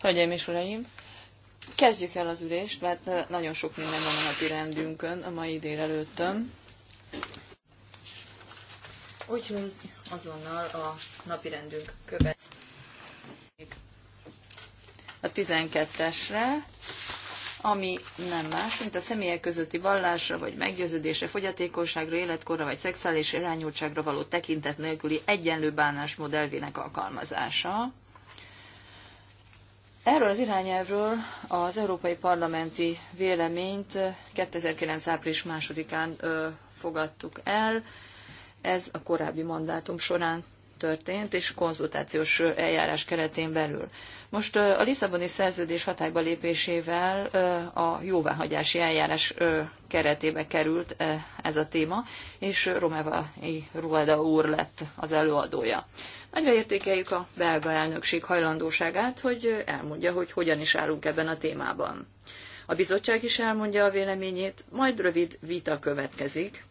Hölgyeim és uraim, kezdjük el az ülést, mert nagyon sok minden van a napi rendünkön a mai délelőttön. Úgyhogy azonnal a napi rendünk követ. A 12-esre, ami nem más, mint a személyek közötti vallásra vagy meggyőződésre, fogyatékosságra, életkorra vagy szexuális irányultságra való tekintet nélküli egyenlő bánásmód elvének alkalmazása. Erről az irányelvről az Európai Parlamenti véleményt 2009. április 2-án fogadtuk el, ez a korábbi mandátum során történt, és konzultációs eljárás keretén belül. Most a Lisszaboni szerződés hatályba lépésével a jóváhagyási eljárás keretébe került ez a téma, és Romeva Rueda úr lett az előadója. Nagyra értékeljük a belga elnökség hajlandóságát, hogy elmondja, hogy hogyan is állunk ebben a témában. A bizottság is elmondja a véleményét, majd rövid vita következik,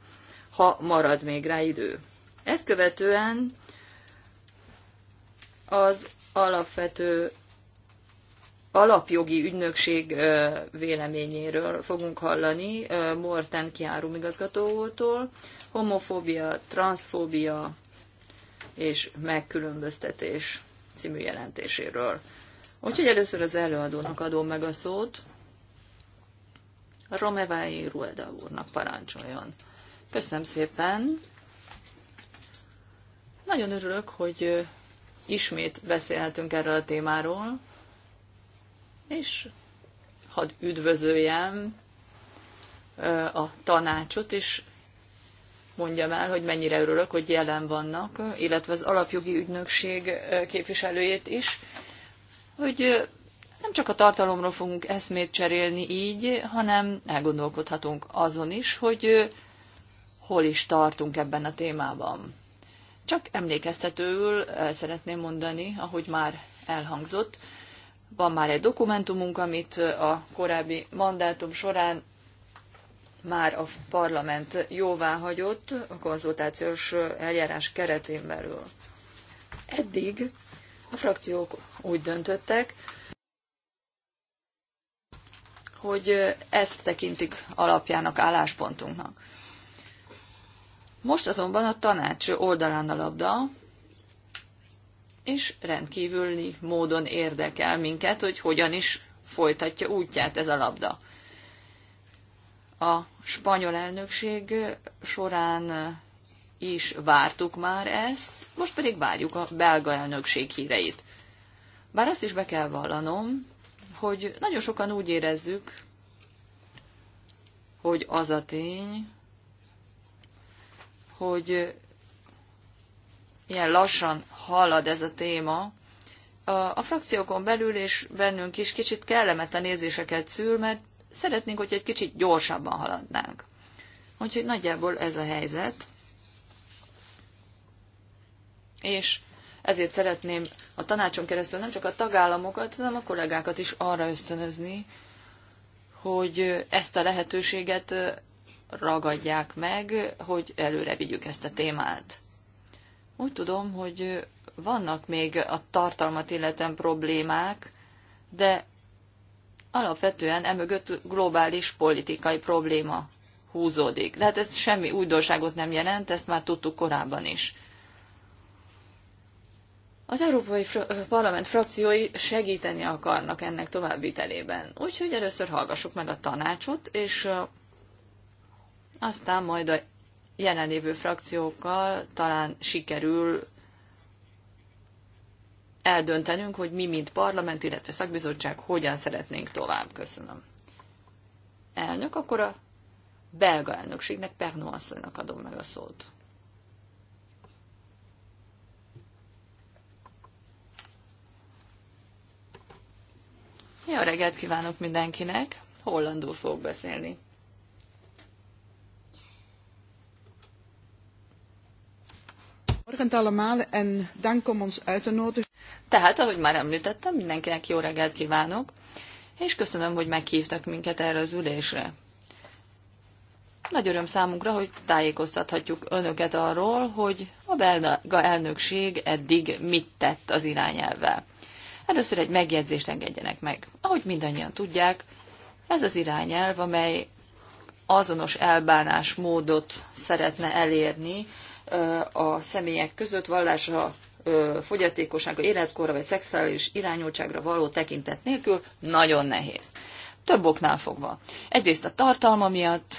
ha marad még rá idő. Ezt követően az alapvető alapjogi ügynökség véleményéről fogunk hallani Morten Kiárum igazgatótól. Homofóbia, transzfóbia és megkülönböztetés című jelentéséről. Úgyhogy először az előadónak adom meg a szót. Romevai Rueda úrnak parancsoljon. Köszönöm szépen. Nagyon örülök, hogy ismét beszélhetünk erről a témáról, és hadd üdvözöljem a tanácsot, és mondjam el, hogy mennyire örülök, hogy jelen vannak, illetve az alapjogi ügynökség képviselőjét is, hogy nem csak a tartalomról fogunk eszmét cserélni így, hanem elgondolkodhatunk azon is, hogy hol is tartunk ebben a témában. Csak emlékeztetőül el eh, szeretném mondani, ahogy már elhangzott, van már egy dokumentumunk, amit eh, a korábbi mandátum során már a parlament jóvá hagyott a konzultációs eh, eljárás keretén belül. Eddig a frakciók úgy döntöttek, hogy ezt tekintik alapjának álláspontunknak. Most azonban a tanács oldalán a labda, és rendkívüli módon érdekel minket, hogy hogyan is folytatja útját ez a labda. A spanyol elnökség során is vártuk már ezt, most pedig várjuk a belga elnökség híreit. Bár azt is be kell vallanom, hogy nagyon sokan úgy érezzük, hogy az a tény, hogy ilyen lassan halad ez a téma, a frakciókon belül és bennünk is kicsit kellemetlen érzéseket szül, mert szeretnénk, hogy egy kicsit gyorsabban haladnánk. Úgyhogy nagyjából ez a helyzet. És ezért szeretném a tanácson keresztül nem csak a tagállamokat, hanem a kollégákat is arra ösztönözni, hogy ezt a lehetőséget ragadják meg, hogy előre vigyük ezt a témát. Úgy tudom, hogy vannak még a tartalmat illetően problémák, de alapvetően emögött globális politikai probléma húzódik. De hát ez semmi újdonságot nem jelent, ezt már tudtuk korábban is. Az Európai Parlament frakciói segíteni akarnak ennek továbbvitelében. Úgyhogy először hallgassuk meg a tanácsot, és aztán majd a jelenlévő frakciókkal talán sikerül eldöntenünk, hogy mi, mint parlament, illetve szakbizottság hogyan szeretnénk tovább. Köszönöm. Elnök, akkor a belga elnökségnek, Pernó asszonynak adom meg a szót. Jó reggelt kívánok mindenkinek! Hollandul fogok beszélni. Tehát, ahogy már említettem, mindenkinek jó reggelt kívánok, és köszönöm, hogy meghívtak minket erre az ülésre. Nagy öröm számunkra, hogy tájékoztathatjuk önöket arról, hogy a belga elnökség eddig mit tett az irányelvvel. Először egy megjegyzést engedjenek meg. Ahogy mindannyian tudják, ez az irányelv, amely azonos elbánásmódot szeretne elérni a személyek között vallása fogyatékossága, életkorra vagy szexuális irányultságra való tekintet nélkül nagyon nehéz. Több oknál fogva. Egyrészt a tartalma miatt,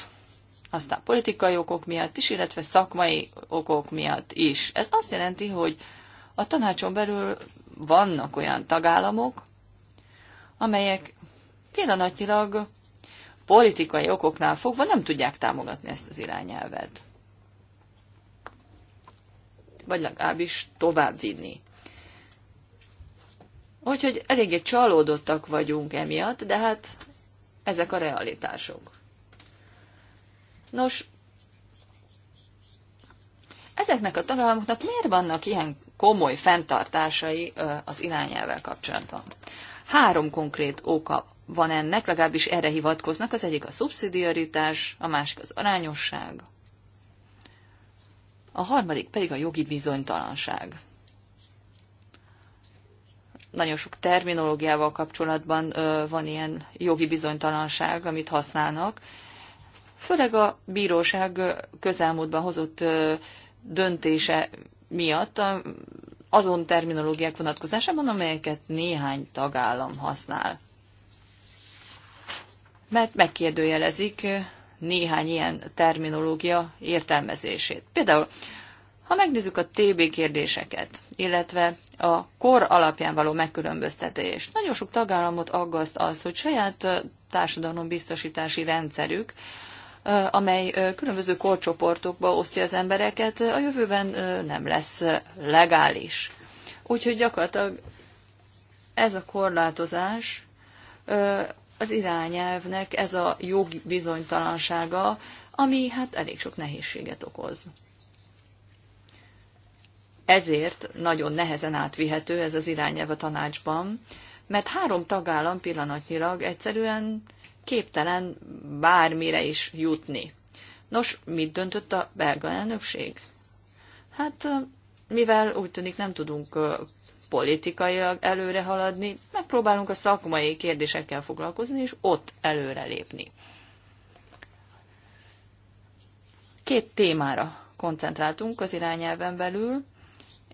aztán politikai okok miatt is, illetve szakmai okok miatt is. Ez azt jelenti, hogy a tanácson belül vannak olyan tagállamok, amelyek pillanatilag politikai okoknál fogva nem tudják támogatni ezt az irányelvet vagy legalábbis továbbvinni. Úgyhogy eléggé csalódottak vagyunk emiatt, de hát ezek a realitások. Nos, ezeknek a tagállamoknak miért vannak ilyen komoly fenntartásai az irányelvvel kapcsolatban? Három konkrét oka van ennek, legalábbis erre hivatkoznak. Az egyik a szubszidiaritás, a másik az arányosság, a harmadik pedig a jogi bizonytalanság. Nagyon sok terminológiával kapcsolatban van ilyen jogi bizonytalanság, amit használnak. Főleg a bíróság közelmúltban hozott döntése miatt azon terminológiák vonatkozásában, amelyeket néhány tagállam használ. Mert megkérdőjelezik néhány ilyen terminológia értelmezését. Például, ha megnézzük a TB kérdéseket, illetve a kor alapján való megkülönböztetést, nagyon sok tagállamot aggaszt az, hogy saját biztosítási rendszerük, amely különböző korcsoportokba osztja az embereket, a jövőben nem lesz legális. Úgyhogy gyakorlatilag ez a korlátozás az irányelvnek ez a jogi bizonytalansága, ami hát elég sok nehézséget okoz. Ezért nagyon nehezen átvihető ez az irányelv a tanácsban, mert három tagállam pillanatnyilag egyszerűen képtelen bármire is jutni. Nos, mit döntött a belga elnökség? Hát, mivel úgy tűnik nem tudunk politikailag előre haladni, megpróbálunk a szakmai kérdésekkel foglalkozni, és ott előrelépni. Két témára koncentráltunk az irányelven belül,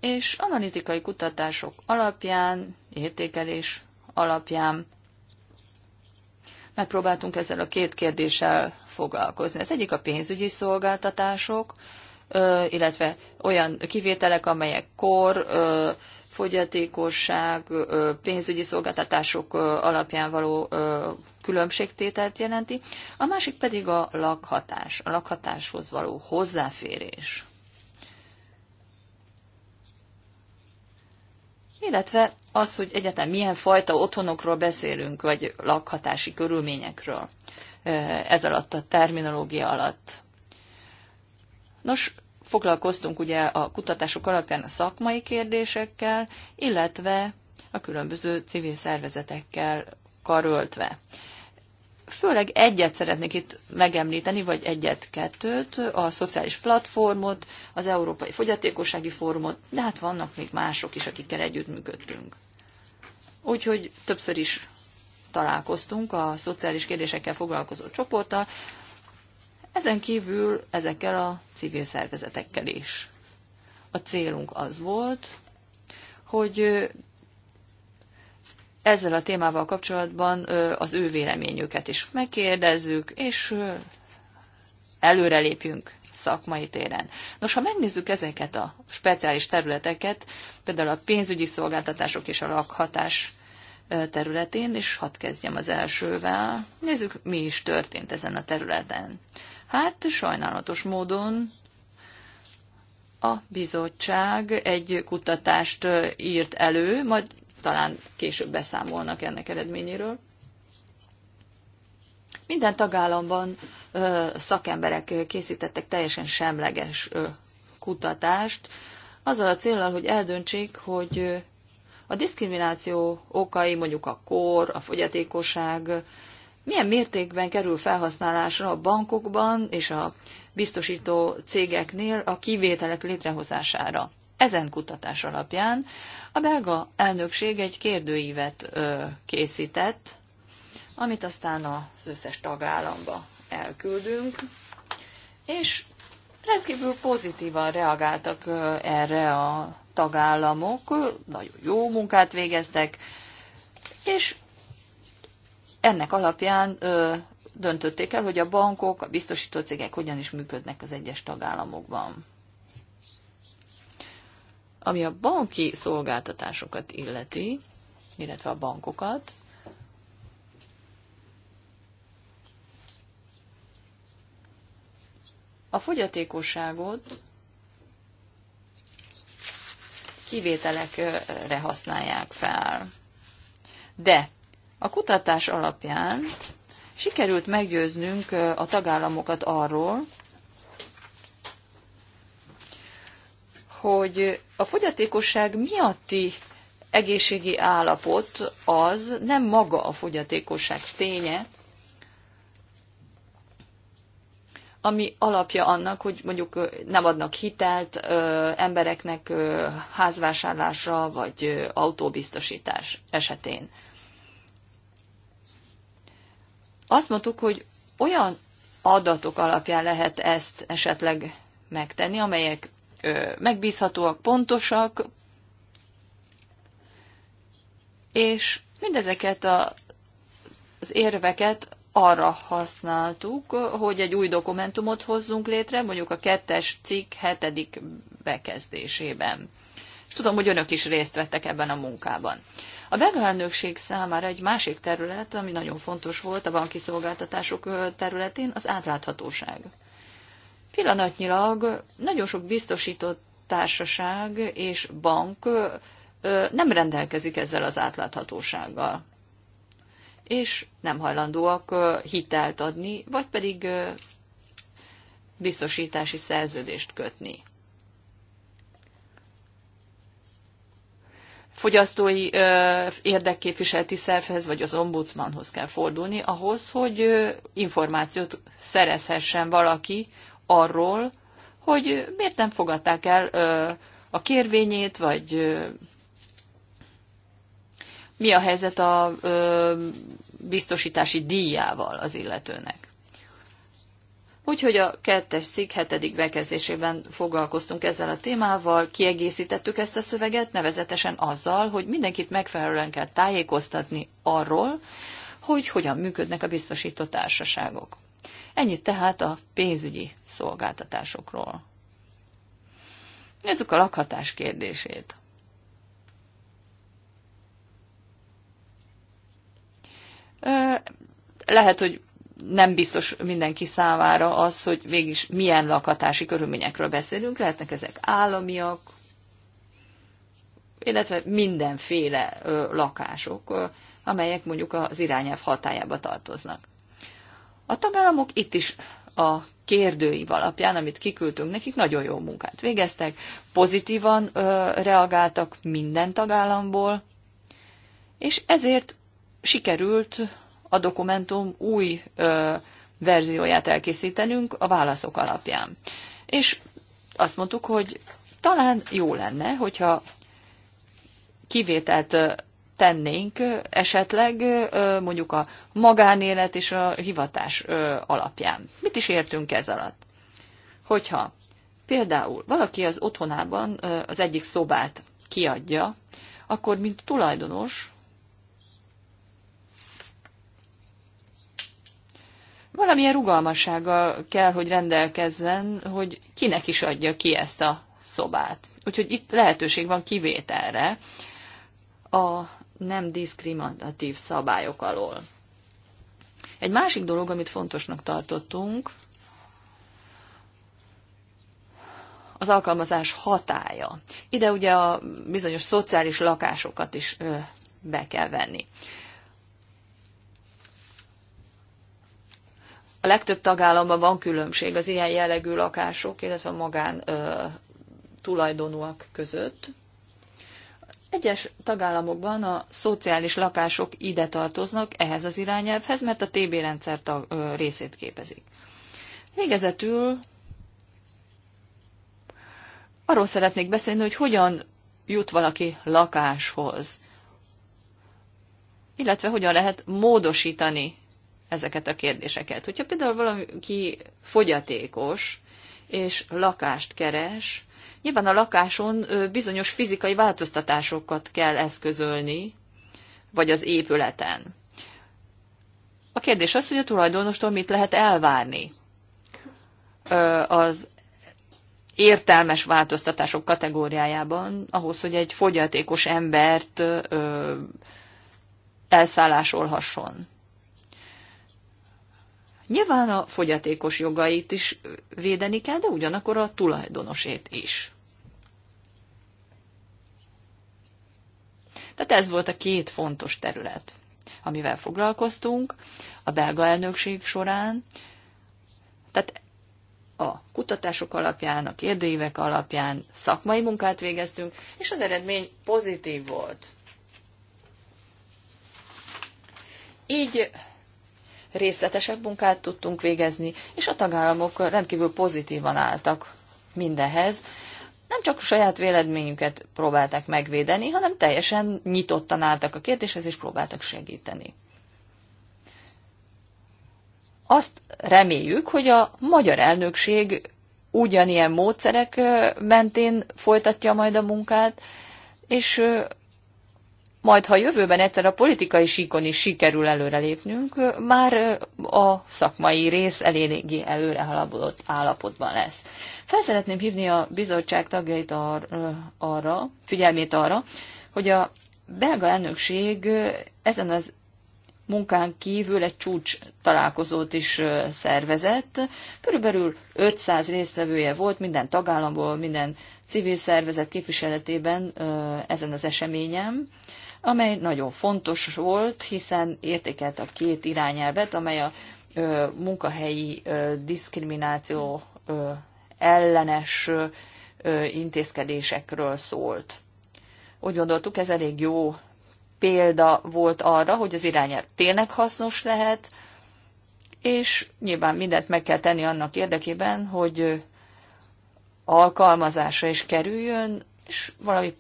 és analitikai kutatások alapján, értékelés alapján megpróbáltunk ezzel a két kérdéssel foglalkozni. Az egyik a pénzügyi szolgáltatások, illetve olyan kivételek, amelyek kor, fogyatékosság, pénzügyi szolgáltatások alapján való különbségtételt jelenti, a másik pedig a lakhatás, a lakhatáshoz való hozzáférés. Illetve az, hogy egyáltalán milyen fajta otthonokról beszélünk, vagy lakhatási körülményekről ez alatt a terminológia alatt. Nos, foglalkoztunk ugye a kutatások alapján a szakmai kérdésekkel, illetve a különböző civil szervezetekkel karöltve. Főleg egyet szeretnék itt megemlíteni, vagy egyet-kettőt, a szociális platformot, az Európai Fogyatékossági Fórumot, de hát vannak még mások is, akikkel együttműködtünk. Úgyhogy többször is találkoztunk a szociális kérdésekkel foglalkozó csoporttal, ezen kívül ezekkel a civil szervezetekkel is. A célunk az volt, hogy ezzel a témával kapcsolatban az ő véleményüket is megkérdezzük, és előrelépjünk szakmai téren. Nos, ha megnézzük ezeket a speciális területeket, például a pénzügyi szolgáltatások és a lakhatás területén, és hadd kezdjem az elsővel. Nézzük, mi is történt ezen a területen. Hát sajnálatos módon a bizottság egy kutatást írt elő, majd talán később beszámolnak ennek eredményéről. Minden tagállamban ö, szakemberek készítettek teljesen semleges ö, kutatást, azzal a célral, hogy eldöntsék, hogy a diszkrimináció okai, mondjuk a kor, a fogyatékosság, milyen mértékben kerül felhasználásra a bankokban és a biztosító cégeknél a kivételek létrehozására. Ezen kutatás alapján a belga elnökség egy kérdőívet ö, készített, amit aztán az összes tagállamba elküldünk, és rendkívül pozitívan reagáltak erre a tagállamok, nagyon jó munkát végeztek, és ennek alapján ö, döntötték el, hogy a bankok, a biztosító cégek hogyan is működnek az egyes tagállamokban. Ami a banki szolgáltatásokat illeti, illetve a bankokat, a fogyatékosságot kivételekre használják fel. De a kutatás alapján sikerült meggyőznünk a tagállamokat arról, hogy a fogyatékosság miatti egészségi állapot az nem maga a fogyatékosság ténye, ami alapja annak, hogy mondjuk nem adnak hitelt ö, embereknek ö, házvásárlásra vagy autóbiztosítás esetén. Azt mondtuk, hogy olyan adatok alapján lehet ezt esetleg megtenni, amelyek ö, megbízhatóak, pontosak, és mindezeket a, az érveket arra használtuk, hogy egy új dokumentumot hozzunk létre, mondjuk a kettes cikk hetedik bekezdésében. És tudom, hogy önök is részt vettek ebben a munkában. A belgőelnökség számára egy másik terület, ami nagyon fontos volt a banki szolgáltatások területén, az átláthatóság. Pillanatnyilag nagyon sok biztosított társaság és bank nem rendelkezik ezzel az átláthatósággal, és nem hajlandóak hitelt adni, vagy pedig biztosítási szerződést kötni. fogyasztói érdekképviseleti szervhez, vagy az ombudsmanhoz kell fordulni, ahhoz, hogy információt szerezhessen valaki arról, hogy miért nem fogadták el a kérvényét, vagy mi a helyzet a biztosítási díjával az illetőnek. Úgyhogy a kettes cikk hetedik bekezdésében foglalkoztunk ezzel a témával, kiegészítettük ezt a szöveget, nevezetesen azzal, hogy mindenkit megfelelően kell tájékoztatni arról, hogy hogyan működnek a biztosító társaságok. Ennyit tehát a pénzügyi szolgáltatásokról. Nézzük a lakhatás kérdését. Lehet, hogy nem biztos mindenki számára az, hogy végig milyen lakhatási körülményekről beszélünk. Lehetnek ezek államiak, illetve mindenféle ö, lakások, ö, amelyek mondjuk az irányelv hatájába tartoznak. A tagállamok itt is a kérdőív alapján, amit kiküldtünk nekik, nagyon jó munkát végeztek, pozitívan ö, reagáltak minden tagállamból, és ezért sikerült a dokumentum új ö, verzióját elkészítenünk a válaszok alapján. És azt mondtuk, hogy talán jó lenne, hogyha kivételt tennénk esetleg mondjuk a magánélet és a hivatás alapján. Mit is értünk ez alatt? Hogyha például valaki az otthonában az egyik szobát kiadja, akkor mint tulajdonos valamilyen rugalmassággal kell, hogy rendelkezzen, hogy kinek is adja ki ezt a szobát. Úgyhogy itt lehetőség van kivételre a nem diszkriminatív szabályok alól. Egy másik dolog, amit fontosnak tartottunk, az alkalmazás hatája. Ide ugye a bizonyos szociális lakásokat is be kell venni. A legtöbb tagállamban van különbség az ilyen jellegű lakások, illetve a magán ö, tulajdonúak között. Egyes tagállamokban a szociális lakások ide tartoznak ehhez az irányelvhez, mert a TB rendszer tag, ö, részét képezik. Végezetül arról szeretnék beszélni, hogy hogyan jut valaki lakáshoz, illetve hogyan lehet módosítani ezeket a kérdéseket. Hogyha például valaki fogyatékos, és lakást keres, nyilván a lakáson bizonyos fizikai változtatásokat kell eszközölni, vagy az épületen. A kérdés az, hogy a tulajdonostól mit lehet elvárni az értelmes változtatások kategóriájában, ahhoz, hogy egy fogyatékos embert elszállásolhasson. Nyilván a fogyatékos jogait is védeni kell, de ugyanakkor a tulajdonosét is. Tehát ez volt a két fontos terület, amivel foglalkoztunk a belga elnökség során. Tehát a kutatások alapján, a kérdőívek alapján szakmai munkát végeztünk, és az eredmény pozitív volt. Így részletesebb munkát tudtunk végezni, és a tagállamok rendkívül pozitívan álltak mindehez. Nem csak saját véleményüket próbálták megvédeni, hanem teljesen nyitottan álltak a kérdéshez, és próbáltak segíteni. Azt reméljük, hogy a magyar elnökség ugyanilyen módszerek mentén folytatja majd a munkát, és majd ha jövőben egyszer a politikai síkon is sikerül előrelépnünk, már a szakmai rész eléggé halabodott állapotban lesz. Fel szeretném hívni a bizottság tagjait ar- arra, figyelmét arra, hogy a belga elnökség ezen az munkán kívül egy csúcs találkozót is szervezett. Körülbelül 500 résztvevője volt minden tagállamból, minden civil szervezet képviseletében ezen az eseményen amely nagyon fontos volt, hiszen értékelt a két irányelvet, amely a ö, munkahelyi ö, diszkrimináció ö, ellenes ö, intézkedésekről szólt. Úgy gondoltuk, ez elég jó példa volt arra, hogy az irányelv tényleg hasznos lehet, és nyilván mindent meg kell tenni annak érdekében, hogy alkalmazásra is kerüljön, és valami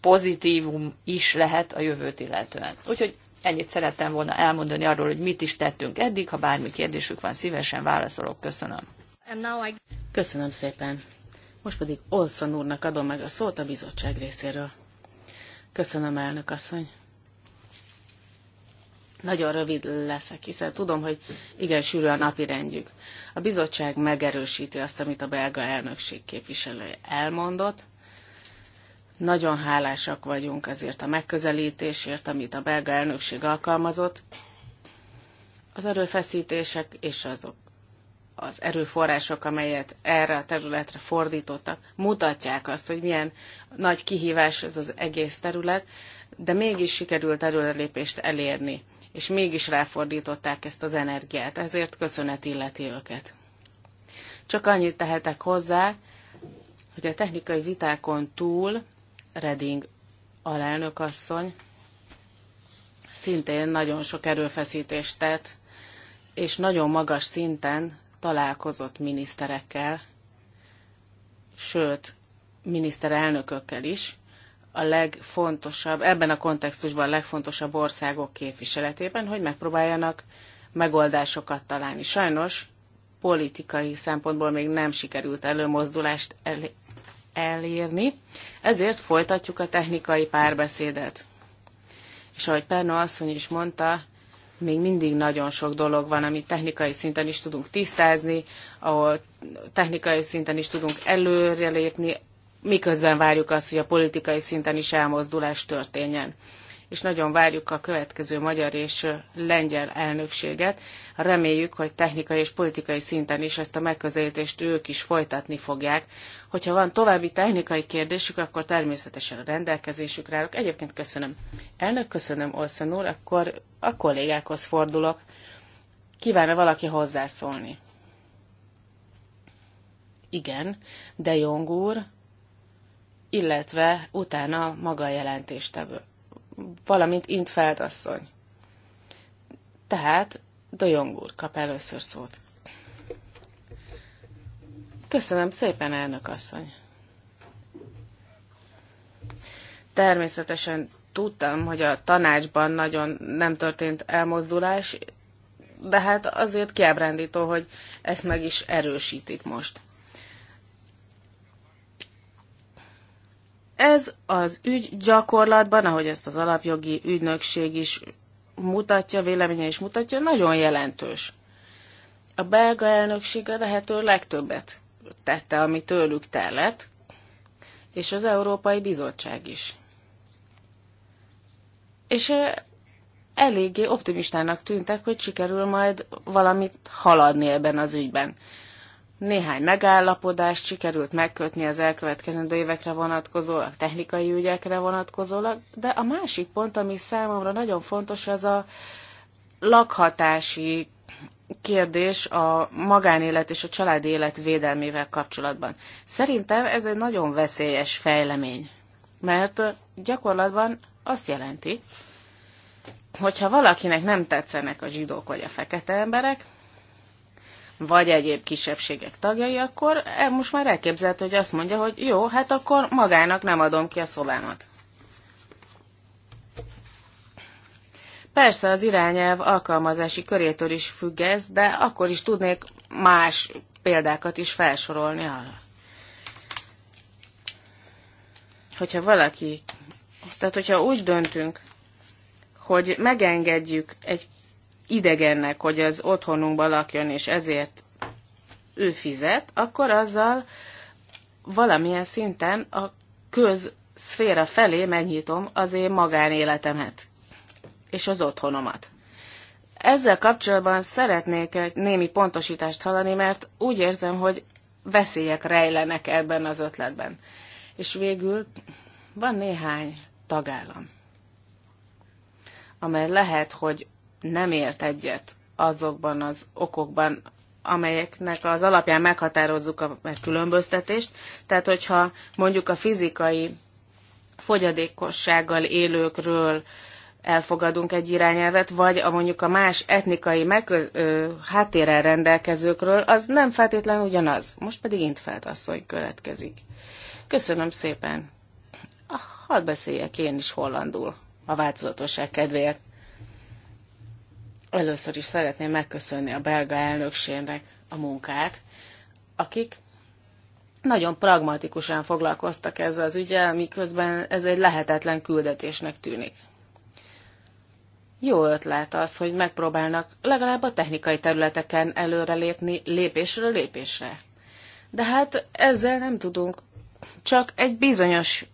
pozitívum is lehet a jövőt illetően. Úgyhogy ennyit szerettem volna elmondani arról, hogy mit is tettünk eddig, ha bármi kérdésük van, szívesen válaszolok. Köszönöm. Köszönöm szépen. Most pedig Olszon úrnak adom meg a szót a bizottság részéről. Köszönöm, elnök asszony. Nagyon rövid leszek, hiszen tudom, hogy igen sűrű a napi rendjük. A bizottság megerősíti azt, amit a belga elnökség képviselője elmondott, nagyon hálásak vagyunk ezért a megközelítésért, amit a belga elnökség alkalmazott. Az erőfeszítések és azok az erőforrások, amelyet erre a területre fordítottak, mutatják azt, hogy milyen nagy kihívás ez az egész terület, de mégis sikerült előrelépést elérni, és mégis ráfordították ezt az energiát, ezért köszönet illeti őket. Csak annyit tehetek hozzá, hogy a technikai vitákon túl Reding alelnök asszony szintén nagyon sok erőfeszítést tett, és nagyon magas szinten találkozott miniszterekkel, sőt, miniszterelnökökkel is, a legfontosabb, ebben a kontextusban a legfontosabb országok képviseletében, hogy megpróbáljanak megoldásokat találni. Sajnos politikai szempontból még nem sikerült előmozdulást Elérni. ezért folytatjuk a technikai párbeszédet. És ahogy Perna asszony is mondta, még mindig nagyon sok dolog van, amit technikai szinten is tudunk tisztázni, ahol technikai szinten is tudunk előrelépni, miközben várjuk azt, hogy a politikai szinten is elmozdulás történjen és nagyon várjuk a következő magyar és lengyel elnökséget. Reméljük, hogy technikai és politikai szinten is ezt a megközelítést ők is folytatni fogják. Hogyha van további technikai kérdésük, akkor természetesen a rendelkezésükre állok. Egyébként köszönöm. Elnök, köszönöm, Olszön úr, akkor a kollégákhoz fordulok. Kívánna -e valaki hozzászólni? Igen, de Jong úr, illetve utána maga a jelentéstevő valamint Intfeld asszony. Tehát Dojong úr kap először szót. Köszönöm szépen, elnök asszony. Természetesen tudtam, hogy a tanácsban nagyon nem történt elmozdulás, de hát azért kiábrándító, hogy ezt meg is erősítik most. Ez az ügy gyakorlatban, ahogy ezt az alapjogi ügynökség is mutatja, véleménye is mutatja, nagyon jelentős. A belga elnöksége lehető legtöbbet tette, ami tőlük tellett, és az Európai Bizottság is. És eléggé optimistának tűntek, hogy sikerül majd valamit haladni ebben az ügyben. Néhány megállapodást sikerült megkötni az elkövetkezendő évekre vonatkozólag, technikai ügyekre vonatkozólag, de a másik pont, ami számomra nagyon fontos, az a lakhatási kérdés a magánélet és a családi élet védelmével kapcsolatban. Szerintem ez egy nagyon veszélyes fejlemény, mert gyakorlatban azt jelenti, hogyha valakinek nem tetszenek a zsidók vagy a fekete emberek, vagy egyéb kisebbségek tagjai, akkor e, most már elképzelhető, hogy azt mondja, hogy jó, hát akkor magának nem adom ki a szobámat. Persze az irányelv alkalmazási körétől is függ ez, de akkor is tudnék más példákat is felsorolni arra. Hogyha valaki, tehát hogyha úgy döntünk, hogy megengedjük egy idegennek, hogy az otthonunkban lakjon, és ezért ő fizet, akkor azzal valamilyen szinten a közszféra felé megnyitom az én magánéletemet és az otthonomat. Ezzel kapcsolatban szeretnék egy némi pontosítást hallani, mert úgy érzem, hogy veszélyek rejlenek ebben az ötletben. És végül van néhány tagállam, amely lehet, hogy nem ért egyet azokban az okokban, amelyeknek az alapján meghatározzuk a megkülönböztetést. Tehát, hogyha mondjuk a fizikai fogyadékossággal élőkről elfogadunk egy irányelvet, vagy a mondjuk a más etnikai megköz- ö, háttérrel rendelkezőkről, az nem feltétlenül ugyanaz. Most pedig Intfeld asszony következik. Köszönöm szépen. Hadd beszéljek én is hollandul, a változatosság kedvéért. Először is szeretném megköszönni a belga elnökségnek a munkát, akik nagyon pragmatikusan foglalkoztak ezzel az ügyel, miközben ez egy lehetetlen küldetésnek tűnik. Jó ötlet az, hogy megpróbálnak legalább a technikai területeken előrelépni lépésről lépésre. De hát ezzel nem tudunk. Csak egy bizonyos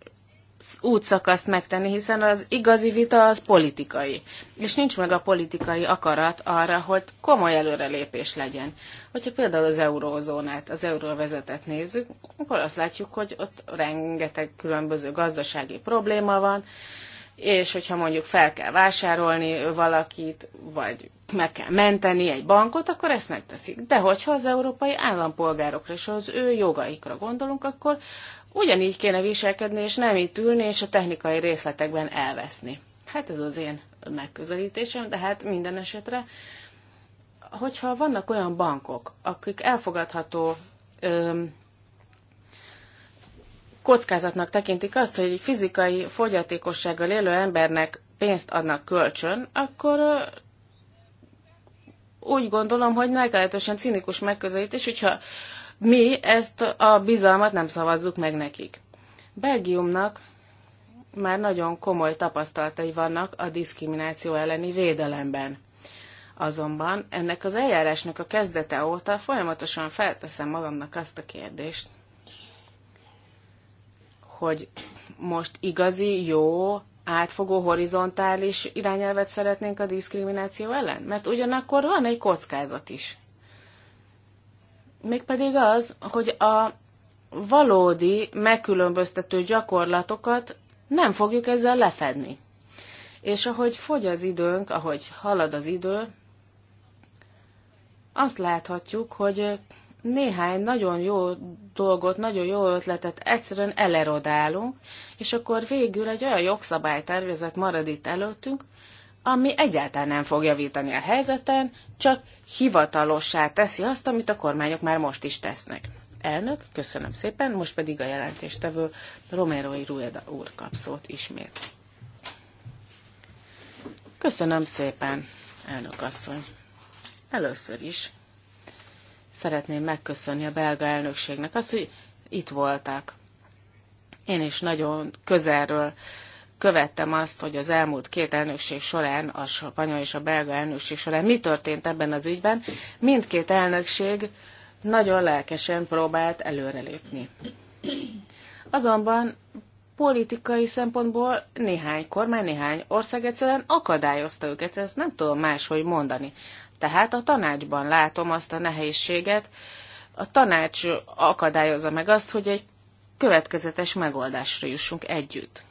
útszakaszt megtenni, hiszen az igazi vita az politikai. És nincs meg a politikai akarat arra, hogy komoly előrelépés legyen. Hogyha például az eurózónát, az euróvezetet nézzük, akkor azt látjuk, hogy ott rengeteg különböző gazdasági probléma van, és hogyha mondjuk fel kell vásárolni valakit, vagy meg kell menteni egy bankot, akkor ezt megteszik. De hogyha az európai állampolgárokra és az ő jogaikra gondolunk, akkor Ugyanígy kéne viselkedni, és nem itt ülni, és a technikai részletekben elveszni. Hát ez az én megközelítésem, de hát minden esetre, hogyha vannak olyan bankok, akik elfogadható öm, kockázatnak tekintik azt, hogy egy fizikai fogyatékossággal élő embernek pénzt adnak kölcsön, akkor úgy gondolom, hogy meglehetősen cinikus megközelítés, hogyha mi ezt a bizalmat nem szavazzuk meg nekik. Belgiumnak már nagyon komoly tapasztalatai vannak a diszkrimináció elleni védelemben. Azonban ennek az eljárásnak a kezdete óta folyamatosan felteszem magamnak azt a kérdést, hogy most igazi, jó, átfogó, horizontális irányelvet szeretnénk a diszkrimináció ellen? Mert ugyanakkor van egy kockázat is mégpedig az, hogy a valódi megkülönböztető gyakorlatokat nem fogjuk ezzel lefedni. És ahogy fogy az időnk, ahogy halad az idő, azt láthatjuk, hogy néhány nagyon jó dolgot, nagyon jó ötletet egyszerűen elerodálunk, és akkor végül egy olyan jogszabálytervezet marad itt előttünk, ami egyáltalán nem fog javítani a helyzeten, csak hivatalossá teszi azt, amit a kormányok már most is tesznek. Elnök, köszönöm szépen, most pedig a jelentéstevő Romerói Rueda úr kap szót ismét. Köszönöm szépen, elnök asszony. Először is szeretném megköszönni a belga elnökségnek azt, hogy itt voltak. Én is nagyon közelről követtem azt, hogy az elmúlt két elnökség során, a spanyol és a belga elnökség során mi történt ebben az ügyben. Mindkét elnökség nagyon lelkesen próbált előrelépni. Azonban politikai szempontból néhány kormány, néhány ország egyszerűen akadályozta őket, ezt nem tudom máshogy mondani. Tehát a tanácsban látom azt a nehézséget, a tanács akadályozza meg azt, hogy egy következetes megoldásra jussunk együtt.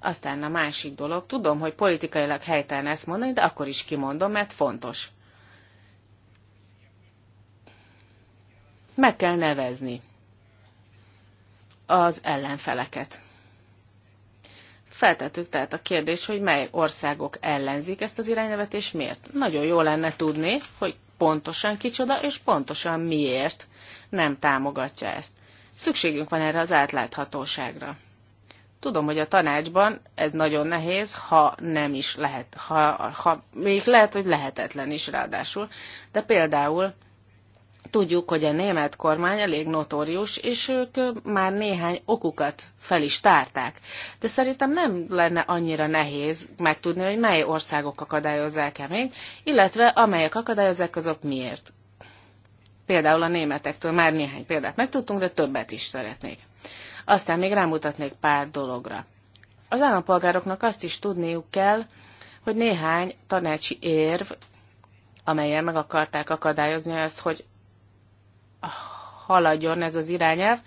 Aztán a másik dolog, tudom, hogy politikailag helytelen ezt mondani, de akkor is kimondom, mert fontos. Meg kell nevezni az ellenfeleket. Feltettük tehát a kérdés, hogy mely országok ellenzik ezt az irányelvet, és miért. Nagyon jó lenne tudni, hogy pontosan kicsoda, és pontosan miért nem támogatja ezt. Szükségünk van erre az átláthatóságra. Tudom, hogy a tanácsban ez nagyon nehéz, ha nem is lehet, ha, ha még lehet, hogy lehetetlen is ráadásul. De például tudjuk, hogy a német kormány elég notórius, és ők már néhány okukat fel is tárták. De szerintem nem lenne annyira nehéz megtudni, hogy mely országok akadályozzák-e még, illetve amelyek akadályozzák, azok miért. Például a németektől már néhány példát megtudtunk, de többet is szeretnék. Aztán még rámutatnék pár dologra. Az állampolgároknak azt is tudniuk kell, hogy néhány tanácsi érv, amelyen meg akarták akadályozni ezt, hogy haladjon ez az irányelv,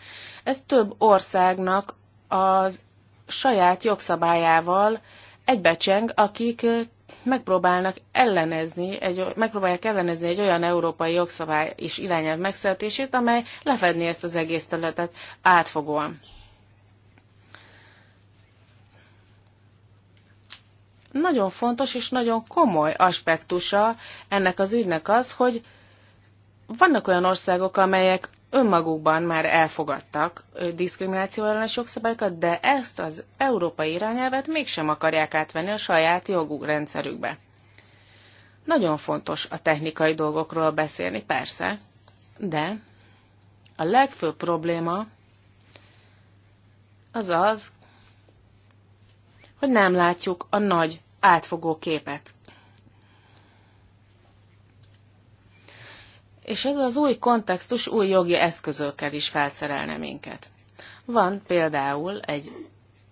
ez több országnak az saját jogszabályával egybecseng, akik megpróbálnak ellenezni, egy, megpróbálják ellenezni egy olyan európai jogszabály és irányelv megszületését, amely lefedni ezt az egész területet átfogóan. Nagyon fontos és nagyon komoly aspektusa ennek az ügynek az, hogy vannak olyan országok, amelyek önmagukban már elfogadtak diszkrimináció ellenes jogszabályokat, de ezt az európai irányelvet mégsem akarják átvenni a saját joguk rendszerükbe. Nagyon fontos a technikai dolgokról beszélni, persze, de a legfőbb probléma az az, hogy nem látjuk a nagy átfogó képet. És ez az új kontextus új jogi eszközökkel is felszerelne minket. Van például egy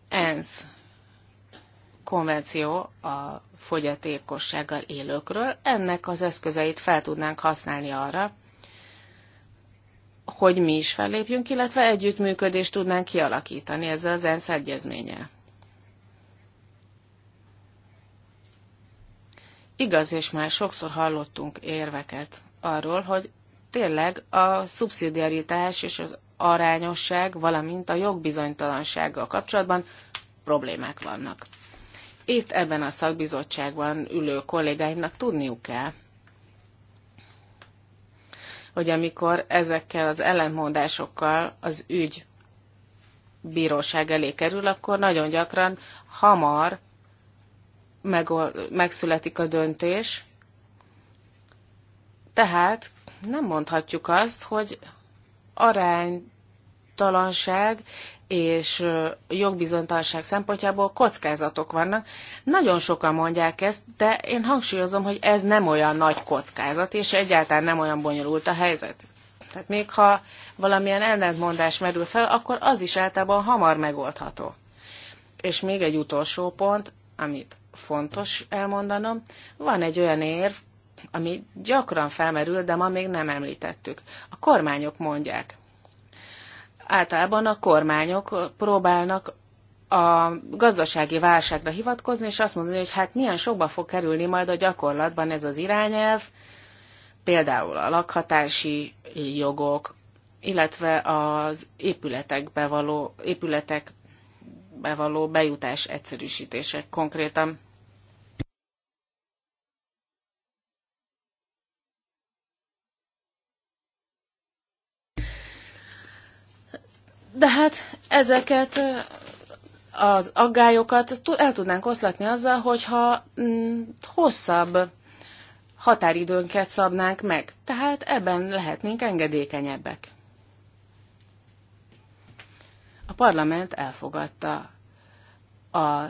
ENSZ konvenció a fogyatékossággal élőkről. Ennek az eszközeit fel tudnánk használni arra, hogy mi is fellépjünk, illetve együttműködést tudnánk kialakítani ezzel az ENSZ egyezménye. Igaz, és már sokszor hallottunk érveket arról, hogy tényleg a szubszidiaritás és az arányosság, valamint a jogbizonytalansággal kapcsolatban problémák vannak. Itt ebben a szakbizottságban ülő kollégáimnak tudniuk kell, hogy amikor ezekkel az ellentmondásokkal az ügy bíróság elé kerül, akkor nagyon gyakran hamar megszületik a döntés, tehát nem mondhatjuk azt, hogy aránytalanság és jogbizonytalanság szempontjából kockázatok vannak. Nagyon sokan mondják ezt, de én hangsúlyozom, hogy ez nem olyan nagy kockázat, és egyáltalán nem olyan bonyolult a helyzet. Tehát még ha valamilyen ellentmondás merül fel, akkor az is általában hamar megoldható. És még egy utolsó pont, amit fontos elmondanom, van egy olyan érv, ami gyakran felmerül, de ma még nem említettük. A kormányok mondják. Általában a kormányok próbálnak a gazdasági válságra hivatkozni, és azt mondani, hogy hát milyen sokba fog kerülni majd a gyakorlatban ez az irányelv, például a lakhatási jogok, illetve az épületekbe való, épületekbe való bejutás egyszerűsítése konkrétan De hát ezeket az aggályokat el tudnánk oszlatni azzal, hogyha mm, hosszabb határidőnket szabnánk meg. Tehát ebben lehetnénk engedékenyebbek. A parlament elfogadta a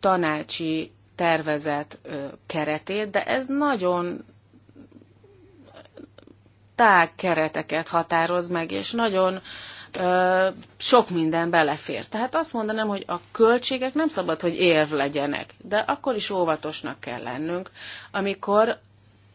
tanácsi tervezet keretét, de ez nagyon tág kereteket határoz meg, és nagyon sok minden belefér. Tehát azt mondanám, hogy a költségek nem szabad, hogy érv legyenek, de akkor is óvatosnak kell lennünk, amikor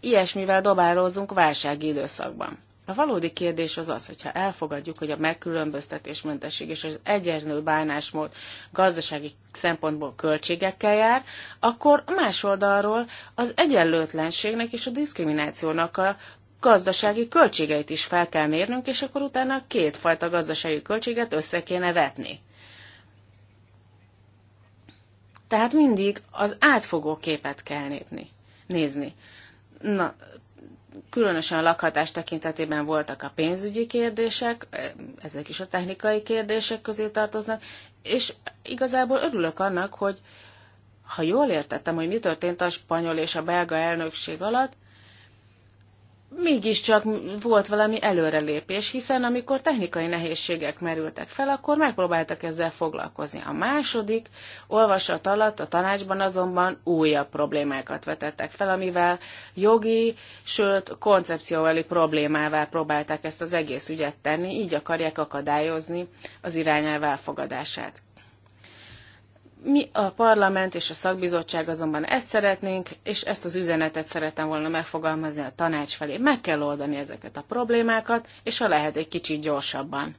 ilyesmivel dobálózunk válsági időszakban. A valódi kérdés az az, hogyha elfogadjuk, hogy a megkülönböztetésmentesség és az egyenlő bánásmód gazdasági szempontból költségekkel jár, akkor más oldalról az egyenlőtlenségnek és a diszkriminációnak a gazdasági költségeit is fel kell mérnünk, és akkor utána kétfajta gazdasági költséget össze kéne vetni. Tehát mindig az átfogó képet kell népni, nézni. Na, különösen a lakhatás tekintetében voltak a pénzügyi kérdések, ezek is a technikai kérdések közé tartoznak, és igazából örülök annak, hogy ha jól értettem, hogy mi történt a spanyol és a belga elnökség alatt, mégiscsak volt valami előrelépés, hiszen amikor technikai nehézségek merültek fel, akkor megpróbáltak ezzel foglalkozni. A második olvasat alatt a tanácsban azonban újabb problémákat vetettek fel, amivel jogi, sőt koncepcióveli problémává próbálták ezt az egész ügyet tenni, így akarják akadályozni az irányelv elfogadását. Mi a parlament és a szakbizottság azonban ezt szeretnénk, és ezt az üzenetet szeretem volna megfogalmazni a tanács felé. Meg kell oldani ezeket a problémákat, és ha lehet egy kicsit gyorsabban.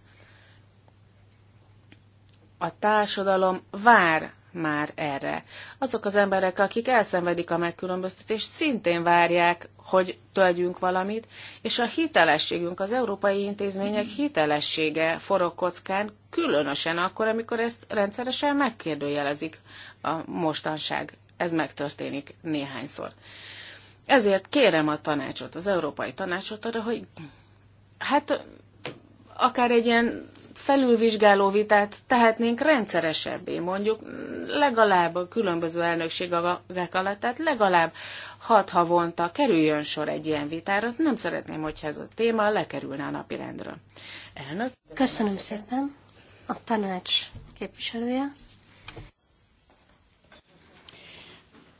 A társadalom vár már erre. Azok az emberek, akik elszenvedik a megkülönböztetést, szintén várják, hogy tölgyünk valamit, és a hitelességünk, az európai intézmények hitelessége forog kockán, különösen akkor, amikor ezt rendszeresen megkérdőjelezik a mostanság. Ez megtörténik néhányszor. Ezért kérem a tanácsot, az Európai Tanácsot arra, hogy hát akár egy ilyen felülvizsgáló vitát tehetnénk rendszeresebbé, mondjuk legalább a különböző elnökségek alatt, tehát legalább hat havonta kerüljön sor egy ilyen vitára. Nem szeretném, hogyha ez a téma lekerülne a rendről. Elnök. Köszönöm szépen. A tanács képviselője.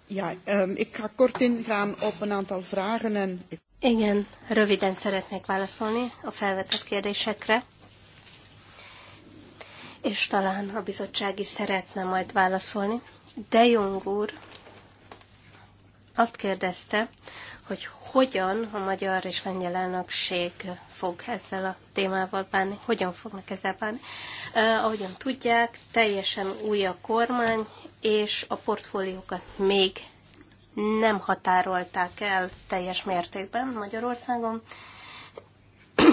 Ja, ehm, ik ga kort ingaan op een aantal vragen en... Igen, röviden szeretnék válaszolni a felvetett kérdésekre és talán a bizottság is szeretne majd válaszolni. De Jong úr azt kérdezte, hogy hogyan a magyar és lengyel elnökség fog ezzel a témával bánni, hogyan fognak ezzel bánni. Uh, ahogyan tudják, teljesen új a kormány, és a portfóliókat még nem határolták el teljes mértékben Magyarországon. Uh,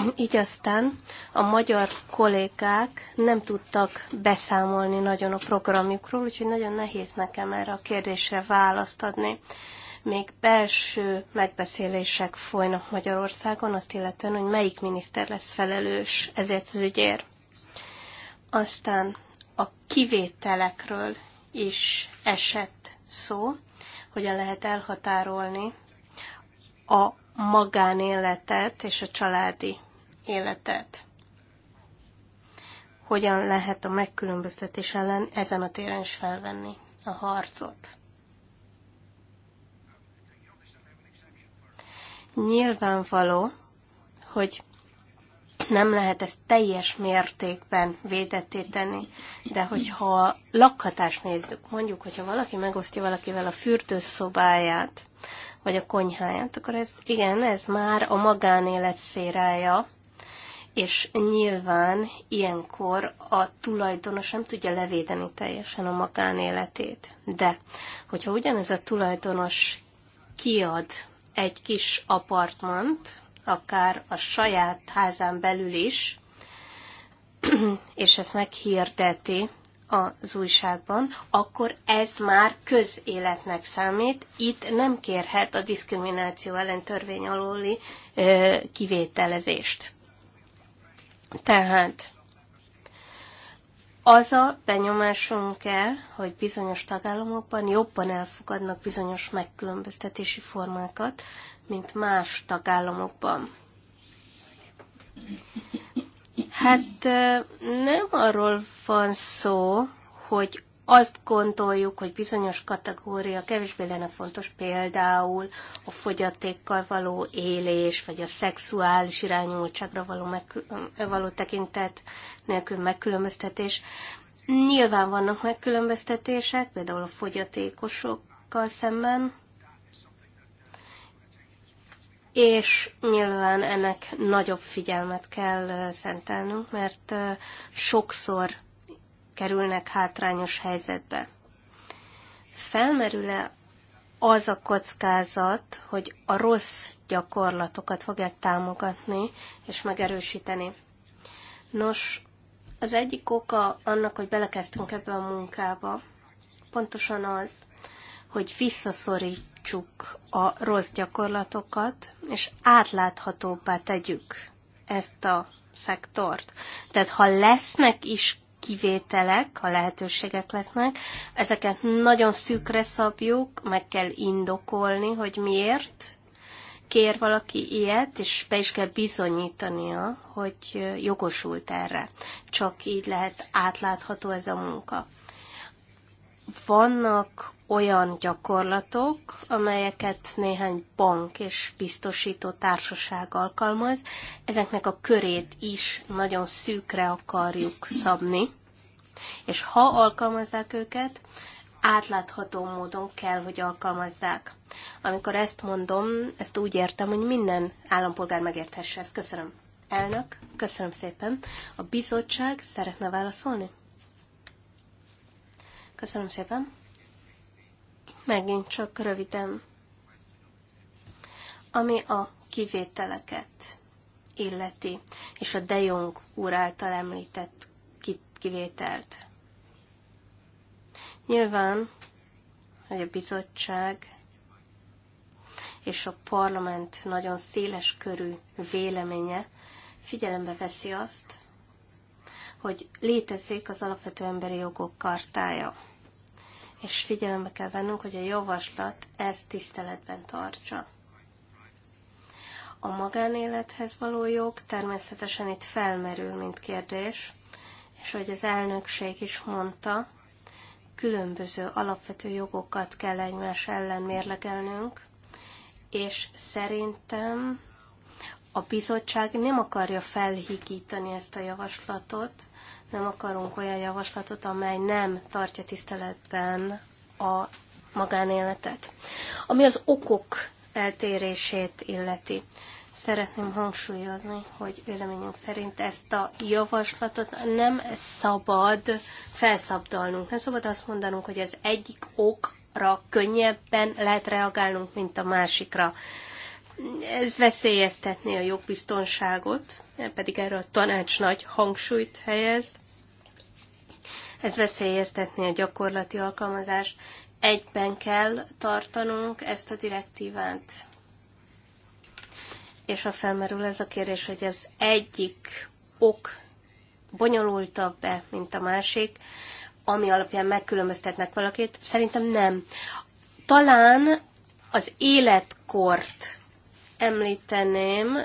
Így aztán a magyar kollégák nem tudtak beszámolni nagyon a programjukról, úgyhogy nagyon nehéz nekem erre a kérdésre választ adni. Még belső megbeszélések folynak Magyarországon, azt illetően, hogy melyik miniszter lesz felelős ezért az ügyért. Aztán a kivételekről is esett szó, hogyan lehet elhatárolni a magánéletet és a családi életet. Hogyan lehet a megkülönböztetés ellen ezen a téren is felvenni a harcot? Nyilvánvaló, hogy nem lehet ezt teljes mértékben védetté tenni, de hogyha lakhatást nézzük, mondjuk, hogyha valaki megosztja valakivel a fürdőszobáját, vagy a konyháját, akkor ez, igen, ez már a magánélet szférája, és nyilván ilyenkor a tulajdonos nem tudja levédeni teljesen a magánéletét. De, hogyha ugyanez a tulajdonos kiad egy kis apartmant, akár a saját házán belül is, és ezt meghirdeti az újságban, akkor ez már közéletnek számít. Itt nem kérhet a diszkrimináció ellen törvény alóli kivételezést. Tehát az a benyomásunk-e, hogy bizonyos tagállamokban jobban elfogadnak bizonyos megkülönböztetési formákat, mint más tagállamokban? Hát nem arról van szó, hogy azt gondoljuk, hogy bizonyos kategória kevésbé lenne fontos, például a fogyatékkal való élés, vagy a szexuális irányultságra való, megkül- való tekintet nélkül megkülönböztetés. Nyilván vannak megkülönböztetések, például a fogyatékosokkal szemben, és nyilván ennek nagyobb figyelmet kell szentelnünk, mert sokszor kerülnek hátrányos helyzetbe. Felmerül-e az a kockázat, hogy a rossz gyakorlatokat fogják támogatni és megerősíteni? Nos, az egyik oka annak, hogy belekezdtünk ebbe a munkába, pontosan az, hogy visszaszorítsuk a rossz gyakorlatokat, és átláthatóbbá tegyük ezt a szektort. Tehát ha lesznek is kivételek, ha lehetőségek lesznek, ezeket nagyon szűkre szabjuk, meg kell indokolni, hogy miért kér valaki ilyet, és be is kell bizonyítania, hogy jogosult erre. Csak így lehet átlátható ez a munka. Vannak olyan gyakorlatok, amelyeket néhány bank és biztosító társaság alkalmaz. Ezeknek a körét is nagyon szűkre akarjuk szabni, és ha alkalmazzák őket, átlátható módon kell, hogy alkalmazzák. Amikor ezt mondom, ezt úgy értem, hogy minden állampolgár megérthesse ezt. Köszönöm. Elnök, köszönöm szépen. A bizottság szeretne válaszolni? Köszönöm szépen megint csak röviden. Ami a kivételeket illeti, és a De Jong úr által említett kivételt. Nyilván, hogy a bizottság és a parlament nagyon széles körű véleménye figyelembe veszi azt, hogy létezik az alapvető emberi jogok kartája és figyelembe kell vennünk, hogy a javaslat ezt tiszteletben tartsa. A magánélethez való jog természetesen itt felmerül, mint kérdés, és hogy az elnökség is mondta, különböző alapvető jogokat kell egymás ellen mérlegelnünk, és szerintem a bizottság nem akarja felhigítani ezt a javaslatot, nem akarunk olyan javaslatot, amely nem tartja tiszteletben a magánéletet. Ami az okok eltérését illeti. Szeretném hangsúlyozni, hogy véleményünk szerint ezt a javaslatot nem szabad felszabdalnunk. Nem szabad azt mondanunk, hogy az egyik okra könnyebben lehet reagálnunk, mint a másikra. Ez veszélyeztetné a jogbiztonságot, pedig erre a tanács nagy hangsúlyt helyez. Ez veszélyeztetné a gyakorlati alkalmazást. Egyben kell tartanunk ezt a direktívát. És ha felmerül ez a kérdés, hogy az egyik ok bonyolultabb be, mint a másik, ami alapján megkülönböztetnek valakit, szerintem nem. Talán az életkort említeném,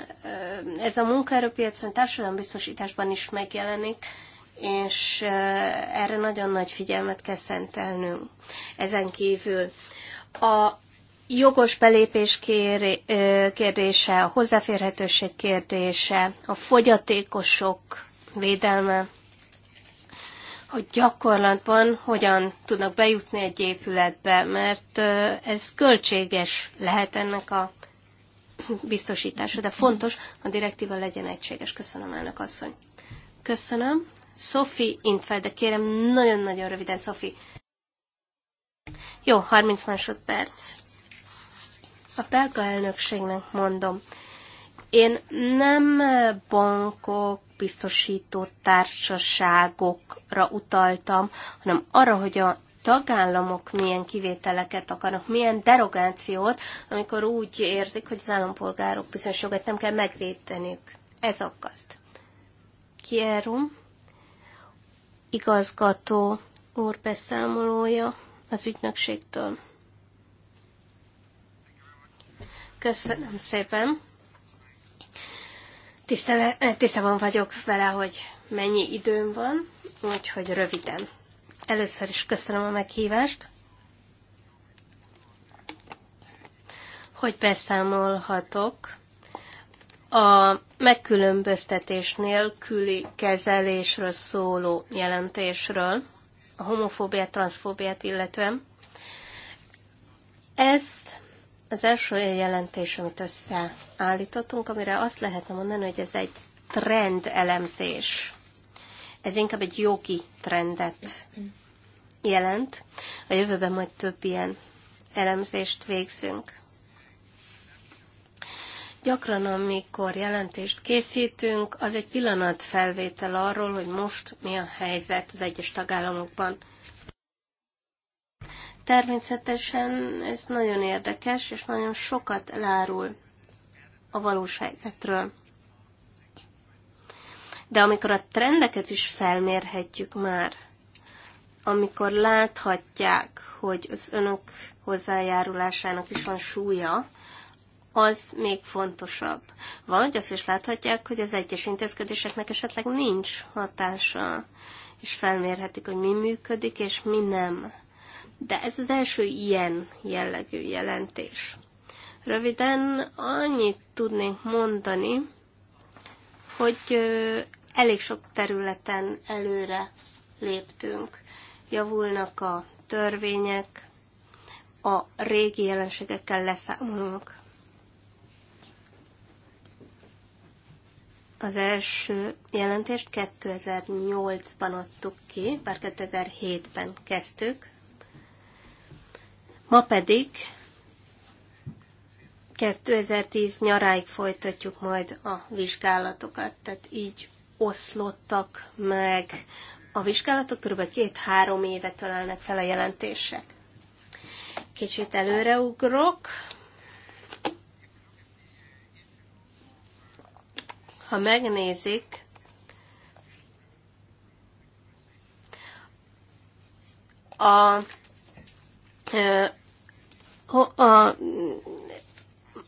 ez a munkaerőpiacon, társadalombiztosításban is megjelenik, és erre nagyon nagy figyelmet kell szentelnünk. Ezen kívül a jogos belépés kérdése, a hozzáférhetőség kérdése, a fogyatékosok védelme, hogy gyakorlatban hogyan tudnak bejutni egy épületbe, mert ez költséges lehet ennek a biztosítása, de fontos, a direktíva legyen egységes. Köszönöm, elnök asszony. Köszönöm. Sofi, Intfeld, de kérem, nagyon-nagyon röviden, Sofi. Jó, 30 másodperc. A belga elnökségnek mondom, én nem bankok, biztosító társaságokra utaltam, hanem arra, hogy a tagállamok milyen kivételeket akarnak, milyen derogációt, amikor úgy érzik, hogy az állampolgárok bizonyos jogát nem kell megvédeniük. Ez aggaszt. Kierum igazgató úr beszámolója az ügynökségtől. Köszönöm szépen. Eh, tisztában vagyok vele, hogy mennyi időm van, úgyhogy röviden. Először is köszönöm a meghívást, hogy beszámolhatok a megkülönböztetés nélküli kezelésről szóló jelentésről, a homofóbiát, transzfóbiát illetve. Ez az első jelentés, amit összeállítottunk, amire azt lehetne mondani, hogy ez egy trend elemzés. Ez inkább egy jogi trendet jelent. A jövőben majd több ilyen elemzést végzünk. Gyakran, amikor jelentést készítünk, az egy pillanatfelvétel arról, hogy most mi a helyzet az egyes tagállamokban. Természetesen ez nagyon érdekes, és nagyon sokat elárul a valós helyzetről. De amikor a trendeket is felmérhetjük már, amikor láthatják, hogy az önök hozzájárulásának is van súlya, az még fontosabb. Vagy azt is láthatják, hogy az egyes intézkedéseknek esetleg nincs hatása, és felmérhetik, hogy mi működik, és mi nem. De ez az első ilyen jellegű jelentés. Röviden annyit tudnék mondani, hogy elég sok területen előre léptünk. Javulnak a törvények, a régi jelenségekkel leszámolunk. Az első jelentést 2008-ban adtuk ki, bár 2007-ben kezdtük. Ma pedig 2010 nyaráig folytatjuk majd a vizsgálatokat, tehát így oszlottak meg a vizsgálatok, kb. két-három évet ölelnek fel a jelentések. Kicsit előreugrok, ha megnézik, a, a,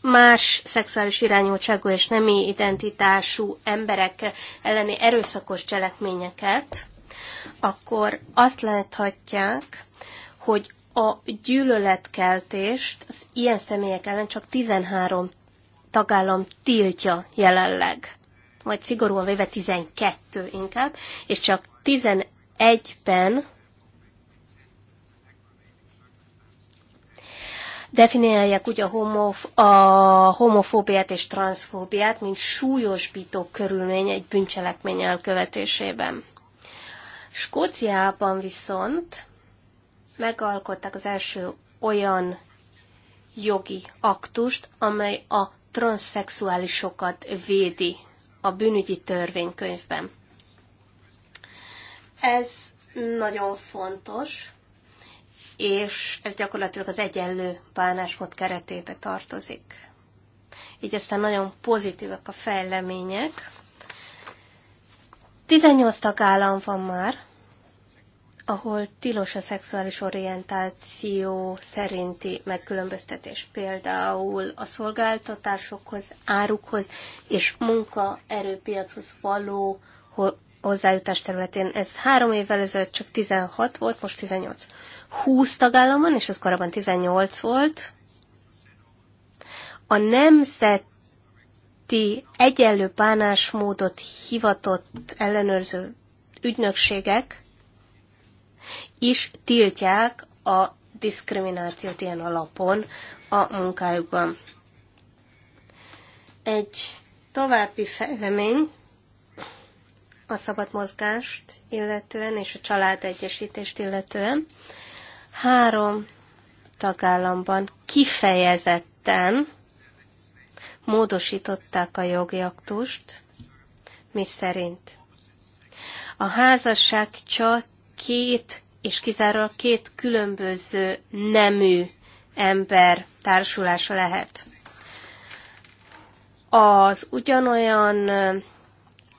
más szexuális irányultságú és nemi identitású emberek elleni erőszakos cselekményeket, akkor azt láthatják, hogy a gyűlöletkeltést az ilyen személyek ellen csak 13 tagállam tiltja jelenleg vagy szigorúan véve 12 inkább, és csak 11-ben definiálják úgy a, homof, a homofóbiát és transzfóbiát, mint súlyosbító körülmény egy bűncselekmény elkövetésében. Skóciában viszont megalkották az első olyan jogi aktust, amely a transzsexuálisokat védi a bűnügyi törvénykönyvben. Ez nagyon fontos, és ez gyakorlatilag az egyenlő bánásmód keretébe tartozik. Így aztán nagyon pozitívak a fejlemények. 18 tagállam van már, ahol tilos a szexuális orientáció szerinti megkülönböztetés, például a szolgáltatásokhoz, árukhoz és munkaerőpiachoz való hozzájutás területén. Ez három évvel ezelőtt csak 16 volt, most 18. 20 tagállam van, és az korábban 18 volt. A nemzeti egyenlő bánásmódot hivatott ellenőrző ügynökségek is tiltják a diszkriminációt ilyen alapon a munkájukban. Egy további fejlemény a szabad mozgást illetően és a családegyesítést illetően három tagállamban kifejezetten módosították a jogi aktust, mi szerint a házasság csak két és kizárólag két különböző nemű ember társulása lehet. Az ugyanolyan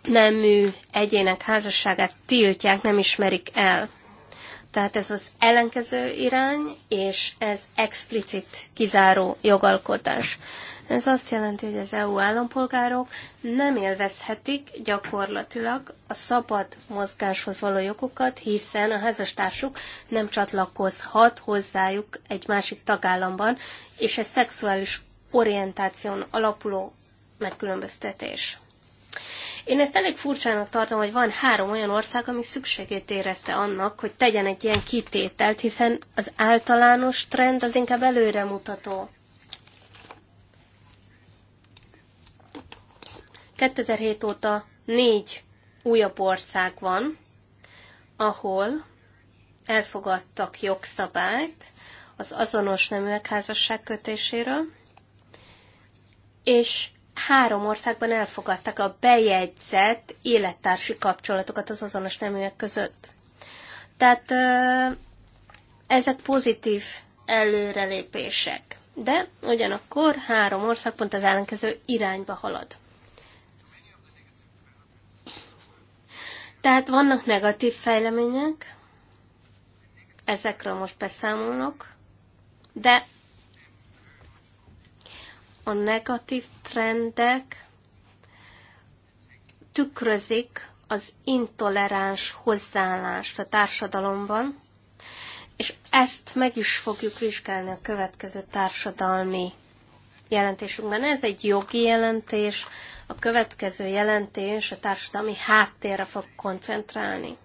nemű egyének házasságát tiltják, nem ismerik el. Tehát ez az ellenkező irány, és ez explicit kizáró jogalkotás. Ez azt jelenti, hogy az EU állampolgárok nem élvezhetik gyakorlatilag a szabad mozgáshoz való jogokat, hiszen a házastársuk nem csatlakozhat hozzájuk egy másik tagállamban, és ez szexuális orientáción alapuló megkülönböztetés. Én ezt elég furcsának tartom, hogy van három olyan ország, ami szükségét érezte annak, hogy tegyen egy ilyen kitételt, hiszen az általános trend az inkább előremutató. 2007 óta négy újabb ország van, ahol elfogadtak jogszabályt az azonos neműek házasság kötéséről, és három országban elfogadtak a bejegyzett élettársi kapcsolatokat az azonos neműek között. Tehát ezek pozitív előrelépések, de ugyanakkor három ország pont az ellenkező irányba halad. Tehát vannak negatív fejlemények, ezekről most beszámolnak, de a negatív trendek tükrözik az intoleráns hozzáállást a társadalomban, és ezt meg is fogjuk vizsgálni a következő társadalmi jelentésünkben. Ez egy jogi jelentés, a következő jelentés a társadalmi háttérre fog koncentrálni.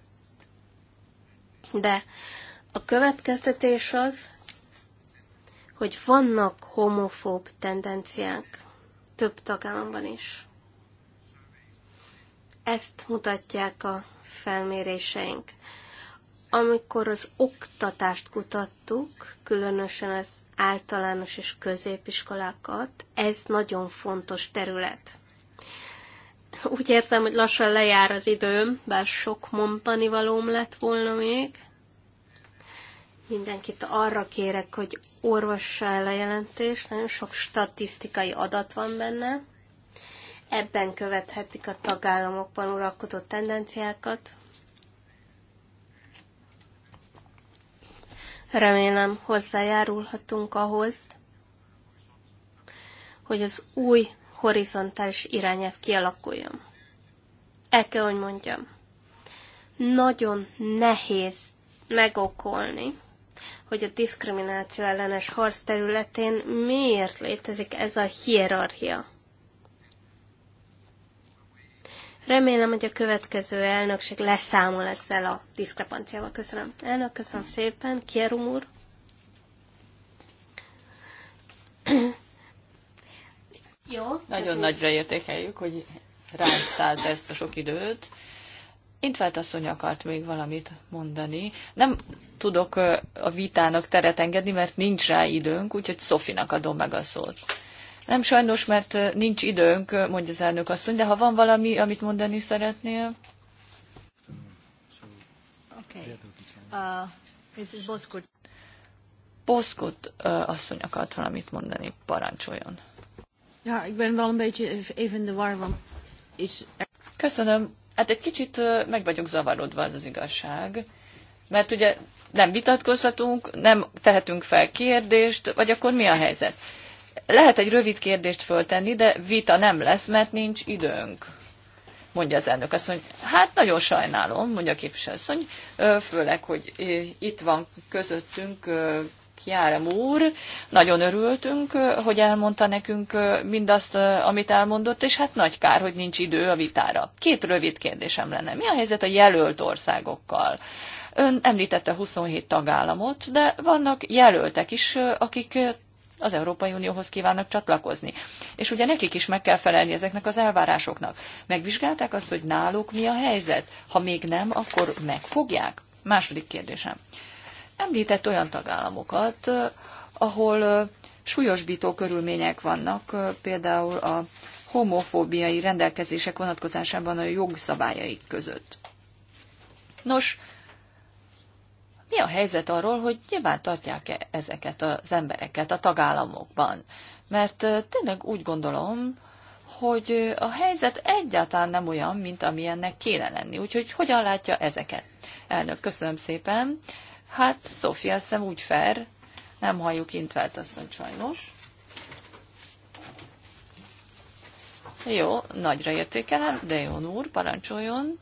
De a következtetés az, hogy vannak homofób tendenciák több tagállamban is. Ezt mutatják a felméréseink. Amikor az oktatást kutattuk, különösen az általános és középiskolákat, ez nagyon fontos terület. Úgy érzem, hogy lassan lejár az időm, bár sok mondani valóm lett volna még. Mindenkit arra kérek, hogy orvossa el a jelentést, nagyon sok statisztikai adat van benne. Ebben követhetik a tagállamokban uralkodó tendenciákat, Remélem hozzájárulhatunk ahhoz, hogy az új horizontális irányelv kialakuljon. El kell, hogy mondjam, nagyon nehéz megokolni, hogy a diszkrimináció ellenes harc területén miért létezik ez a hierarchia. Remélem, hogy a következő elnökség leszámol ezzel a diszkrepanciával. Köszönöm. Elnök, köszönöm szépen. Kierum úr. Jó. Nagyon köszönöm. nagyra értékeljük, hogy ránk szállt ezt a sok időt. Intvált asszony akart még valamit mondani. Nem tudok a vitának teret engedni, mert nincs rá időnk, úgyhogy Szofinak adom meg a szót. Nem sajnos, mert nincs időnk, mondja az elnök asszony, de ha van valami, amit mondani szeretnél. Okay. Uh, Mrs. Boszkut. uh, asszony akart valamit mondani, parancsoljon. Ja, ik ben even war van. Is... Er- Köszönöm. Hát egy kicsit meg vagyok zavarodva, az az igazság. Mert ugye nem vitatkozhatunk, nem tehetünk fel kérdést, vagy akkor mi a helyzet? Lehet egy rövid kérdést föltenni, de vita nem lesz, mert nincs időnk. Mondja az elnök azt, mondja, hát nagyon sajnálom, mondja a képviselőasszony, főleg, hogy itt van közöttünk Kiárem úr, nagyon örültünk, hogy elmondta nekünk mindazt, amit elmondott, és hát nagy kár, hogy nincs idő a vitára. Két rövid kérdésem lenne. Mi a helyzet a jelölt országokkal? Ön említette 27 tagállamot, de vannak jelöltek is, akik az Európai Unióhoz kívánnak csatlakozni. És ugye nekik is meg kell felelni ezeknek az elvárásoknak. Megvizsgálták azt, hogy náluk mi a helyzet? Ha még nem, akkor megfogják? Második kérdésem. Említett olyan tagállamokat, ahol súlyosbító körülmények vannak, például a homofóbiai rendelkezések vonatkozásában a jogszabályaik között. Nos, mi a helyzet arról, hogy nyilván tartják-e ezeket az embereket a tagállamokban? Mert tényleg úgy gondolom, hogy a helyzet egyáltalán nem olyan, mint amilyennek kéne lenni. Úgyhogy hogyan látja ezeket? Elnök, köszönöm szépen. Hát, Szófia, szem úgy fer, nem halljuk Intvelt asszony sajnos. Jó, nagyra értékelem, de jó úr, parancsoljon.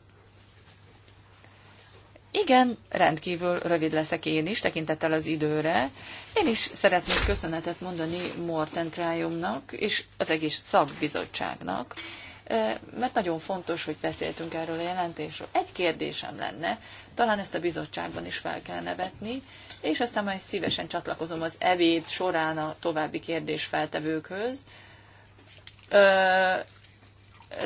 Igen, rendkívül rövid leszek én is, tekintettel az időre. Én is szeretnék köszönetet mondani Morten Krájomnak és az egész szakbizottságnak, mert nagyon fontos, hogy beszéltünk erről a jelentésről. Egy kérdésem lenne, talán ezt a bizottságban is fel kell nevetni, és aztán majd szívesen csatlakozom az ebéd során a további kérdés feltevőkhöz.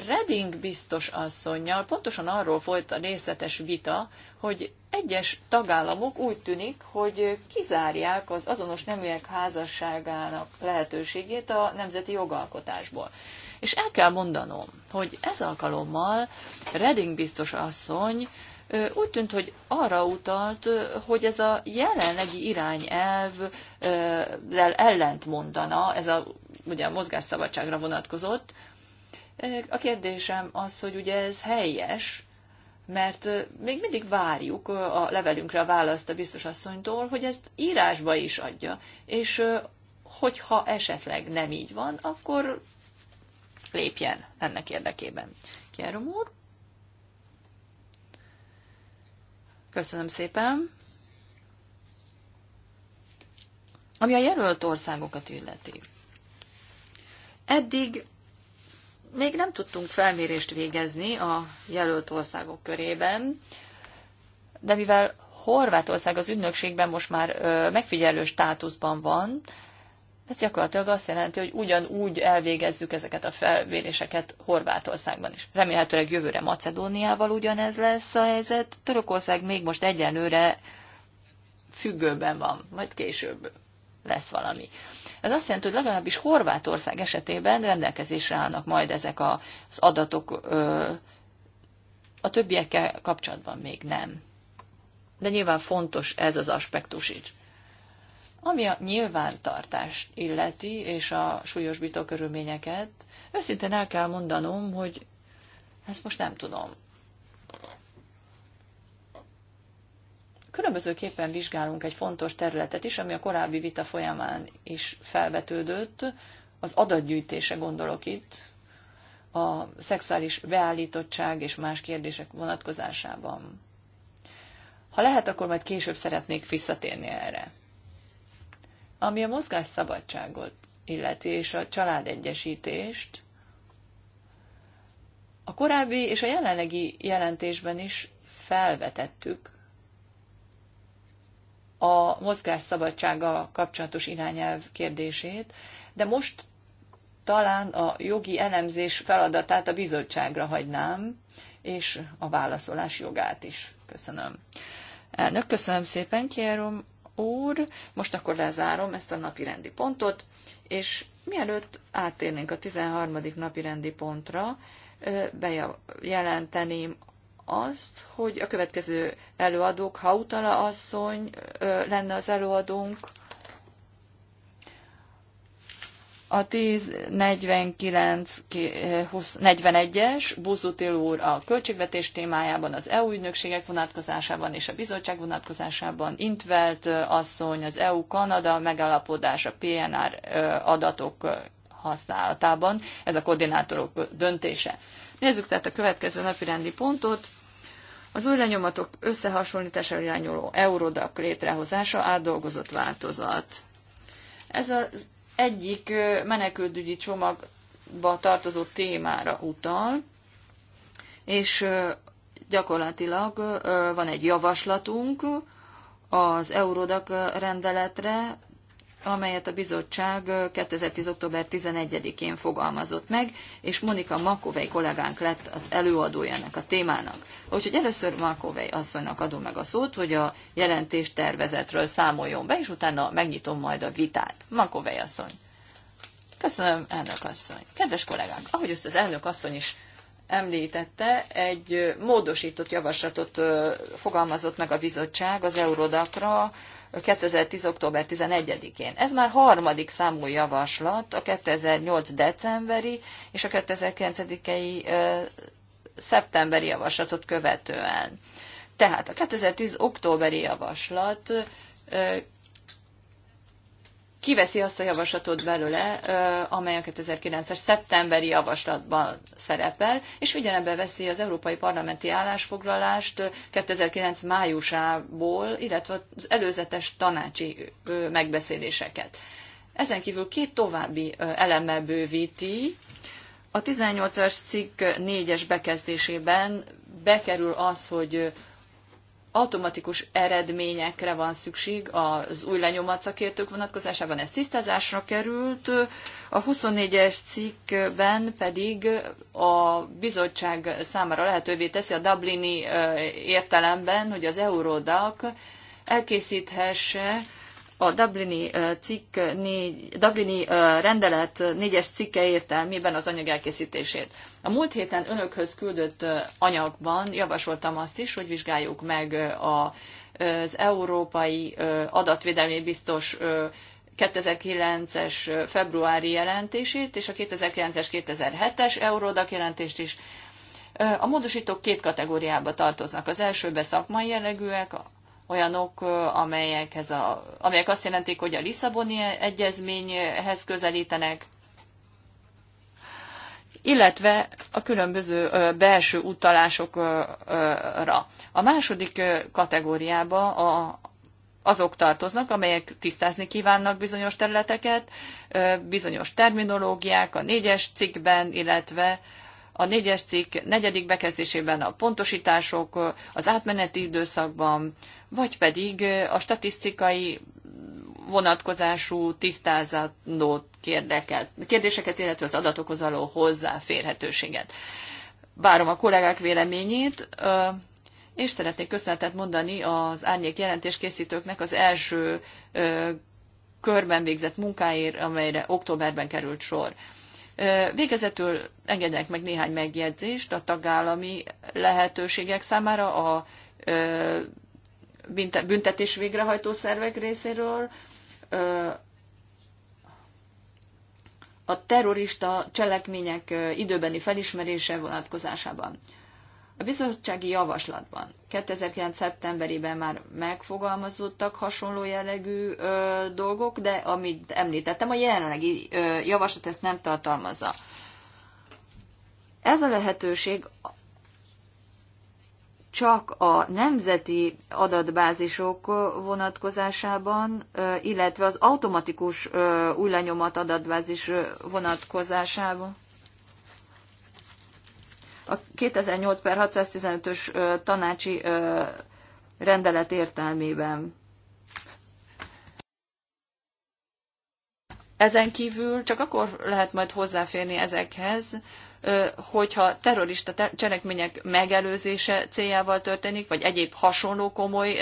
Reding biztos asszonynal pontosan arról folyt a részletes vita, hogy egyes tagállamok úgy tűnik, hogy kizárják az azonos neműek házasságának lehetőségét a nemzeti jogalkotásból. És el kell mondanom, hogy ez alkalommal Reding biztos asszony úgy tűnt, hogy arra utalt, hogy ez a jelenlegi irányelv ellent mondana, ez a, ugye a mozgásszabadságra vonatkozott, a kérdésem az, hogy ugye ez helyes, mert még mindig várjuk a levelünkre a választ a biztos asszonytól, hogy ezt írásba is adja, és hogyha esetleg nem így van, akkor lépjen ennek érdekében. Kérem úr. Köszönöm szépen. Ami a jelölt országokat illeti. Eddig még nem tudtunk felmérést végezni a jelölt országok körében, de mivel Horvátország az ügynökségben most már megfigyelő státuszban van, ez gyakorlatilag azt jelenti, hogy ugyanúgy elvégezzük ezeket a felméréseket Horvátországban is. Remélhetőleg jövőre Macedóniával ugyanez lesz a helyzet. Törökország még most egyenlőre függőben van, majd később lesz valami. Ez azt jelenti, hogy legalábbis Horvátország esetében rendelkezésre állnak majd ezek az adatok, a többiekkel kapcsolatban még nem. De nyilván fontos ez az aspektus is. Ami a nyilvántartást illeti, és a súlyos körülményeket, őszintén el kell mondanom, hogy ezt most nem tudom. különbözőképpen vizsgálunk egy fontos területet is, ami a korábbi vita folyamán is felvetődött, az adatgyűjtése gondolok itt, a szexuális beállítottság és más kérdések vonatkozásában. Ha lehet, akkor majd később szeretnék visszatérni erre. Ami a mozgásszabadságot illeti, és a családegyesítést, a korábbi és a jelenlegi jelentésben is felvetettük a mozgásszabadsággal kapcsolatos irányelv kérdését, de most talán a jogi elemzés feladatát a bizottságra hagynám, és a válaszolás jogát is. Köszönöm. Elnök, köszönöm szépen, kérom úr. Most akkor lezárom ezt a napi rendi pontot, és mielőtt átérnénk a 13. napi rendi pontra, bejelenteném azt, hogy a következő előadók, Hautala asszony lenne az előadónk, a 1049 es Buzutil úr a költségvetés témájában, az EU ügynökségek vonatkozásában és a bizottság vonatkozásában, Intvelt asszony, az EU-Kanada megállapodás a PNR adatok használatában. Ez a koordinátorok döntése. Nézzük tehát a következő napi rendi pontot. Az új lenyomatok összehasonlítására irányuló Eurodac létrehozása átdolgozott változat. Ez az egyik menekültügyi csomagba tartozó témára utal, és gyakorlatilag van egy javaslatunk az Eurodac rendeletre, amelyet a bizottság 2010. október 11-én fogalmazott meg, és Monika Makovej kollégánk lett az előadója ennek a témának. Úgyhogy először Makovej asszonynak adom meg a szót, hogy a jelentés tervezetről számoljon be, és utána megnyitom majd a vitát. Makovej asszony. Köszönöm, elnök asszony. Kedves kollégák, ahogy ezt az elnök asszony is említette, egy módosított javaslatot fogalmazott meg a bizottság az Eurodakra, 2010. október 11-én. Ez már harmadik számú javaslat a 2008. decemberi és a 2009-i szeptemberi javaslatot követően. Tehát a 2010. októberi javaslat kiveszi azt a javaslatot belőle, amely a 2009-es szeptemberi javaslatban szerepel, és figyelembe veszi az Európai Parlamenti állásfoglalást 2009 májusából, illetve az előzetes tanácsi megbeszéléseket. Ezen kívül két további elemmel bővíti. A 18-as cikk 4-es bekezdésében bekerül az, hogy automatikus eredményekre van szükség az új lenyomat szakértők vonatkozásában. Ez tisztázásra került, a 24-es cikkben pedig a bizottság számára lehetővé teszi a Dublini értelemben, hogy az Eurodac elkészíthesse a Dublini, cikk, négy, Dublini rendelet négyes cikke értelmében az anyag elkészítését. A múlt héten önökhöz küldött anyagban javasoltam azt is, hogy vizsgáljuk meg a, az Európai Adatvédelmi Biztos 2009-es februári jelentését, és a 2009-es 2007-es Eurodac jelentést is. A módosítók két kategóriába tartoznak. Az elsőbe szakmai jellegűek, olyanok, amelyekhez a, amelyek azt jelentik, hogy a Lisszaboni egyezményhez közelítenek, illetve a különböző belső utalásokra. A második kategóriába a, azok tartoznak, amelyek tisztázni kívánnak bizonyos területeket, bizonyos terminológiák a négyes cikkben, illetve a négyes cikk negyedik bekezdésében a pontosítások az átmeneti időszakban, vagy pedig a statisztikai vonatkozású tisztázandó kérdéseket, illetve az adatokhoz való hozzáférhetőséget. Várom a kollégák véleményét, és szeretnék köszönetet mondani az árnyék jelentéskészítőknek az első körben végzett munkáért, amelyre októberben került sor. Végezetül engedjenek meg néhány megjegyzést a tagállami lehetőségek számára a büntetés végrehajtó szervek részéről. A terrorista cselekmények időbeni felismerése vonatkozásában. A bizottsági javaslatban 2009. szeptemberében már megfogalmazódtak hasonló jellegű ö, dolgok, de amit említettem, a jelenlegi ö, javaslat ezt nem tartalmazza. Ez a lehetőség csak a nemzeti adatbázisok vonatkozásában, illetve az automatikus új lenyomat adatbázis vonatkozásában a 2008 per 615-ös tanácsi rendelet értelmében. Ezen kívül csak akkor lehet majd hozzáférni ezekhez, hogyha terrorista cselekmények megelőzése céljával történik, vagy egyéb hasonló komoly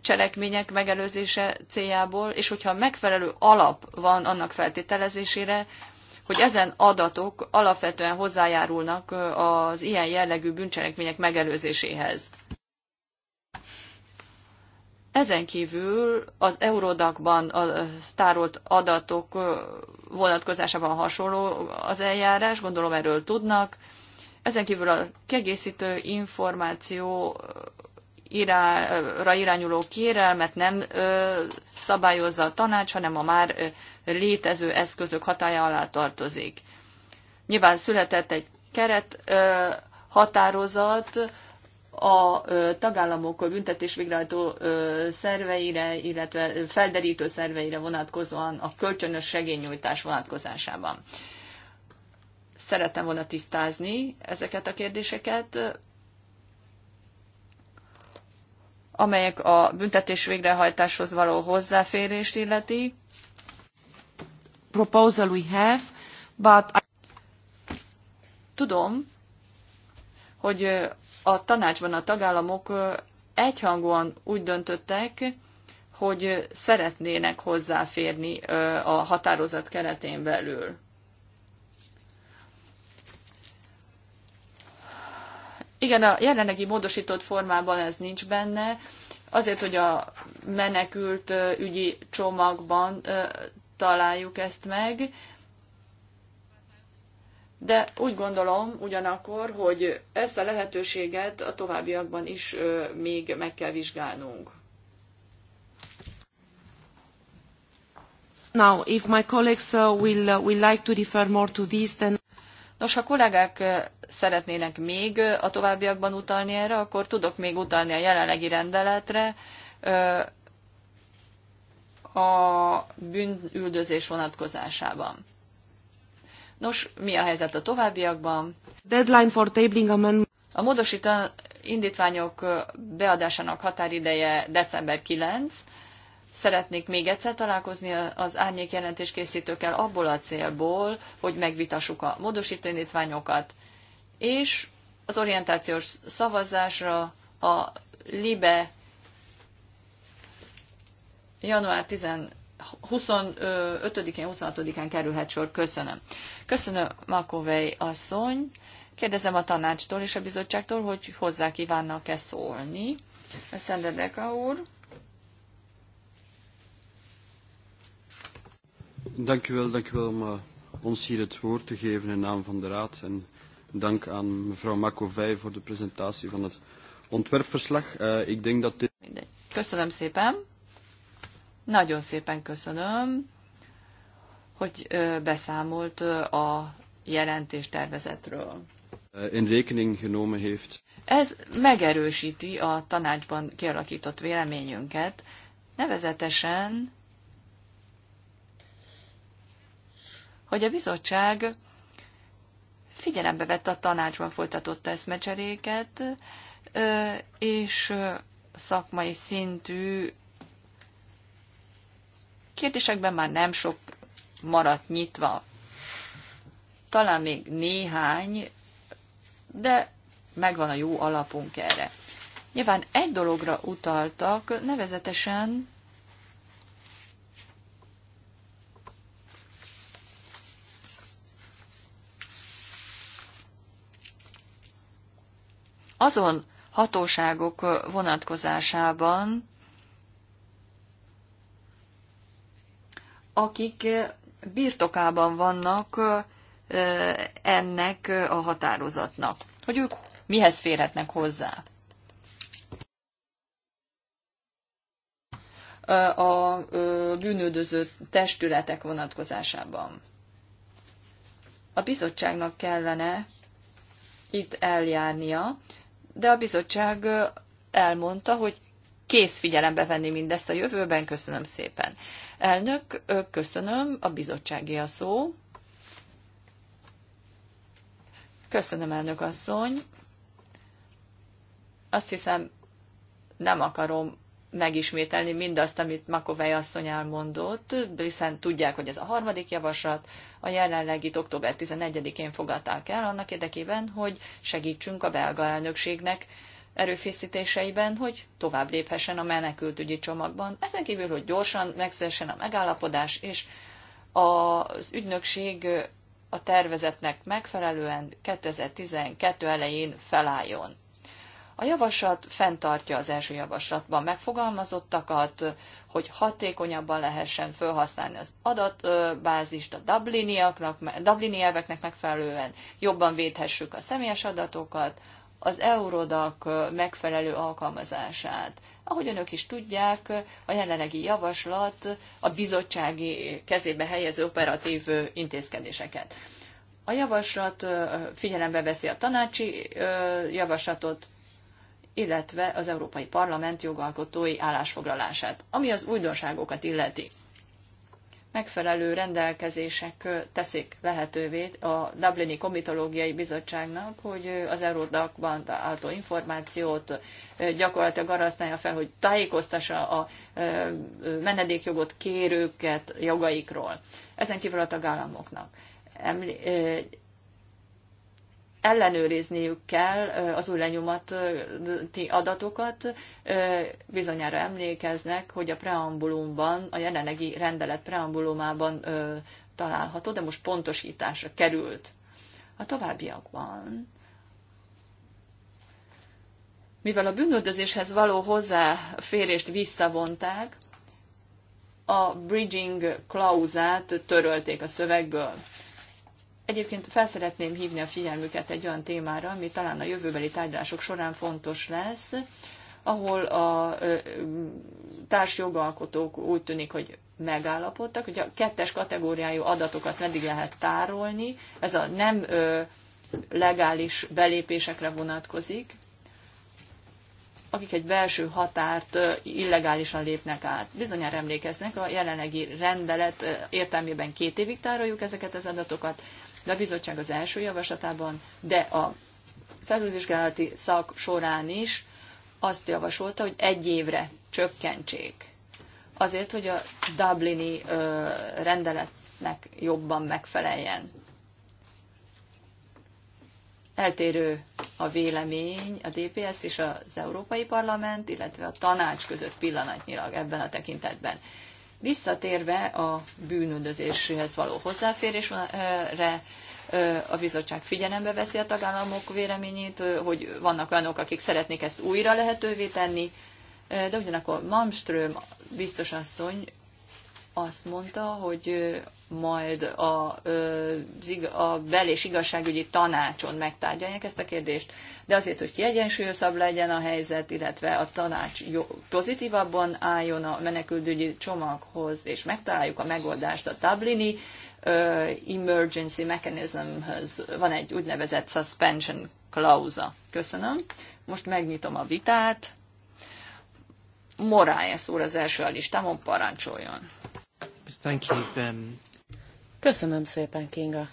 cselekmények megelőzése céljából, és hogyha megfelelő alap van annak feltételezésére, hogy ezen adatok alapvetően hozzájárulnak az ilyen jellegű bűncselekmények megelőzéséhez. Ezen kívül az Eurodakban tárolt adatok vonatkozásában hasonló az eljárás, gondolom erről tudnak. Ezen kívül a kiegészítő információ irányra irányuló kérelmet nem ö, szabályozza a tanács, hanem a már ö, létező eszközök hatája alá tartozik. Nyilván született egy keret ö, határozat a ö, tagállamok büntetés végrehajtó szerveire, illetve felderítő szerveire vonatkozóan a kölcsönös segélynyújtás vonatkozásában. Szerettem volna tisztázni ezeket a kérdéseket amelyek a büntetés végrehajtáshoz való hozzáférést illeti. Proposal we have, but I... Tudom, hogy a tanácsban a tagállamok egyhangúan úgy döntöttek, hogy szeretnének hozzáférni a határozat keretén belül. Igen, a jelenlegi módosított formában ez nincs benne, azért, hogy a menekült ügyi csomagban találjuk ezt meg, de úgy gondolom ugyanakkor, hogy ezt a lehetőséget a továbbiakban is még meg kell vizsgálnunk. Now, if my colleagues uh, will, uh, will like to refer more to this, then... Nos, ha kollégák szeretnének még a továbbiakban utalni erre, akkor tudok még utalni a jelenlegi rendeletre, a bűnüldözés vonatkozásában. Nos, mi a helyzet a továbbiakban? Deadline for tabling amendment. A módosító indítványok beadásának határideje december 9. Szeretnék még egyszer találkozni az árnyék készítőkkel abból a célból, hogy megvitassuk a módosító indítványokat, és az orientációs szavazásra a LIBE január 25-én, 26-án kerülhet sor. Köszönöm. Köszönöm, Makovej asszony. Kérdezem a tanácstól és a bizottságtól, hogy hozzá kívánnak-e szólni. Szendedeka úr. Dank u wel, dank u wel om uh, ons hier het woord te geven in naam van de Raad. En dank aan mevrouw Makovey voor de presentatie van het ontwerpverslag. Uh, ik denk dat dit... Köszönöm szépen. Nagyon szépen köszönöm, hogy uh, beszámolt uh, a jelentéstervezetről. Eh, in rekening genomen heeft. Ez megerősíti a tanácsban kialakított véleményünket, nevezetesen, hogy a bizottság figyelembe vette a tanácsban folytatott eszmecseréket, és szakmai szintű kérdésekben már nem sok maradt nyitva. Talán még néhány, de megvan a jó alapunk erre. Nyilván egy dologra utaltak, nevezetesen azon hatóságok vonatkozásában, akik birtokában vannak ennek a határozatnak, hogy ők mihez férhetnek hozzá. a bűnöldöző testületek vonatkozásában. A bizottságnak kellene itt eljárnia, de a bizottság elmondta, hogy kész figyelembe venni mindezt a jövőben. Köszönöm szépen. Elnök, köszönöm, a bizottsági a szó. Köszönöm, elnök asszony. Azt hiszem, nem akarom megismételni mindazt, amit Makovej asszony elmondott, hiszen tudják, hogy ez a harmadik javaslat, a jelenlegi október 11-én fogadták el, annak érdekében, hogy segítsünk a belga elnökségnek erőfészítéseiben, hogy tovább léphessen a menekültügyi csomagban. Ezen kívül, hogy gyorsan megszülessen a megállapodás, és az ügynökség a tervezetnek megfelelően 2012 elején felálljon. A javaslat fenntartja az első javaslatban megfogalmazottakat, hogy hatékonyabban lehessen felhasználni az adatbázist a dubliniaknak, dublini elveknek megfelelően, jobban védhessük a személyes adatokat, az eurodak megfelelő alkalmazását. Ahogy önök is tudják, a jelenlegi javaslat a bizottsági kezébe helyező operatív intézkedéseket. A javaslat figyelembe veszi a tanácsi javaslatot, illetve az Európai Parlament jogalkotói állásfoglalását, ami az újdonságokat illeti. Megfelelő rendelkezések teszik lehetővé a Dublini Komitológiai Bizottságnak, hogy az Eurodakban álló információt gyakorlatilag arra használja fel, hogy tájékoztassa a menedékjogot kérőket jogaikról. Ezen kívül a tagállamoknak ellenőrizniük kell az új lenyomati adatokat. Bizonyára emlékeznek, hogy a preambulumban, a jelenlegi rendelet preambulumában található, de most pontosításra került. A továbbiakban mivel a bűnöldözéshez való hozzáférést visszavonták, a bridging klauzát törölték a szövegből. Egyébként felszeretném hívni a figyelmüket egy olyan témára, ami talán a jövőbeli tárgyalások során fontos lesz, ahol a társjogalkotók úgy tűnik, hogy megállapodtak, hogy a kettes kategóriájú adatokat meddig lehet tárolni, ez a nem legális belépésekre vonatkozik, akik egy belső határt illegálisan lépnek át. Bizonyára emlékeznek, a jelenlegi rendelet értelmében két évig tároljuk ezeket az adatokat, de a bizottság az első javaslatában, de a felülvizsgálati szak során is azt javasolta, hogy egy évre csökkentsék. Azért, hogy a Dublini ö, rendeletnek jobban megfeleljen. Eltérő a vélemény a DPS és az Európai Parlament, illetve a tanács között pillanatnyilag ebben a tekintetben. Visszatérve a bűnöldözéshez való hozzáférésre, a bizottság figyelembe veszi a tagállamok véleményét, hogy vannak olyanok, akik szeretnék ezt újra lehetővé tenni, de ugyanakkor Malmström biztos asszony azt mondta, hogy majd a, a bel- és igazságügyi tanácson megtárgyalják ezt a kérdést, de azért, hogy kiegyensúlyozabb legyen a helyzet, illetve a tanács pozitívabban álljon a menekültügyi csomaghoz, és megtaláljuk a megoldást a Dublini emergency mechanismhöz. Van egy úgynevezett suspension klauza. Köszönöm. Most megnyitom a vitát. Moráes úr az első a listámon, parancsoljon. Thank you. Um... Köszönöm szépen, Kinga.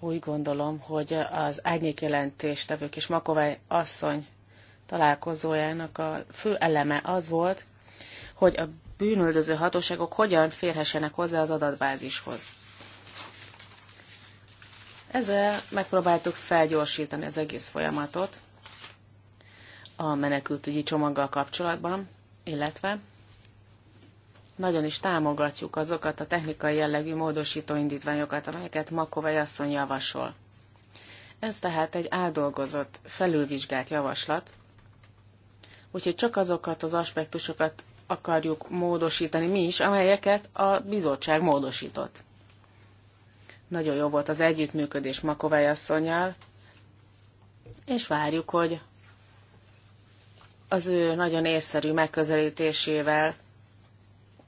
Úgy gondolom, hogy az árnyékjelentéstevők és Makovály asszony találkozójának a fő eleme az volt, hogy a bűnöldöző hatóságok hogyan férhessenek hozzá az adatbázishoz. Ezzel megpróbáltuk felgyorsítani az egész folyamatot a menekültügyi csomaggal kapcsolatban, illetve nagyon is támogatjuk azokat a technikai jellegű módosító indítványokat, amelyeket Makovai asszony javasol. Ez tehát egy áldolgozott, felülvizsgált javaslat, úgyhogy csak azokat az aspektusokat akarjuk módosítani mi is, amelyeket a bizottság módosított. Nagyon jó volt az együttműködés Makovely asszonyjal, és várjuk, hogy az ő nagyon észszerű megközelítésével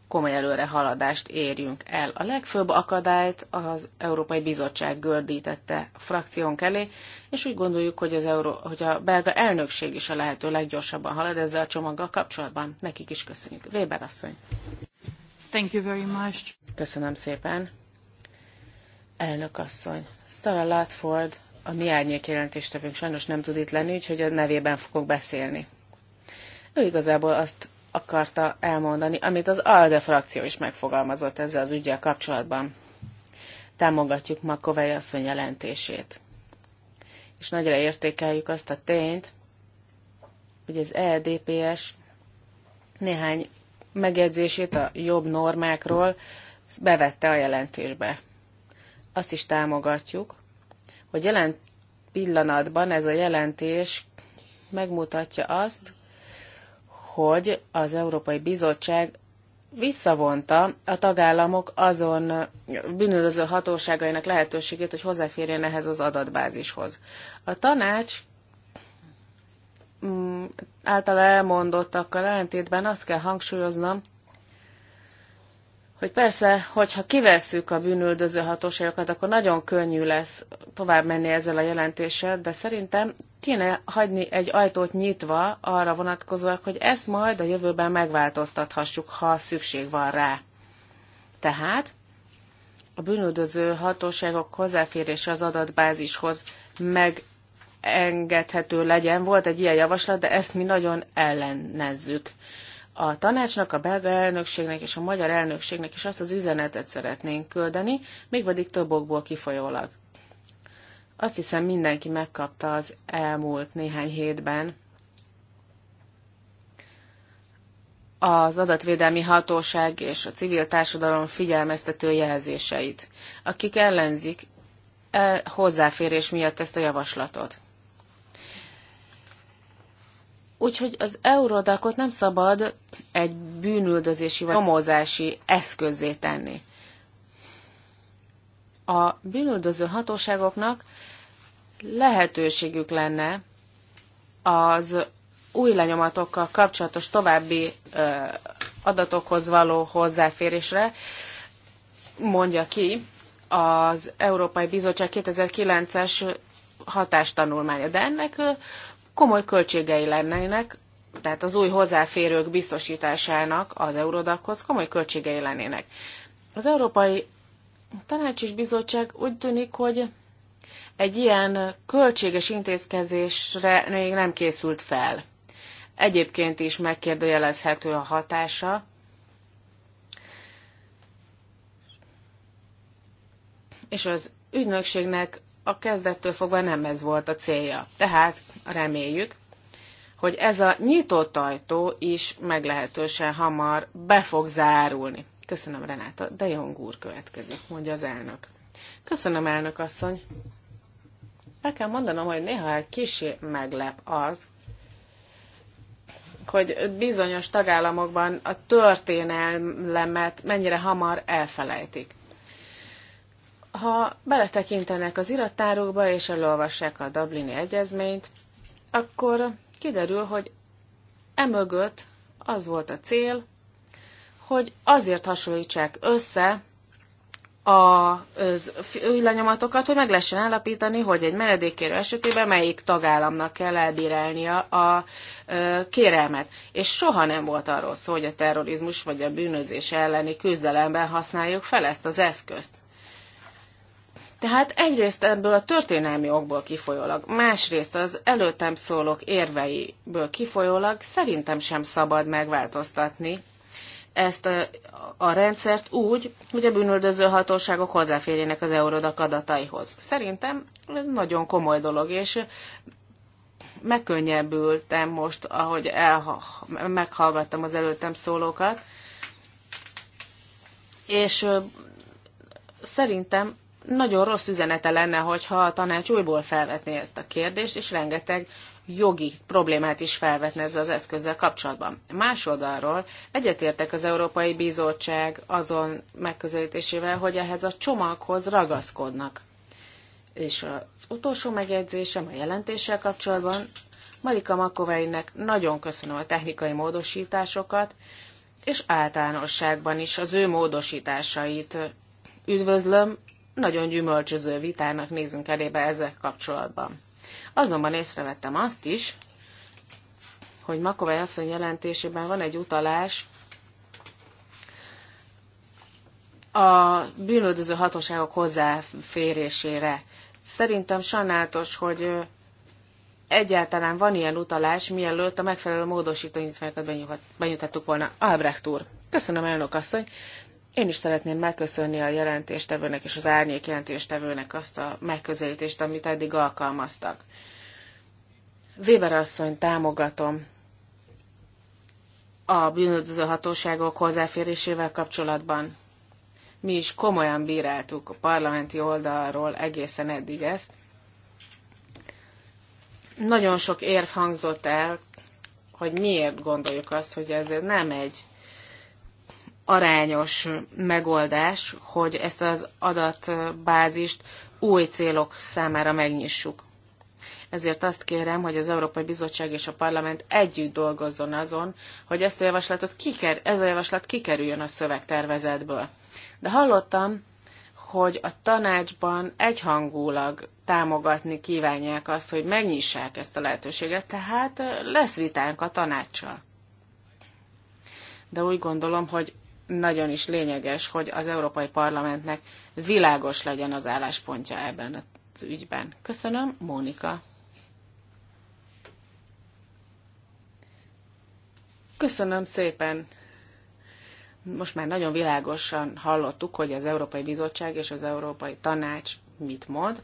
komoly előrehaladást érjünk el. A legfőbb akadályt az Európai Bizottság gördítette a frakciónk elé, és úgy gondoljuk, hogy, az Euró- hogy a belga elnökség is a lehető leggyorsabban halad ezzel a csomaggal kapcsolatban. Nekik is köszönjük. Weber asszony. Thank you very much. Köszönöm szépen. Elnök asszony. Stara Latford, a mi árnyék jelentéstevünk sajnos nem tud itt lenni, úgyhogy a nevében fogok beszélni. Ő igazából azt akarta elmondani, amit az ALDE frakció is megfogalmazott ezzel az ügyel kapcsolatban. Támogatjuk Makovei asszony jelentését. És nagyra értékeljük azt a tényt, hogy az EDPS néhány megjegyzését a jobb normákról bevette a jelentésbe. Azt is támogatjuk, hogy jelen pillanatban ez a jelentés megmutatja azt, hogy az Európai Bizottság visszavonta a tagállamok azon bűnöző hatóságainak lehetőségét, hogy hozzáférjen ehhez az adatbázishoz. A tanács mm, által elmondottakkal ellentétben azt kell hangsúlyoznom, hogy persze, hogyha kivesszük a bűnüldöző hatóságokat, akkor nagyon könnyű lesz tovább menni ezzel a jelentéssel, de szerintem kéne hagyni egy ajtót nyitva arra vonatkozóak, hogy ezt majd a jövőben megváltoztathassuk, ha szükség van rá. Tehát a bűnüldöző hatóságok hozzáférése az adatbázishoz megengedhető legyen. Volt egy ilyen javaslat, de ezt mi nagyon ellenezzük a tanácsnak, a belga elnökségnek és a magyar elnökségnek is azt az üzenetet szeretnénk küldeni, mégpedig több okból kifolyólag. Azt hiszem mindenki megkapta az elmúlt néhány hétben az adatvédelmi hatóság és a civil társadalom figyelmeztető jelzéseit, akik ellenzik e, hozzáférés miatt ezt a javaslatot. Úgyhogy az eurodakot nem szabad egy bűnüldözési vagy nyomozási eszközé tenni. A bűnüldöző hatóságoknak lehetőségük lenne az új lenyomatokkal kapcsolatos további adatokhoz való hozzáférésre, mondja ki az Európai Bizottság 2009-es hatástanulmánya. De ennek komoly költségei lennének, tehát az új hozzáférők biztosításának az Eurodakhoz komoly költségei lennének. Az Európai Tanács és Bizottság úgy tűnik, hogy egy ilyen költséges intézkezésre még nem készült fel. Egyébként is megkérdőjelezhető a hatása. És az ügynökségnek a kezdettől fogva nem ez volt a célja. Tehát reméljük, hogy ez a nyitott ajtó is meglehetősen hamar be fog zárulni. Köszönöm, Renáta. De Jong úr következik, mondja az elnök. Köszönöm, elnök asszony. El kell mondanom, hogy néha egy kicsi meglep az, hogy bizonyos tagállamokban a történelmet mennyire hamar elfelejtik ha beletekintenek az irattárokba és elolvassák a Dublini Egyezményt, akkor kiderül, hogy emögött az volt a cél, hogy azért hasonlítsák össze az lenyomatokat, hogy meg lehessen állapítani, hogy egy menedékkérő esetében melyik tagállamnak kell elbírálnia a kérelmet. És soha nem volt arról szó, hogy a terrorizmus vagy a bűnözés elleni küzdelemben használjuk fel ezt az eszközt. Tehát egyrészt ebből a történelmi okból kifolyólag, másrészt az előttem szólók érveiből kifolyólag szerintem sem szabad megváltoztatni ezt a, a rendszert úgy, hogy a bűnöldöző hatóságok hozzáférjenek az eurodak adataihoz. Szerintem ez nagyon komoly dolog, és megkönnyebbültem most, ahogy elha, meghallgattam az előttem szólókat, és szerintem nagyon rossz üzenete lenne, hogyha a tanács újból felvetné ezt a kérdést, és rengeteg jogi problémát is felvetne ez az eszközzel kapcsolatban. Másoldalról egyetértek az Európai Bizottság azon megközelítésével, hogy ehhez a csomaghoz ragaszkodnak. És az utolsó megjegyzésem a jelentéssel kapcsolatban, Marika Makoveinek nagyon köszönöm a technikai módosításokat, és általánosságban is az ő módosításait üdvözlöm, nagyon gyümölcsöző vitának nézünk elébe ezek kapcsolatban. Azonban észrevettem azt is, hogy Makovely asszony jelentésében van egy utalás a bűnöldöző hatóságok hozzáférésére. Szerintem sajnálatos, hogy egyáltalán van ilyen utalás, mielőtt a megfelelő nyitványokat benyújtottuk volna. Albrecht úr, köszönöm elnök asszony. Én is szeretném megköszönni a jelentéstevőnek és az árnyék jelentéstevőnek azt a megközelítést, amit eddig alkalmaztak. Weber asszony támogatom a bűnöző hatóságok hozzáférésével kapcsolatban. Mi is komolyan bíráltuk a parlamenti oldalról egészen eddig ezt. Nagyon sok érv hangzott el, hogy miért gondoljuk azt, hogy ez nem egy arányos megoldás, hogy ezt az adatbázist új célok számára megnyissuk. Ezért azt kérem, hogy az Európai Bizottság és a Parlament együtt dolgozzon azon, hogy ezt a javaslatot kiker, ez a javaslat kikerüljön a szövegtervezetből. De hallottam, hogy a tanácsban egyhangulag támogatni kívánják azt, hogy megnyissák ezt a lehetőséget, tehát lesz vitánk a tanácssal. De úgy gondolom, hogy nagyon is lényeges, hogy az Európai Parlamentnek világos legyen az álláspontja ebben az ügyben. Köszönöm, Mónika. Köszönöm szépen. Most már nagyon világosan hallottuk, hogy az Európai Bizottság és az Európai Tanács mit mond.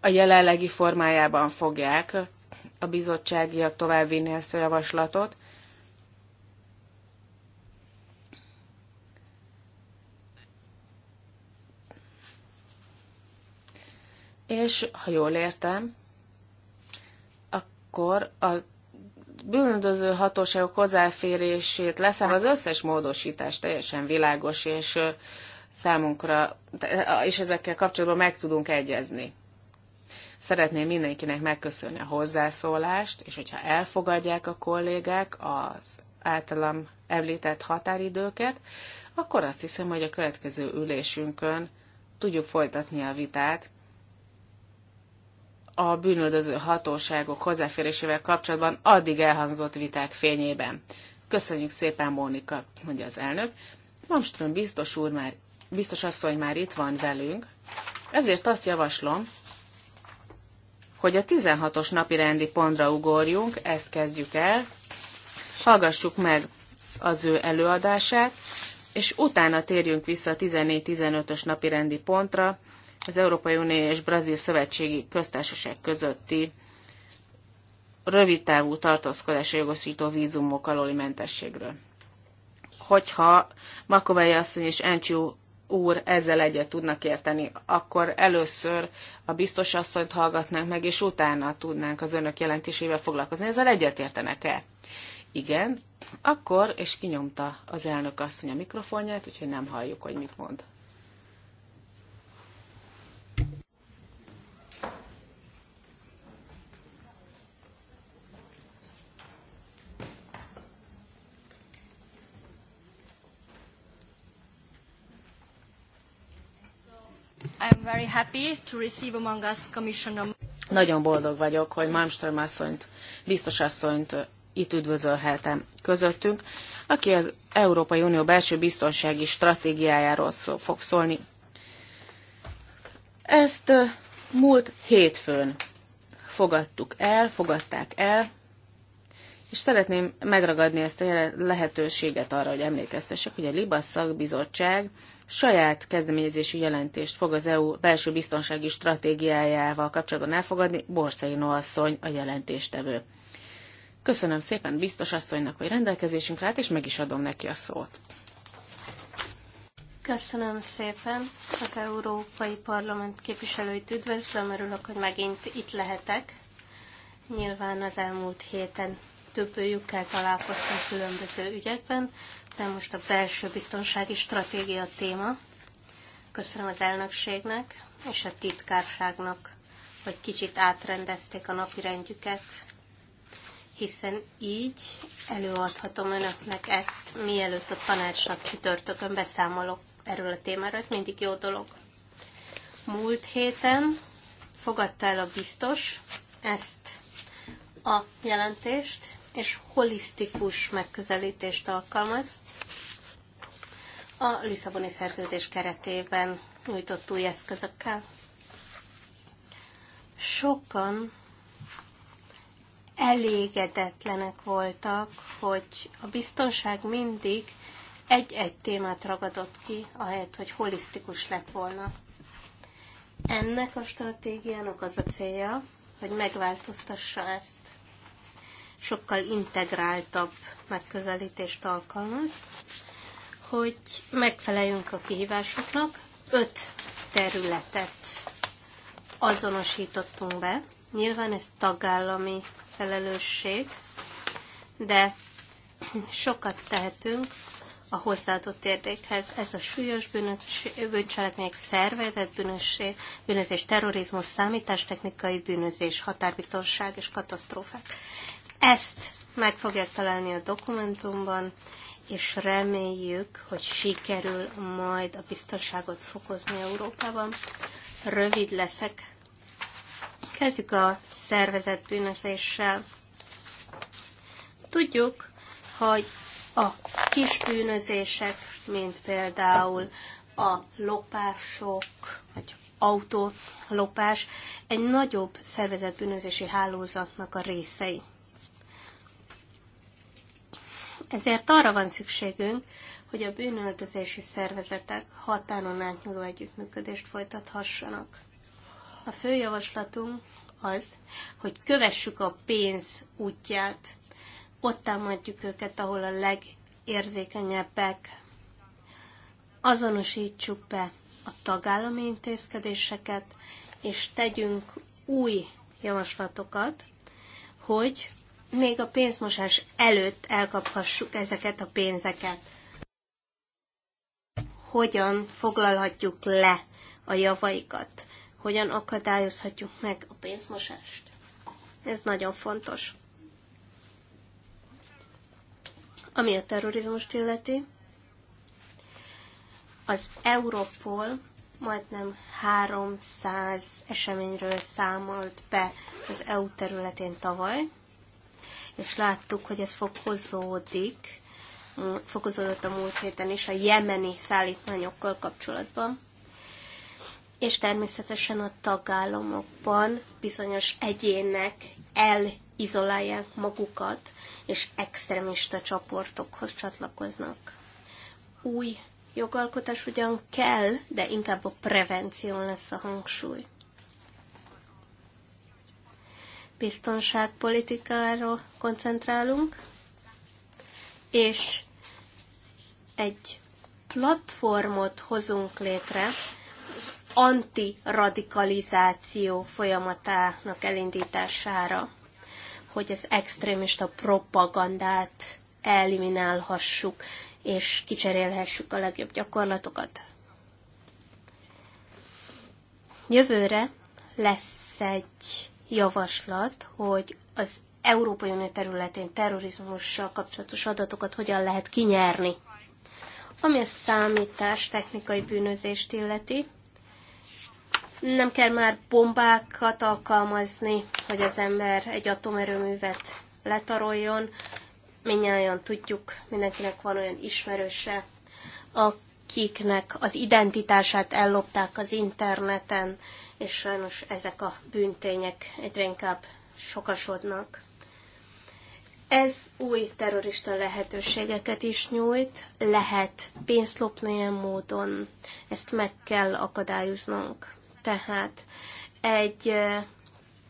A jelenlegi formájában fogják a bizottságiak továbbvinni ezt a javaslatot, és ha jól értem, akkor a bűnöző hatóságok hozzáférését leszem az összes módosítás teljesen világos, és számunkra, és ezekkel kapcsolatban meg tudunk egyezni. Szeretném mindenkinek megköszönni a hozzászólást, és hogyha elfogadják a kollégák az általam említett határidőket, akkor azt hiszem, hogy a következő ülésünkön tudjuk folytatni a vitát, a bűnöldöző hatóságok hozzáférésével kapcsolatban addig elhangzott viták fényében. Köszönjük szépen, Mónika, mondja az elnök. Malmström biztos úr már, biztos asszony már itt van velünk, ezért azt javaslom, hogy a 16-os napi rendi pontra ugorjunk, ezt kezdjük el, hallgassuk meg az ő előadását, és utána térjünk vissza a 14-15-ös napi rendi pontra, az Európai Unió és Brazil Szövetségi Köztársaság közötti rövidtávú tartózkodásra jogosító vízumok alóli mentességről. Hogyha Makovei asszony és Encsiu úr ezzel egyet tudnak érteni, akkor először a biztos asszonyt hallgatnánk meg, és utána tudnánk az önök jelentésével foglalkozni. Ezzel egyet értenek-e? Igen, akkor, és kinyomta az elnök asszony a mikrofonját, úgyhogy nem halljuk, hogy mit mond. I'm very happy to receive among us Commissioner. Nagyon boldog vagyok, hogy Malmström asszonyt, biztos asszonyt itt üdvözölhetem közöttünk, aki az Európai Unió belső biztonsági stratégiájáról szó, fog szólni. Ezt múlt hétfőn fogadtuk el, fogadták el, és szeretném megragadni ezt a lehetőséget arra, hogy emlékeztessek, hogy a Libasszak szakbizottság bizottság saját kezdeményezésű jelentést fog az EU belső biztonsági stratégiájával kapcsolatban elfogadni, Borszai Noasszony a jelentéstevő. Köszönöm szépen biztos asszonynak, hogy rendelkezésünkre lát, és meg is adom neki a szót. Köszönöm szépen az Európai Parlament képviselőit üdvözlöm, örülök, hogy megint itt lehetek. Nyilván az elmúlt héten több ügyükkel találkoztam különböző ügyekben, éppen most a belső biztonsági stratégia téma. Köszönöm az elnökségnek és a titkárságnak, hogy kicsit átrendezték a napirendjüket, hiszen így előadhatom önöknek ezt, mielőtt a tanácsnak csütörtökön beszámolok erről a témáról, ez mindig jó dolog. Múlt héten fogadta el a biztos ezt a jelentést, és holisztikus megközelítést alkalmaz. A Lisszaboni szerződés keretében nyújtott új eszközökkel. Sokan elégedetlenek voltak, hogy a biztonság mindig egy-egy témát ragadott ki, ahelyett, hogy holisztikus lett volna. Ennek a stratégiának az a célja, hogy megváltoztassa ezt sokkal integráltabb megközelítést alkalmaz, hogy megfeleljünk a kihívásoknak. Öt területet azonosítottunk be. Nyilván ez tagállami felelősség, de sokat tehetünk a hozzáadott érdekhez. Ez a súlyos bűncselekmények szervezett bűnösség, bűnözés, terrorizmus, számítástechnikai bűnözés, határbiztonság és katasztrófák. Ezt meg fogják találni a dokumentumban, és reméljük, hogy sikerül majd a biztonságot fokozni Európában. Rövid leszek. Kezdjük a szervezet bűnözéssel. Tudjuk, hogy a kis bűnözések, mint például a lopások, vagy lopás, egy nagyobb szervezetbűnözési hálózatnak a részei. Ezért arra van szükségünk, hogy a bűnöldözési szervezetek határon átnyúló együttműködést folytathassanak. A fő javaslatunk az, hogy kövessük a pénz útját, ott támadjuk őket, ahol a legérzékenyebbek. Azonosítsuk be a tagállami intézkedéseket, és tegyünk új javaslatokat, hogy még a pénzmosás előtt elkaphassuk ezeket a pénzeket. Hogyan foglalhatjuk le a javaikat? Hogyan akadályozhatjuk meg a pénzmosást? Ez nagyon fontos. Ami a terrorizmust illeti, az Europol majdnem 300 eseményről számolt be az EU területén tavaly, és láttuk, hogy ez fokozódik, fokozódott a múlt héten is a jemeni szállítmányokkal kapcsolatban, és természetesen a tagállamokban bizonyos egyének elizolálják magukat, és extremista csoportokhoz csatlakoznak. Új jogalkotás ugyan kell, de inkább a prevenció lesz a hangsúly biztonságpolitikára koncentrálunk, és egy platformot hozunk létre az antiradikalizáció folyamatának elindítására, hogy az extrémista propagandát eliminálhassuk, és kicserélhessük a legjobb gyakorlatokat. Jövőre lesz egy javaslat, hogy az Európai Unió területén terrorizmussal kapcsolatos adatokat hogyan lehet kinyerni. Ami a számítás technikai bűnözést illeti, nem kell már bombákat alkalmazni, hogy az ember egy atomerőművet letaroljon. Mindjárt tudjuk, mindenkinek van olyan ismerőse, akiknek az identitását ellopták az interneten, és sajnos ezek a bűntények egyre inkább sokasodnak. Ez új terrorista lehetőségeket is nyújt, lehet pénzt lopni ilyen módon, ezt meg kell akadályoznunk. Tehát egy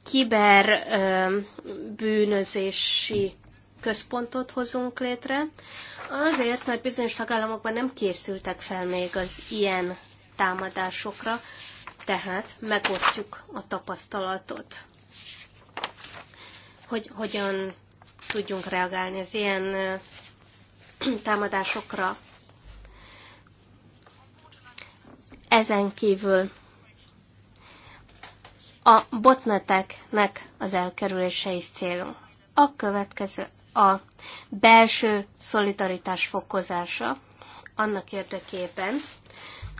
kiber bűnözési központot hozunk létre, azért, mert bizonyos tagállamokban nem készültek fel még az ilyen támadásokra, tehát megosztjuk a tapasztalatot, hogy hogyan tudjunk reagálni az ilyen támadásokra. Ezen kívül a botneteknek az elkerülése is célunk. A következő a belső szolidaritás fokozása annak érdekében,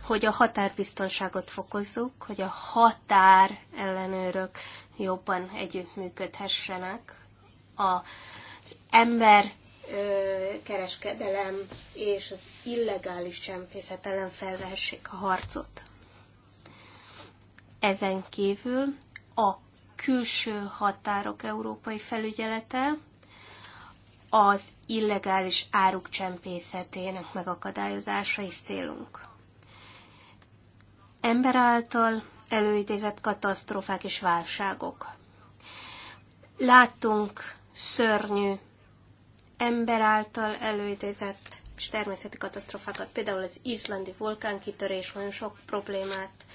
hogy a határbiztonságot fokozzuk, hogy a határ ellenőrök jobban együttműködhessenek az ember kereskedelem és az illegális csempészet ellen felvessék a harcot. Ezen kívül a külső határok európai felügyelete az illegális áruk csempészetének megakadályozása is célunk ember által előidézett katasztrófák és válságok. Láttunk szörnyű ember által előidézett és természeti katasztrófákat, például az izlandi vulkánkitörés nagyon sok problémát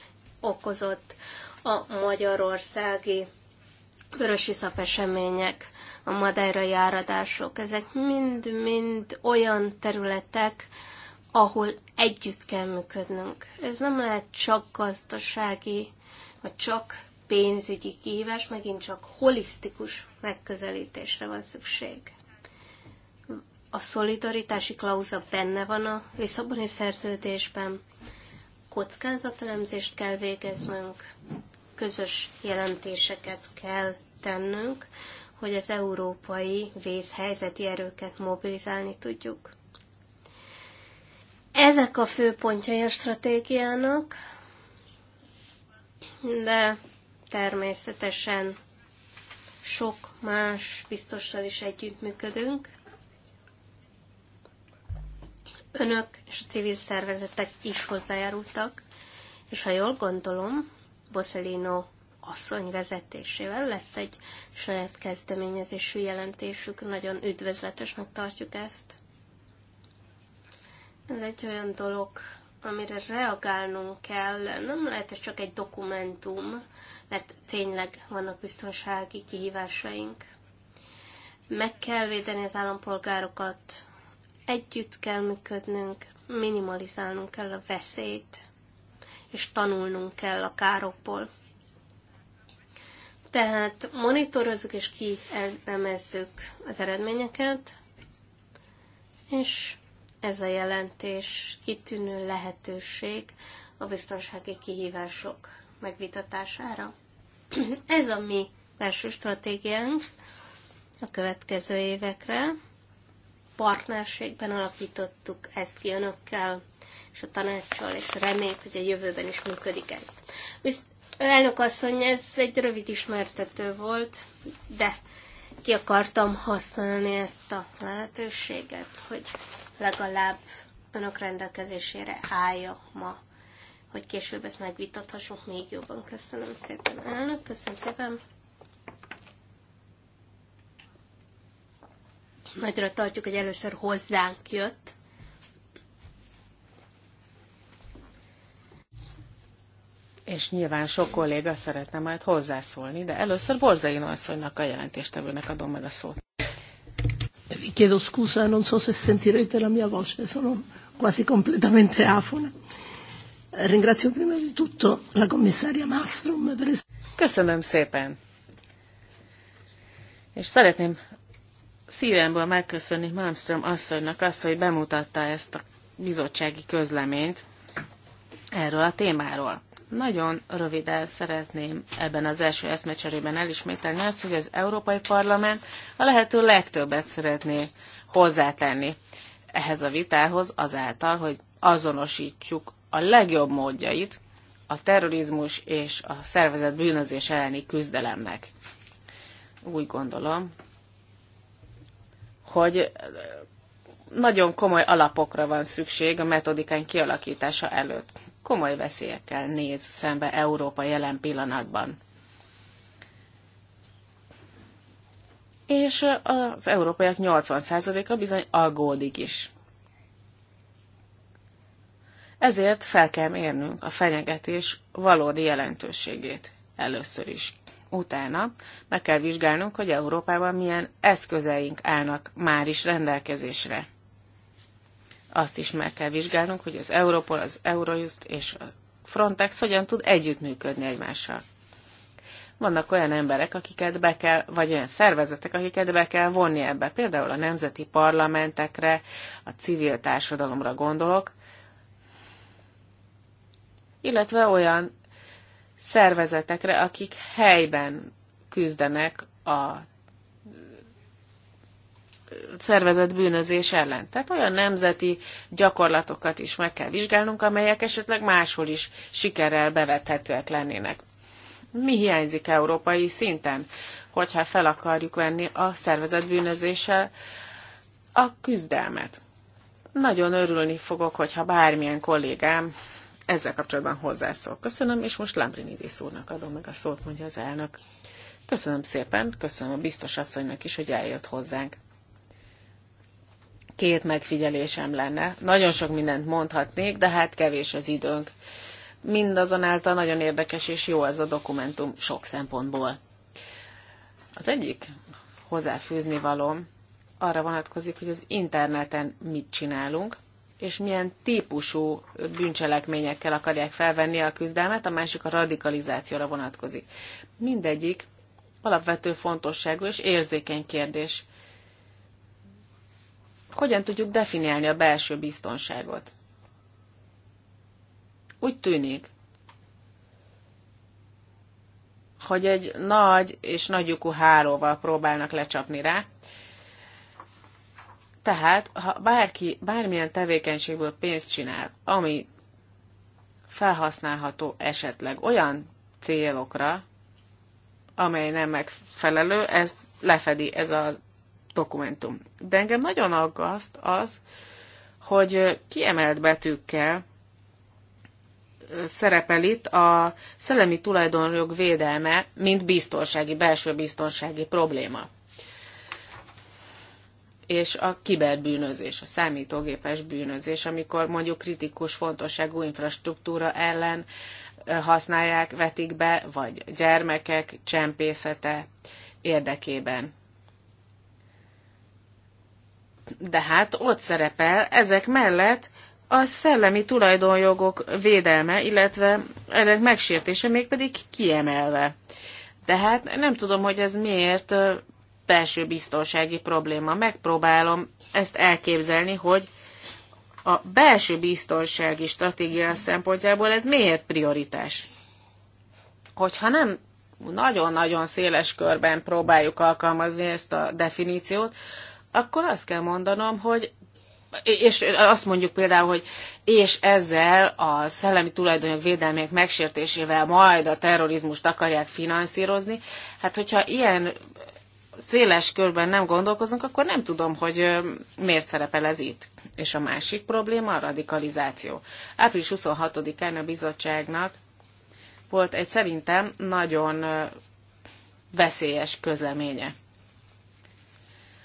okozott, a magyarországi vörösi események, a madárai járadások, ezek mind-mind olyan területek, ahol együtt kell működnünk. Ez nem lehet csak gazdasági, vagy csak pénzügyi kihívás, megint csak holisztikus megközelítésre van szükség. A szolidaritási klauza benne van a Lisszaboni szerződésben, kockázatelemzést kell végeznünk, közös jelentéseket kell tennünk, hogy az európai vészhelyzeti erőket mobilizálni tudjuk. Ezek a fő pontjai a stratégiának, de természetesen sok más biztossal is együttműködünk. Önök és a civil szervezetek is hozzájárultak, és ha jól gondolom, Bosszelino asszony vezetésével lesz egy saját kezdeményezésű jelentésük, nagyon üdvözletesnek tartjuk ezt. Ez egy olyan dolog, amire reagálnunk kell. Nem lehet ez csak egy dokumentum, mert tényleg vannak biztonsági kihívásaink. Meg kell védeni az állampolgárokat, együtt kell működnünk, minimalizálnunk kell a veszélyt, és tanulnunk kell a károkból. Tehát monitorozzuk és kielemezzük az eredményeket, és ez a jelentés kitűnő lehetőség a biztonsági kihívások megvitatására. ez a mi belső stratégiánk a következő évekre. Partnerségben alakítottuk ezt ki önökkel és a tanácssal, és reméljük, hogy a jövőben is működik ez. Viszont elnök asszony, ez egy rövid ismertető volt, de ki akartam használni ezt a lehetőséget, hogy legalább önök rendelkezésére álljak ma, hogy később ezt megvitathassuk még jobban. Köszönöm szépen, elnök, köszönöm szépen. Nagyra tartjuk, hogy először hozzánk jött. és nyilván sok kolléga szeretne majd hozzászólni, de először Borzai asszonynak a jelentéstevőnek adom meg a szót vi chiedo scusa, non so se sentirete la mia voce, sono quasi completamente afona. Eh, ringrazio prima di tutto la commissaria Mastrom per Köszönöm szépen! És szeretném szívemből megköszönni Malmström asszonynak azt, hogy bemutatta ezt a bizottsági közleményt erről a témáról. Nagyon röviden szeretném ebben az első eszmecserében elismételni azt, hogy az Európai Parlament a lehető legtöbbet szeretné hozzátenni ehhez a vitához azáltal, hogy azonosítsuk a legjobb módjait a terrorizmus és a szervezet bűnözés elleni küzdelemnek. Úgy gondolom, hogy nagyon komoly alapokra van szükség a metodikán kialakítása előtt komoly veszélyekkel néz szembe Európa jelen pillanatban. És az európaiak 80%-a bizony aggódik is. Ezért fel kell mérnünk a fenyegetés valódi jelentőségét először is. Utána meg kell vizsgálnunk, hogy Európában milyen eszközeink állnak már is rendelkezésre. Azt is meg kell vizsgálnunk, hogy az Europol, az Eurojust és a Frontex hogyan tud együttműködni egymással. Vannak olyan emberek, akiket be kell, vagy olyan szervezetek, akiket be kell vonni ebbe. Például a nemzeti parlamentekre, a civil társadalomra gondolok, illetve olyan szervezetekre, akik helyben küzdenek a szervezett bűnözés ellen. Tehát olyan nemzeti gyakorlatokat is meg kell vizsgálnunk, amelyek esetleg máshol is sikerrel bevethetőek lennének. Mi hiányzik európai szinten, hogyha fel akarjuk venni a szervezett bűnözéssel a küzdelmet? Nagyon örülni fogok, hogyha bármilyen kollégám ezzel kapcsolatban hozzászól. Köszönöm, és most Lambrinidis úrnak adom meg a szót, mondja az elnök. Köszönöm szépen, köszönöm a biztos asszonynak is, hogy eljött hozzánk. Két megfigyelésem lenne. Nagyon sok mindent mondhatnék, de hát kevés az időnk. Mindazonáltal nagyon érdekes és jó ez a dokumentum sok szempontból. Az egyik hozzáfűzni valom arra vonatkozik, hogy az interneten mit csinálunk, és milyen típusú bűncselekményekkel akarják felvenni a küzdelmet, a másik a radikalizációra vonatkozik. Mindegyik alapvető fontosságú és érzékeny kérdés. Hogyan tudjuk definiálni a belső biztonságot? Úgy tűnik, hogy egy nagy és lyukú hálóval próbálnak lecsapni rá. Tehát, ha bárki bármilyen tevékenységből pénzt csinál, ami felhasználható esetleg olyan célokra, amely nem megfelelő, ezt lefedi ez a dokumentum. De engem nagyon aggaszt az, hogy kiemelt betűkkel szerepel itt a szellemi tulajdonjog védelme, mint biztonsági, belső biztonsági probléma. És a kiberbűnözés, a számítógépes bűnözés, amikor mondjuk kritikus fontosságú infrastruktúra ellen eh, használják, vetik be, vagy gyermekek csempészete érdekében de hát ott szerepel ezek mellett a szellemi tulajdonjogok védelme, illetve ennek megsértése mégpedig kiemelve. Tehát nem tudom, hogy ez miért belső biztonsági probléma. Megpróbálom ezt elképzelni, hogy a belső biztonsági stratégia szempontjából ez miért prioritás? Hogyha nem nagyon-nagyon széles körben próbáljuk alkalmazni ezt a definíciót, akkor azt kell mondanom, hogy és azt mondjuk például, hogy és ezzel a szellemi tulajdonjog védelmének megsértésével majd a terrorizmust akarják finanszírozni. Hát, hogyha ilyen széles körben nem gondolkozunk, akkor nem tudom, hogy miért szerepel ez itt. És a másik probléma a radikalizáció. Április 26-án a bizottságnak volt egy szerintem nagyon veszélyes közleménye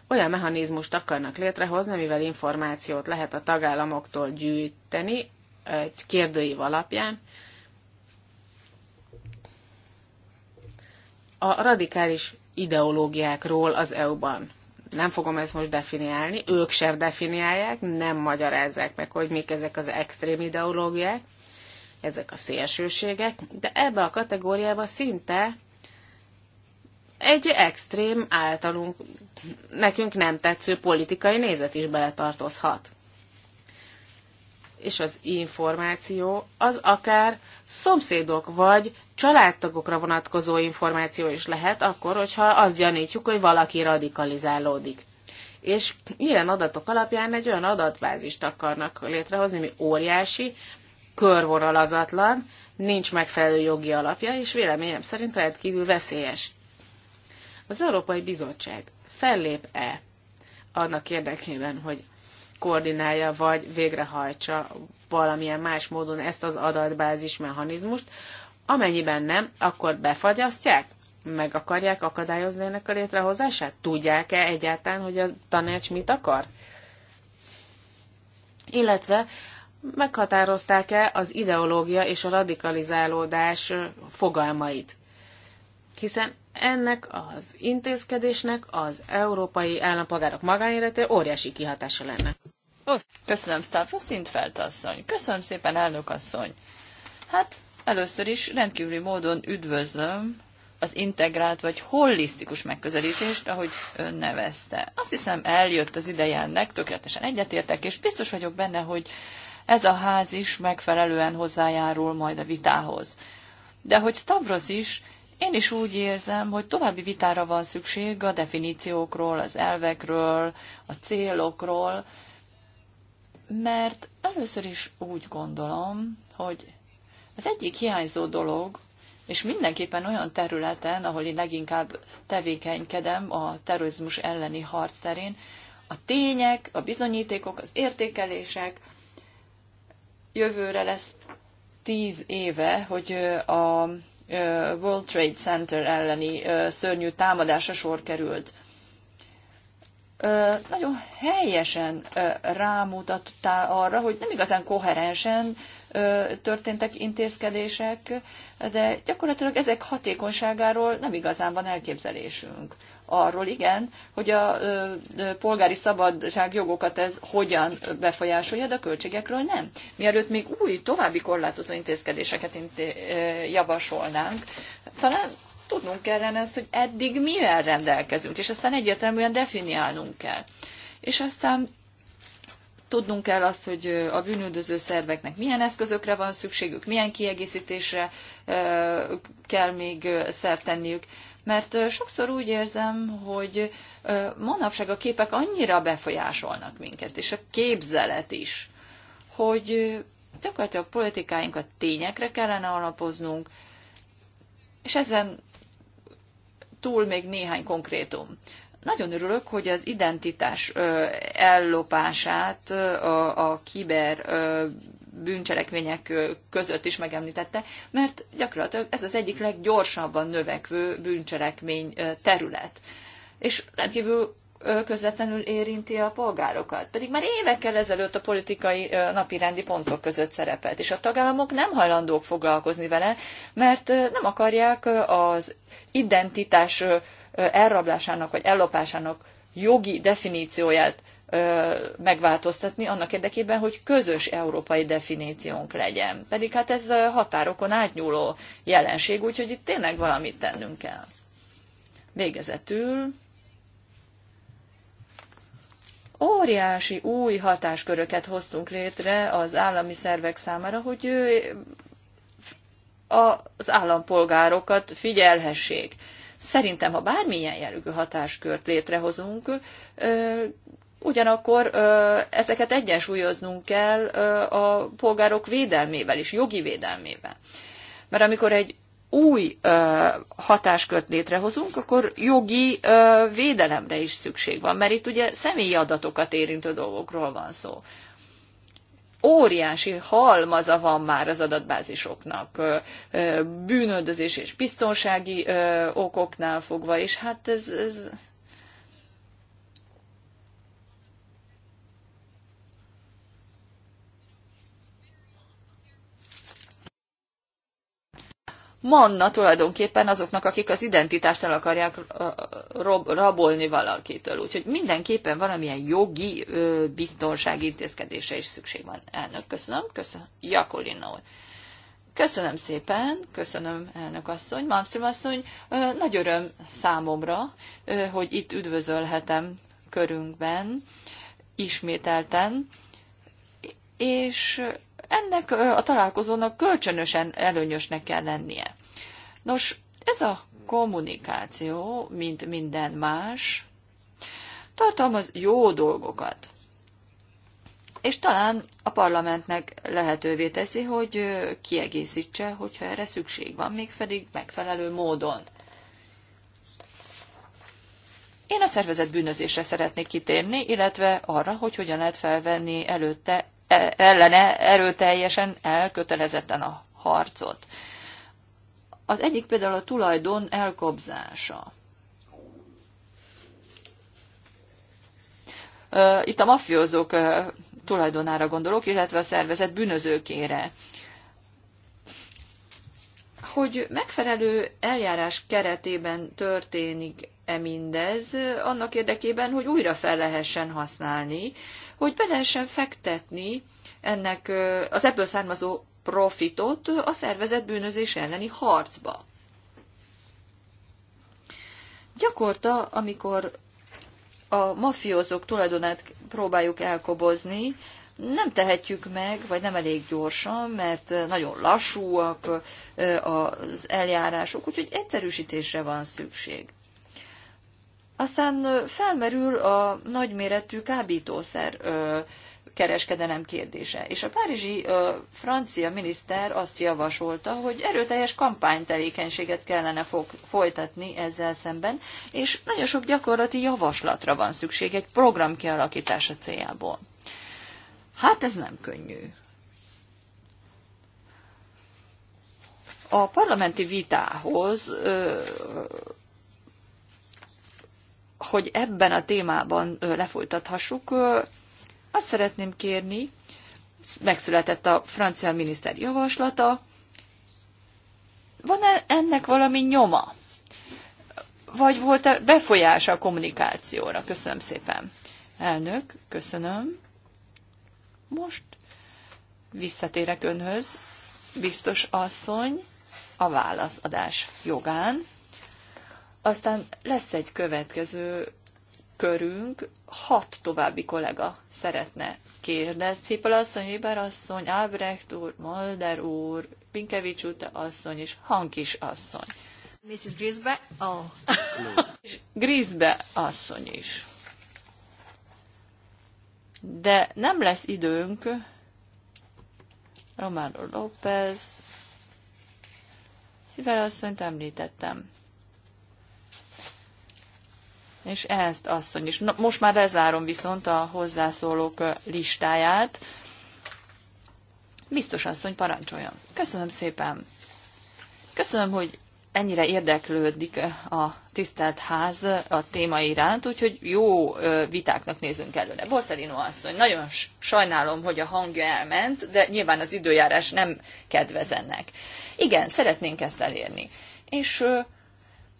olyan mechanizmust akarnak létrehozni, amivel információt lehet a tagállamoktól gyűjteni egy kérdőív alapján. A radikális ideológiákról az EU-ban. Nem fogom ezt most definiálni, ők sem definiálják, nem magyarázzák meg, hogy mik ezek az extrém ideológiák, ezek a szélsőségek, de ebbe a kategóriába szinte egy extrém általunk nekünk nem tetsző politikai nézet is beletartozhat. És az információ az akár szomszédok vagy családtagokra vonatkozó információ is lehet, akkor, hogyha azt gyanítjuk, hogy valaki radikalizálódik. És ilyen adatok alapján egy olyan adatbázist akarnak létrehozni, ami óriási, körvonalazatlan, nincs megfelelő jogi alapja, és véleményem szerint rendkívül veszélyes. Az Európai Bizottság fellép-e annak érdekében, hogy koordinálja vagy végrehajtsa valamilyen más módon ezt az adatbázis mechanizmust, amennyiben nem, akkor befagyasztják? Meg akarják akadályozni ennek a létrehozását? Tudják-e egyáltalán, hogy a tanács mit akar? Illetve meghatározták-e az ideológia és a radikalizálódás fogalmait? Hiszen ennek az intézkedésnek az európai állampolgárok magánélete óriási kihatása lenne. Köszönöm, Stavros Szintfelt asszony. Köszönöm szépen, elnök asszony. Hát először is rendkívüli módon üdvözlöm az integrált vagy holisztikus megközelítést, ahogy ön nevezte. Azt hiszem eljött az ideje ennek, tökéletesen egyetértek, és biztos vagyok benne, hogy ez a ház is megfelelően hozzájárul majd a vitához. De hogy Stavros is én is úgy érzem, hogy további vitára van szükség a definíciókról, az elvekről, a célokról, mert először is úgy gondolom, hogy az egyik hiányzó dolog, és mindenképpen olyan területen, ahol én leginkább tevékenykedem a terrorizmus elleni harc terén, a tények, a bizonyítékok, az értékelések, jövőre lesz tíz éve, hogy a World Trade Center elleni szörnyű támadása sor került. Nagyon helyesen rámutattál arra, hogy nem igazán koherensen történtek intézkedések, de gyakorlatilag ezek hatékonyságáról nem igazán van elképzelésünk arról, igen, hogy a polgári szabadság jogokat ez hogyan befolyásolja, de a költségekről nem. Mielőtt még új, további korlátozó intézkedéseket javasolnánk, talán tudnunk kellene ezt, hogy eddig mivel rendelkezünk, és aztán egyértelműen definiálnunk kell. És aztán tudnunk kell azt, hogy a bűnöldöző szerveknek milyen eszközökre van szükségük, milyen kiegészítésre kell még szert tenniük mert sokszor úgy érzem, hogy manapság a képek annyira befolyásolnak minket, és a képzelet is, hogy gyakorlatilag politikáinkat tényekre kellene alapoznunk, és ezen túl még néhány konkrétum. Nagyon örülök, hogy az identitás ellopását a, a kiber bűncselekmények között is megemlítette, mert gyakorlatilag ez az egyik leggyorsabban növekvő bűncselekmény terület. És rendkívül közvetlenül érinti a polgárokat. Pedig már évekkel ezelőtt a politikai napirendi pontok között szerepelt, és a tagállamok nem hajlandók foglalkozni vele, mert nem akarják az identitás elrablásának vagy ellopásának jogi definícióját megváltoztatni annak érdekében, hogy közös európai definíciónk legyen. Pedig hát ez határokon átnyúló jelenség, úgyhogy itt tényleg valamit tennünk kell. Végezetül óriási új hatásköröket hoztunk létre az állami szervek számára, hogy az állampolgárokat figyelhessék. Szerintem, ha bármilyen jellegű hatáskört létrehozunk, Ugyanakkor ezeket egyensúlyoznunk kell a polgárok védelmével is, jogi védelmével. Mert amikor egy új ö, hatáskört létrehozunk, akkor jogi ö, védelemre is szükség van, mert itt ugye személyi adatokat érintő dolgokról van szó. Óriási halmaza van már az adatbázisoknak, ö, ö, bűnöldözés és biztonsági ö, okoknál fogva, és hát ez, ez manna tulajdonképpen azoknak, akik az identitást el akarják rob, rabolni valakitől. Úgyhogy mindenképpen valamilyen jogi biztonsági intézkedése is szükség van. Elnök, köszönöm. Köszönöm. Jakolina úr. Köszönöm szépen, köszönöm elnök asszony, Malmström asszony. Nagy öröm számomra, hogy itt üdvözölhetem körünkben ismételten, és ennek a találkozónak kölcsönösen előnyösnek kell lennie. Nos, ez a kommunikáció, mint minden más, tartalmaz jó dolgokat. És talán a parlamentnek lehetővé teszi, hogy kiegészítse, hogyha erre szükség van, mégpedig megfelelő módon. Én a szervezet bűnözésre szeretnék kitérni, illetve arra, hogy hogyan lehet felvenni előtte E, ellene erőteljesen, elkötelezetten a harcot. Az egyik például a tulajdon elkobzása. E, itt a mafiózók e, tulajdonára gondolok, illetve a szervezet bűnözőkére. Hogy megfelelő eljárás keretében történik -e mindez annak érdekében, hogy újra fel lehessen használni, hogy be lehessen fektetni ennek az ebből származó profitot a szervezet bűnözés elleni harcba. Gyakorta, amikor a mafiózók tulajdonát próbáljuk elkobozni, nem tehetjük meg, vagy nem elég gyorsan, mert nagyon lassúak az eljárások, úgyhogy egyszerűsítésre van szükség. Aztán felmerül a nagyméretű kábítószer kereskedelem kérdése. És a párizsi francia miniszter azt javasolta, hogy erőteljes kampánytevékenységet kellene fog, folytatni ezzel szemben, és nagyon sok gyakorlati javaslatra van szükség egy program kialakítása céljából. Hát ez nem könnyű. A parlamenti vitához ö, hogy ebben a témában lefolytathassuk, azt szeretném kérni, megszületett a francia miniszter javaslata, van -e ennek valami nyoma? Vagy volt-e befolyása a kommunikációra? Köszönöm szépen. Elnök, köszönöm. Most visszatérek önhöz, biztos asszony, a válaszadás jogán. Aztán lesz egy következő körünk, hat további kollega szeretne kérdezni. Cipel asszony, Iber asszony, Ábrecht úr, Molder úr, Pinkevics úr, asszony és Hankis asszony. Mrs. Grisbe? Oh. és Grisbe asszony is. De nem lesz időnk Romano López, Szivel asszonyt említettem és ezt asszony is. Na, most már lezárom viszont a hozzászólók listáját. Biztos asszony, parancsoljon. Köszönöm szépen. Köszönöm, hogy ennyire érdeklődik a tisztelt ház a téma iránt, úgyhogy jó vitáknak nézünk előre. Borszerino asszony, nagyon sajnálom, hogy a hangja elment, de nyilván az időjárás nem kedvez Igen, szeretnénk ezt elérni. És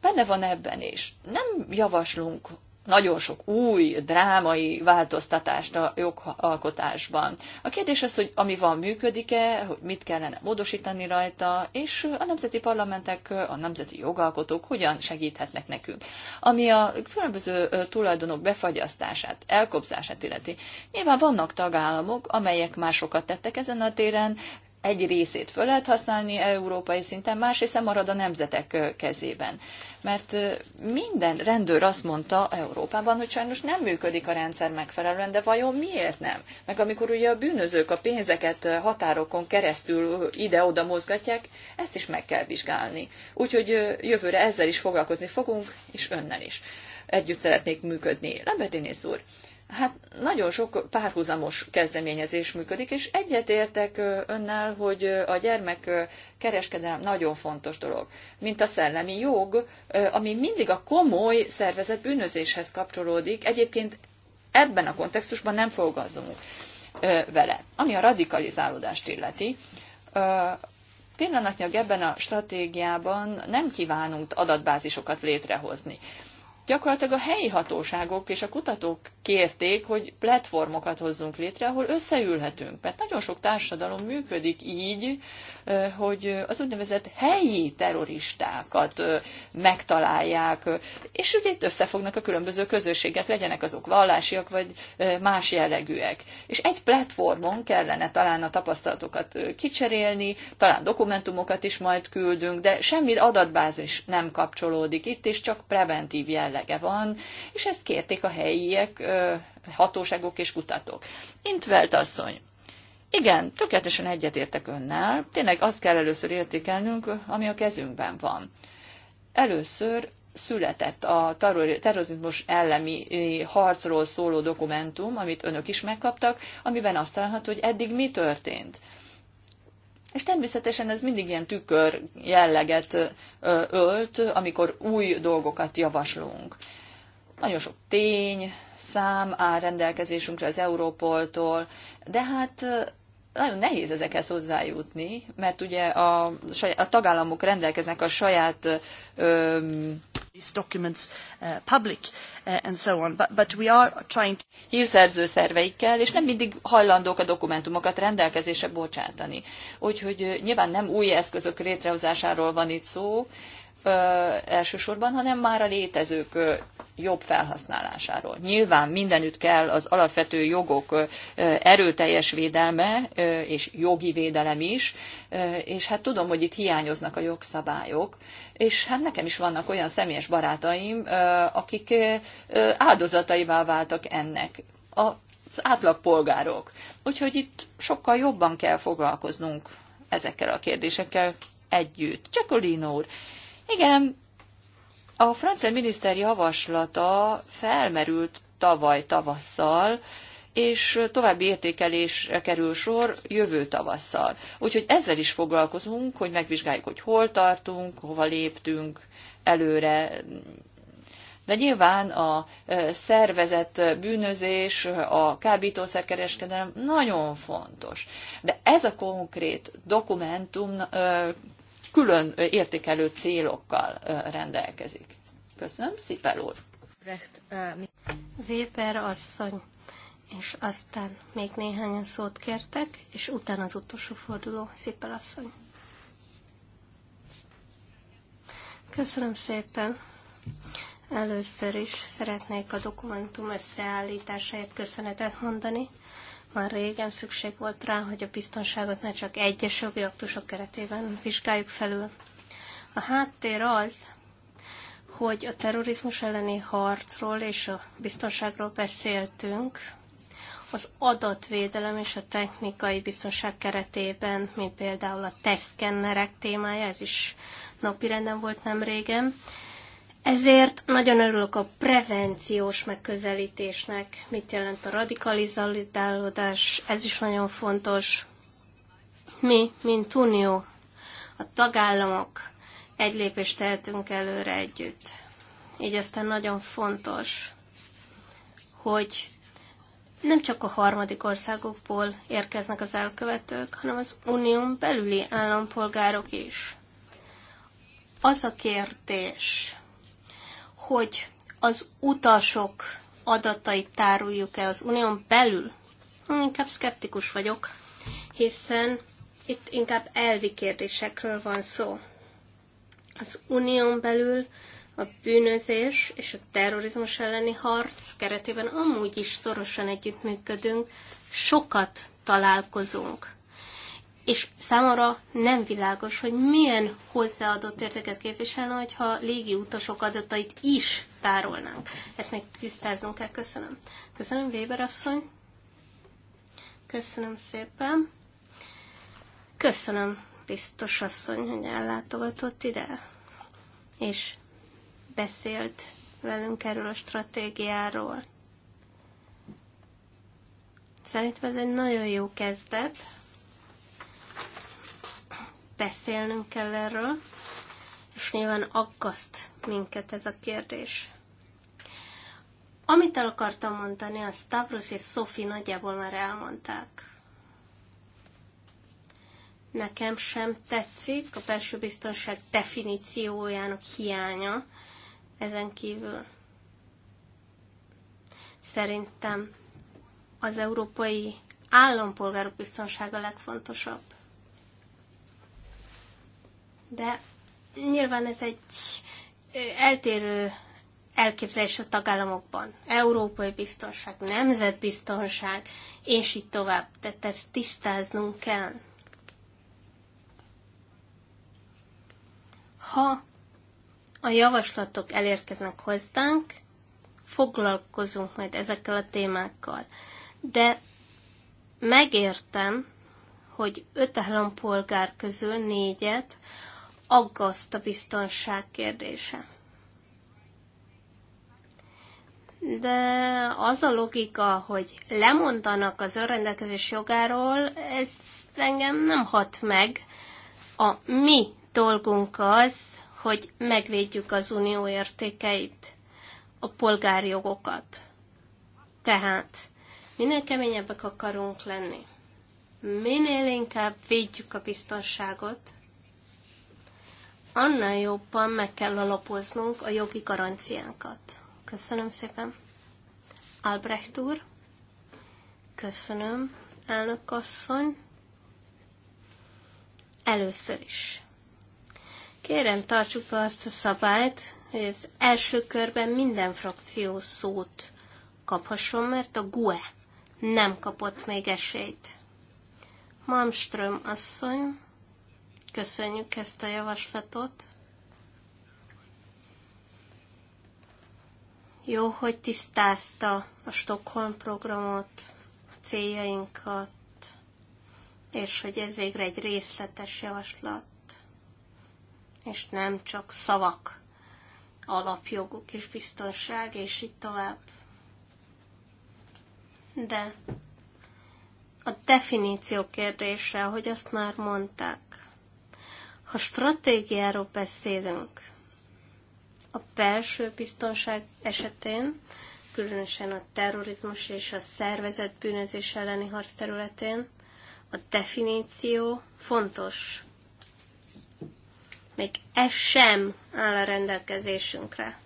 benne van ebben is. Nem javaslunk nagyon sok új drámai változtatást a jogalkotásban. A kérdés az, hogy ami van, működik-e, hogy mit kellene módosítani rajta, és a nemzeti parlamentek, a nemzeti jogalkotók hogyan segíthetnek nekünk. Ami a különböző tulajdonok befagyasztását, elkobzását illeti. Nyilván vannak tagállamok, amelyek másokat tettek ezen a téren, egy részét föl lehet használni európai szinten, más része marad a nemzetek kezében. Mert minden rendőr azt mondta Európában, hogy sajnos nem működik a rendszer megfelelően, de vajon miért nem? Meg amikor ugye a bűnözők a pénzeket határokon keresztül ide-oda mozgatják, ezt is meg kell vizsgálni. Úgyhogy jövőre ezzel is foglalkozni fogunk, és önnel is. Együtt szeretnék működni. Lambertinész úr, Hát nagyon sok párhuzamos kezdeményezés működik, és egyetértek önnel, hogy a gyermek kereskedelem nagyon fontos dolog, mint a szellemi jog, ami mindig a komoly szervezet bűnözéshez kapcsolódik. Egyébként ebben a kontextusban nem foglalkozunk vele. Ami a radikalizálódást illeti, pillanatnyilag ebben a stratégiában nem kívánunk adatbázisokat létrehozni gyakorlatilag a helyi hatóságok és a kutatók kérték, hogy platformokat hozzunk létre, ahol összeülhetünk. Mert nagyon sok társadalom működik így, hogy az úgynevezett helyi terroristákat megtalálják, és ugye itt összefognak a különböző közösségek, legyenek azok vallásiak vagy más jellegűek. És egy platformon kellene talán a tapasztalatokat kicserélni, talán dokumentumokat is majd küldünk, de semmi adatbázis nem kapcsolódik itt, és csak preventív jelleg jelege van, és ezt kérték a helyiek, hatóságok és kutatók. Intvelt asszony, igen, tökéletesen egyetértek önnel. Tényleg azt kell először értékelnünk, ami a kezünkben van. Először született a terrorizmus elleni harcról szóló dokumentum, amit önök is megkaptak, amiben azt találhat, hogy eddig mi történt. És természetesen ez mindig ilyen tükör jelleget ölt, amikor új dolgokat javaslunk. Nagyon sok tény, szám áll rendelkezésünkre az Európoltól, de hát nagyon nehéz ezekhez hozzájutni, mert ugye a, a tagállamok rendelkeznek a saját... Ö, These documents uh, public and so on. But, but we are trying to... Hírszerző szerveikkel, és nem mindig hajlandók a dokumentumokat rendelkezésre bocsátani. Úgyhogy nyilván nem új eszközök létrehozásáról van itt szó, elsősorban, hanem már a létezők jobb felhasználásáról. Nyilván mindenütt kell az alapvető jogok erőteljes védelme és jogi védelem is, és hát tudom, hogy itt hiányoznak a jogszabályok, és hát nekem is vannak olyan személyes barátaim, akik áldozataivá váltak ennek. Az átlagpolgárok. Úgyhogy itt sokkal jobban kell foglalkoznunk ezekkel a kérdésekkel együtt. Csekolino úr, igen, a francia miniszter javaslata felmerült tavaly tavasszal, és további értékelésre kerül sor jövő tavasszal. Úgyhogy ezzel is foglalkozunk, hogy megvizsgáljuk, hogy hol tartunk, hova léptünk előre. De nyilván a szervezett bűnözés, a kábítószerkereskedelem nagyon fontos. De ez a konkrét dokumentum külön értékelő célokkal rendelkezik. Köszönöm, Szipel úr. Véper asszony, és aztán még néhányan szót kértek, és utána az utolsó forduló, Szipel asszony. Köszönöm szépen. Először is szeretnék a dokumentum összeállításáért köszönetet mondani már régen szükség volt rá, hogy a biztonságot ne csak egyes jogi aktusok keretében vizsgáljuk felül. A háttér az, hogy a terrorizmus elleni harcról és a biztonságról beszéltünk, az adatvédelem és a technikai biztonság keretében, mint például a teszkennerek témája, ez is napirenden volt nem régen, ezért nagyon örülök a prevenciós megközelítésnek, mit jelent a radikalizálódás, ez is nagyon fontos. Mi, mint Unió, a tagállamok egy lépést tehetünk előre együtt. Így aztán nagyon fontos, hogy nem csak a harmadik országokból érkeznek az elkövetők, hanem az unión belüli állampolgárok is. Az a kérdés, hogy az utasok adatait táruljuk-e az unión belül? Hm, inkább szkeptikus vagyok, hiszen itt inkább elvi kérdésekről van szó. Az unión belül a bűnözés és a terrorizmus elleni harc keretében amúgy is szorosan együttműködünk, sokat találkozunk és számomra nem világos, hogy milyen hozzáadott értéket képviselne, hogyha légi utasok adatait is tárolnánk. Ezt még tisztázunk el. Köszönöm. Köszönöm, Weber asszony. Köszönöm szépen. Köszönöm, biztos asszony, hogy ellátogatott ide, és beszélt velünk erről a stratégiáról. Szerintem ez egy nagyon jó kezdet beszélnünk kell erről, és nyilván aggaszt minket ez a kérdés. Amit el akartam mondani, a Stavros és Sophie nagyjából már elmondták. Nekem sem tetszik a belső biztonság definíciójának hiánya ezen kívül. Szerintem az európai állampolgárok biztonsága legfontosabb de nyilván ez egy eltérő elképzelés a tagállamokban. Európai biztonság, nemzetbiztonság, és így tovább. Tehát ezt tisztáznunk kell. Ha a javaslatok elérkeznek hozzánk, foglalkozunk majd ezekkel a témákkal. De megértem, hogy öt állampolgár közül négyet aggaszt a biztonság kérdése. De az a logika, hogy lemondanak az önrendelkezés jogáról, ez engem nem hat meg. A mi dolgunk az, hogy megvédjük az unió értékeit, a polgárjogokat. Tehát minél keményebbek akarunk lenni, minél inkább védjük a biztonságot, annál jobban meg kell alapoznunk a jogi garanciánkat. Köszönöm szépen. Albrecht úr. Köszönöm, elnök asszony. Először is. Kérem, tartsuk be azt a szabályt, hogy az első körben minden frakció szót kaphasson, mert a GUE nem kapott még esélyt. Malmström asszony, Köszönjük ezt a javaslatot. Jó, hogy tisztázta a Stockholm programot, a céljainkat, és hogy ez végre egy részletes javaslat, és nem csak szavak, alapjogok és biztonság, és így tovább. De a definíció kérdése, hogy azt már mondták, ha stratégiáról beszélünk, a belső biztonság esetén, különösen a terrorizmus és a szervezett bűnözés elleni harc területén, a definíció fontos. Még ez sem áll a rendelkezésünkre.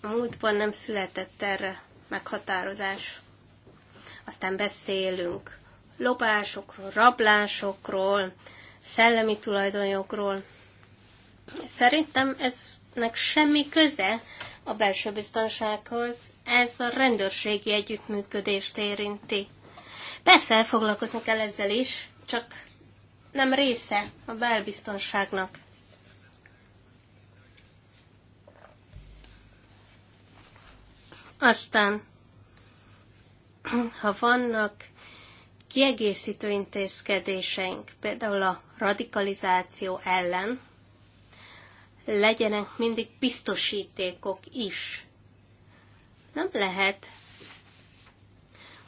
A múltban nem született erre meghatározás. Aztán beszélünk lopásokról, rablásokról, szellemi tulajdonjogról. Szerintem eznek semmi köze a belső biztonsághoz, ez a rendőrségi együttműködést érinti. Persze elfoglalkozni kell ezzel is, csak nem része a belbiztonságnak. Aztán, ha vannak kiegészítő intézkedéseink, például a radikalizáció ellen, legyenek mindig biztosítékok is. Nem lehet,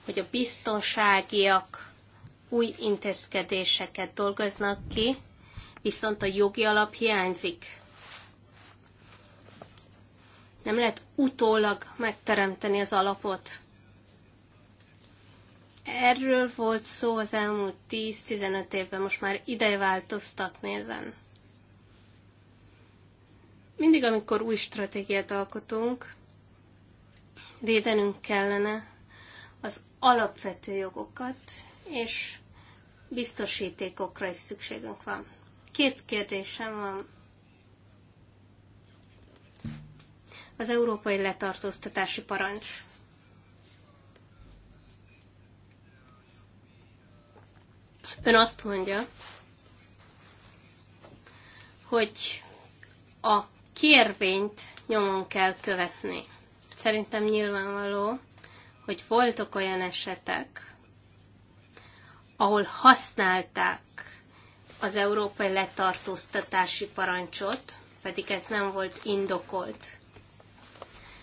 hogy a biztonságiak új intézkedéseket dolgoznak ki, viszont a jogi alap hiányzik. Nem lehet utólag megteremteni az alapot. Erről volt szó az elmúlt 10-15 évben, most már ideje változtatni ezen. Mindig, amikor új stratégiát alkotunk, védenünk kellene az alapvető jogokat, és biztosítékokra is szükségünk van. Két kérdésem van. Az európai letartóztatási parancs. Ön azt mondja, hogy a kérvényt nyomon kell követni. Szerintem nyilvánvaló, hogy voltak olyan esetek, ahol használták az európai letartóztatási parancsot, pedig ez nem volt indokolt.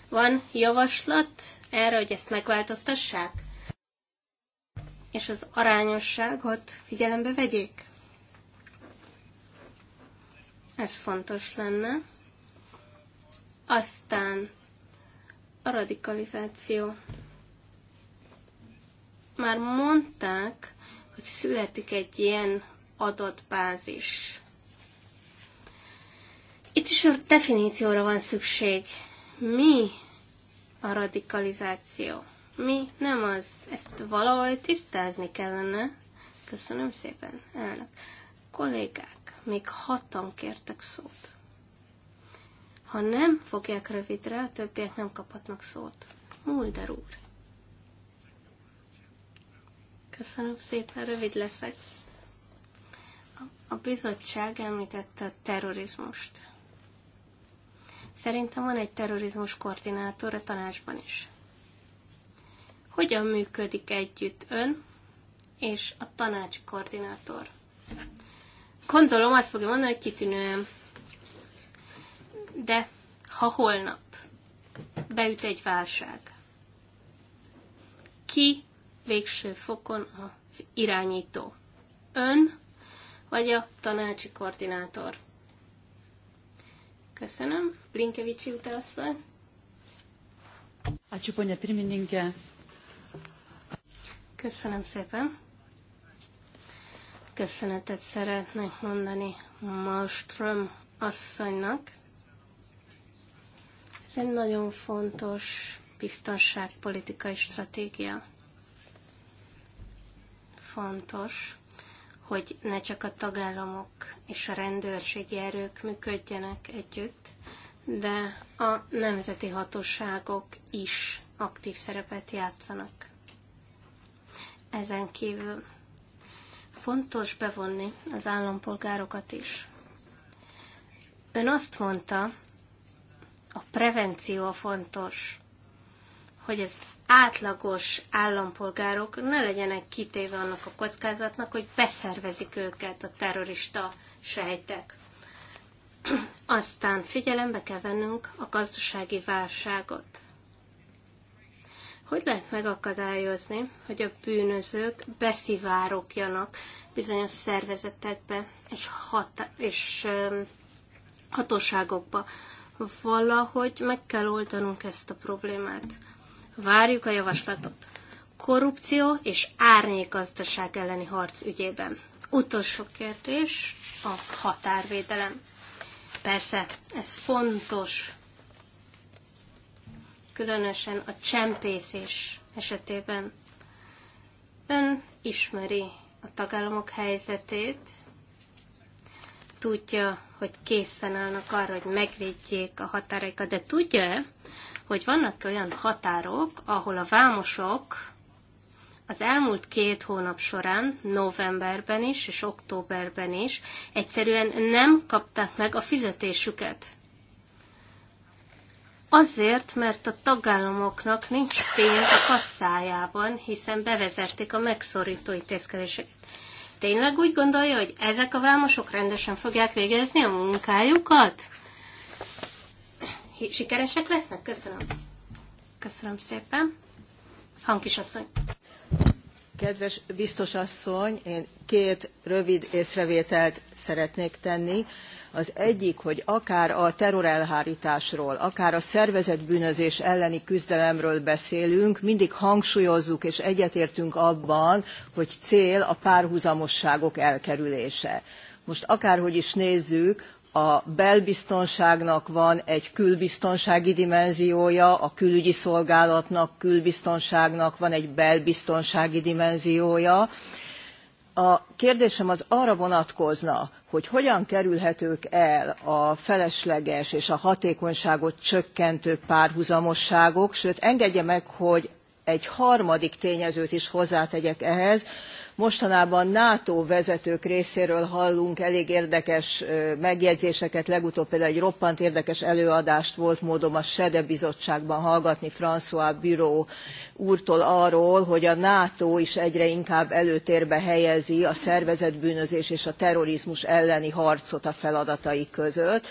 Van javaslat erre, hogy ezt megváltoztassák? és az arányosságot figyelembe vegyék. Ez fontos lenne. Aztán a radikalizáció. Már mondták, hogy születik egy ilyen adatbázis. Itt is a definícióra van szükség. Mi a radikalizáció? Mi nem az. Ezt valahogy tisztázni kellene. Köszönöm szépen, elnök. Kollégák, még hatan kértek szót. Ha nem fogják rövidre, a többiek nem kaphatnak szót. Mulder úr. Köszönöm szépen, rövid leszek. A bizottság említette a terrorizmust. Szerintem van egy terrorizmus koordinátor a tanácsban is. Hogyan működik együtt ön és a tanácsi koordinátor? Gondolom azt fogja mondani, hogy kitűnően. De ha holnap beüt egy válság, ki végső fokon az irányító? Ön vagy a tanácsi koordinátor? Köszönöm. Blinkevicsi jutasszony. A csuponya pirmininkė. Köszönöm szépen. Köszönetet szeretnék mondani Malmström asszonynak. Ez egy nagyon fontos biztonságpolitikai stratégia. Fontos, hogy ne csak a tagállamok és a rendőrségi erők működjenek együtt, de a nemzeti hatóságok is aktív szerepet játszanak. Ezen kívül fontos bevonni az állampolgárokat is. Ön azt mondta, a prevenció a fontos, hogy az átlagos állampolgárok ne legyenek kitéve annak a kockázatnak, hogy beszervezik őket a terrorista sejtek. Aztán figyelembe kell vennünk a gazdasági válságot. Hogy lehet megakadályozni, hogy a bűnözők beszivárokjanak bizonyos szervezetekbe és, hat- és hatóságokba? Valahogy meg kell oldanunk ezt a problémát. Várjuk a javaslatot. Korrupció és árnyékgazdaság elleni harc ügyében. Utolsó kérdés, a határvédelem. Persze, ez fontos különösen a csempészés esetében. Ön ismeri a tagállamok helyzetét, tudja, hogy készen állnak arra, hogy megvédjék a határaikat, de tudja, hogy vannak olyan határok, ahol a vámosok az elmúlt két hónap során, novemberben is és októberben is egyszerűen nem kapták meg a fizetésüket. Azért, mert a tagállamoknak nincs pénz a kasszájában, hiszen bevezették a megszorító intézkedéseket. Tényleg úgy gondolja, hogy ezek a vámosok rendesen fogják végezni a munkájukat? Sikeresek lesznek? Köszönöm. Köszönöm szépen. Hangkisasszony. Kedves biztos asszony, én két rövid észrevételt szeretnék tenni. Az egyik, hogy akár a terrorelhárításról, akár a szervezetbűnözés elleni küzdelemről beszélünk, mindig hangsúlyozzuk és egyetértünk abban, hogy cél a párhuzamosságok elkerülése. Most akárhogy is nézzük, a belbiztonságnak van egy külbiztonsági dimenziója, a külügyi szolgálatnak, külbiztonságnak van egy belbiztonsági dimenziója, a kérdésem az arra vonatkozna, hogy hogyan kerülhetők el a felesleges és a hatékonyságot csökkentő párhuzamosságok, sőt engedje meg, hogy egy harmadik tényezőt is hozzátegyek ehhez, Mostanában NATO vezetők részéről hallunk elég érdekes megjegyzéseket, legutóbb például egy roppant érdekes előadást volt módom a SEDE bizottságban hallgatni François Bureau úrtól arról, hogy a NATO is egyre inkább előtérbe helyezi a szervezetbűnözés és a terrorizmus elleni harcot a feladatai között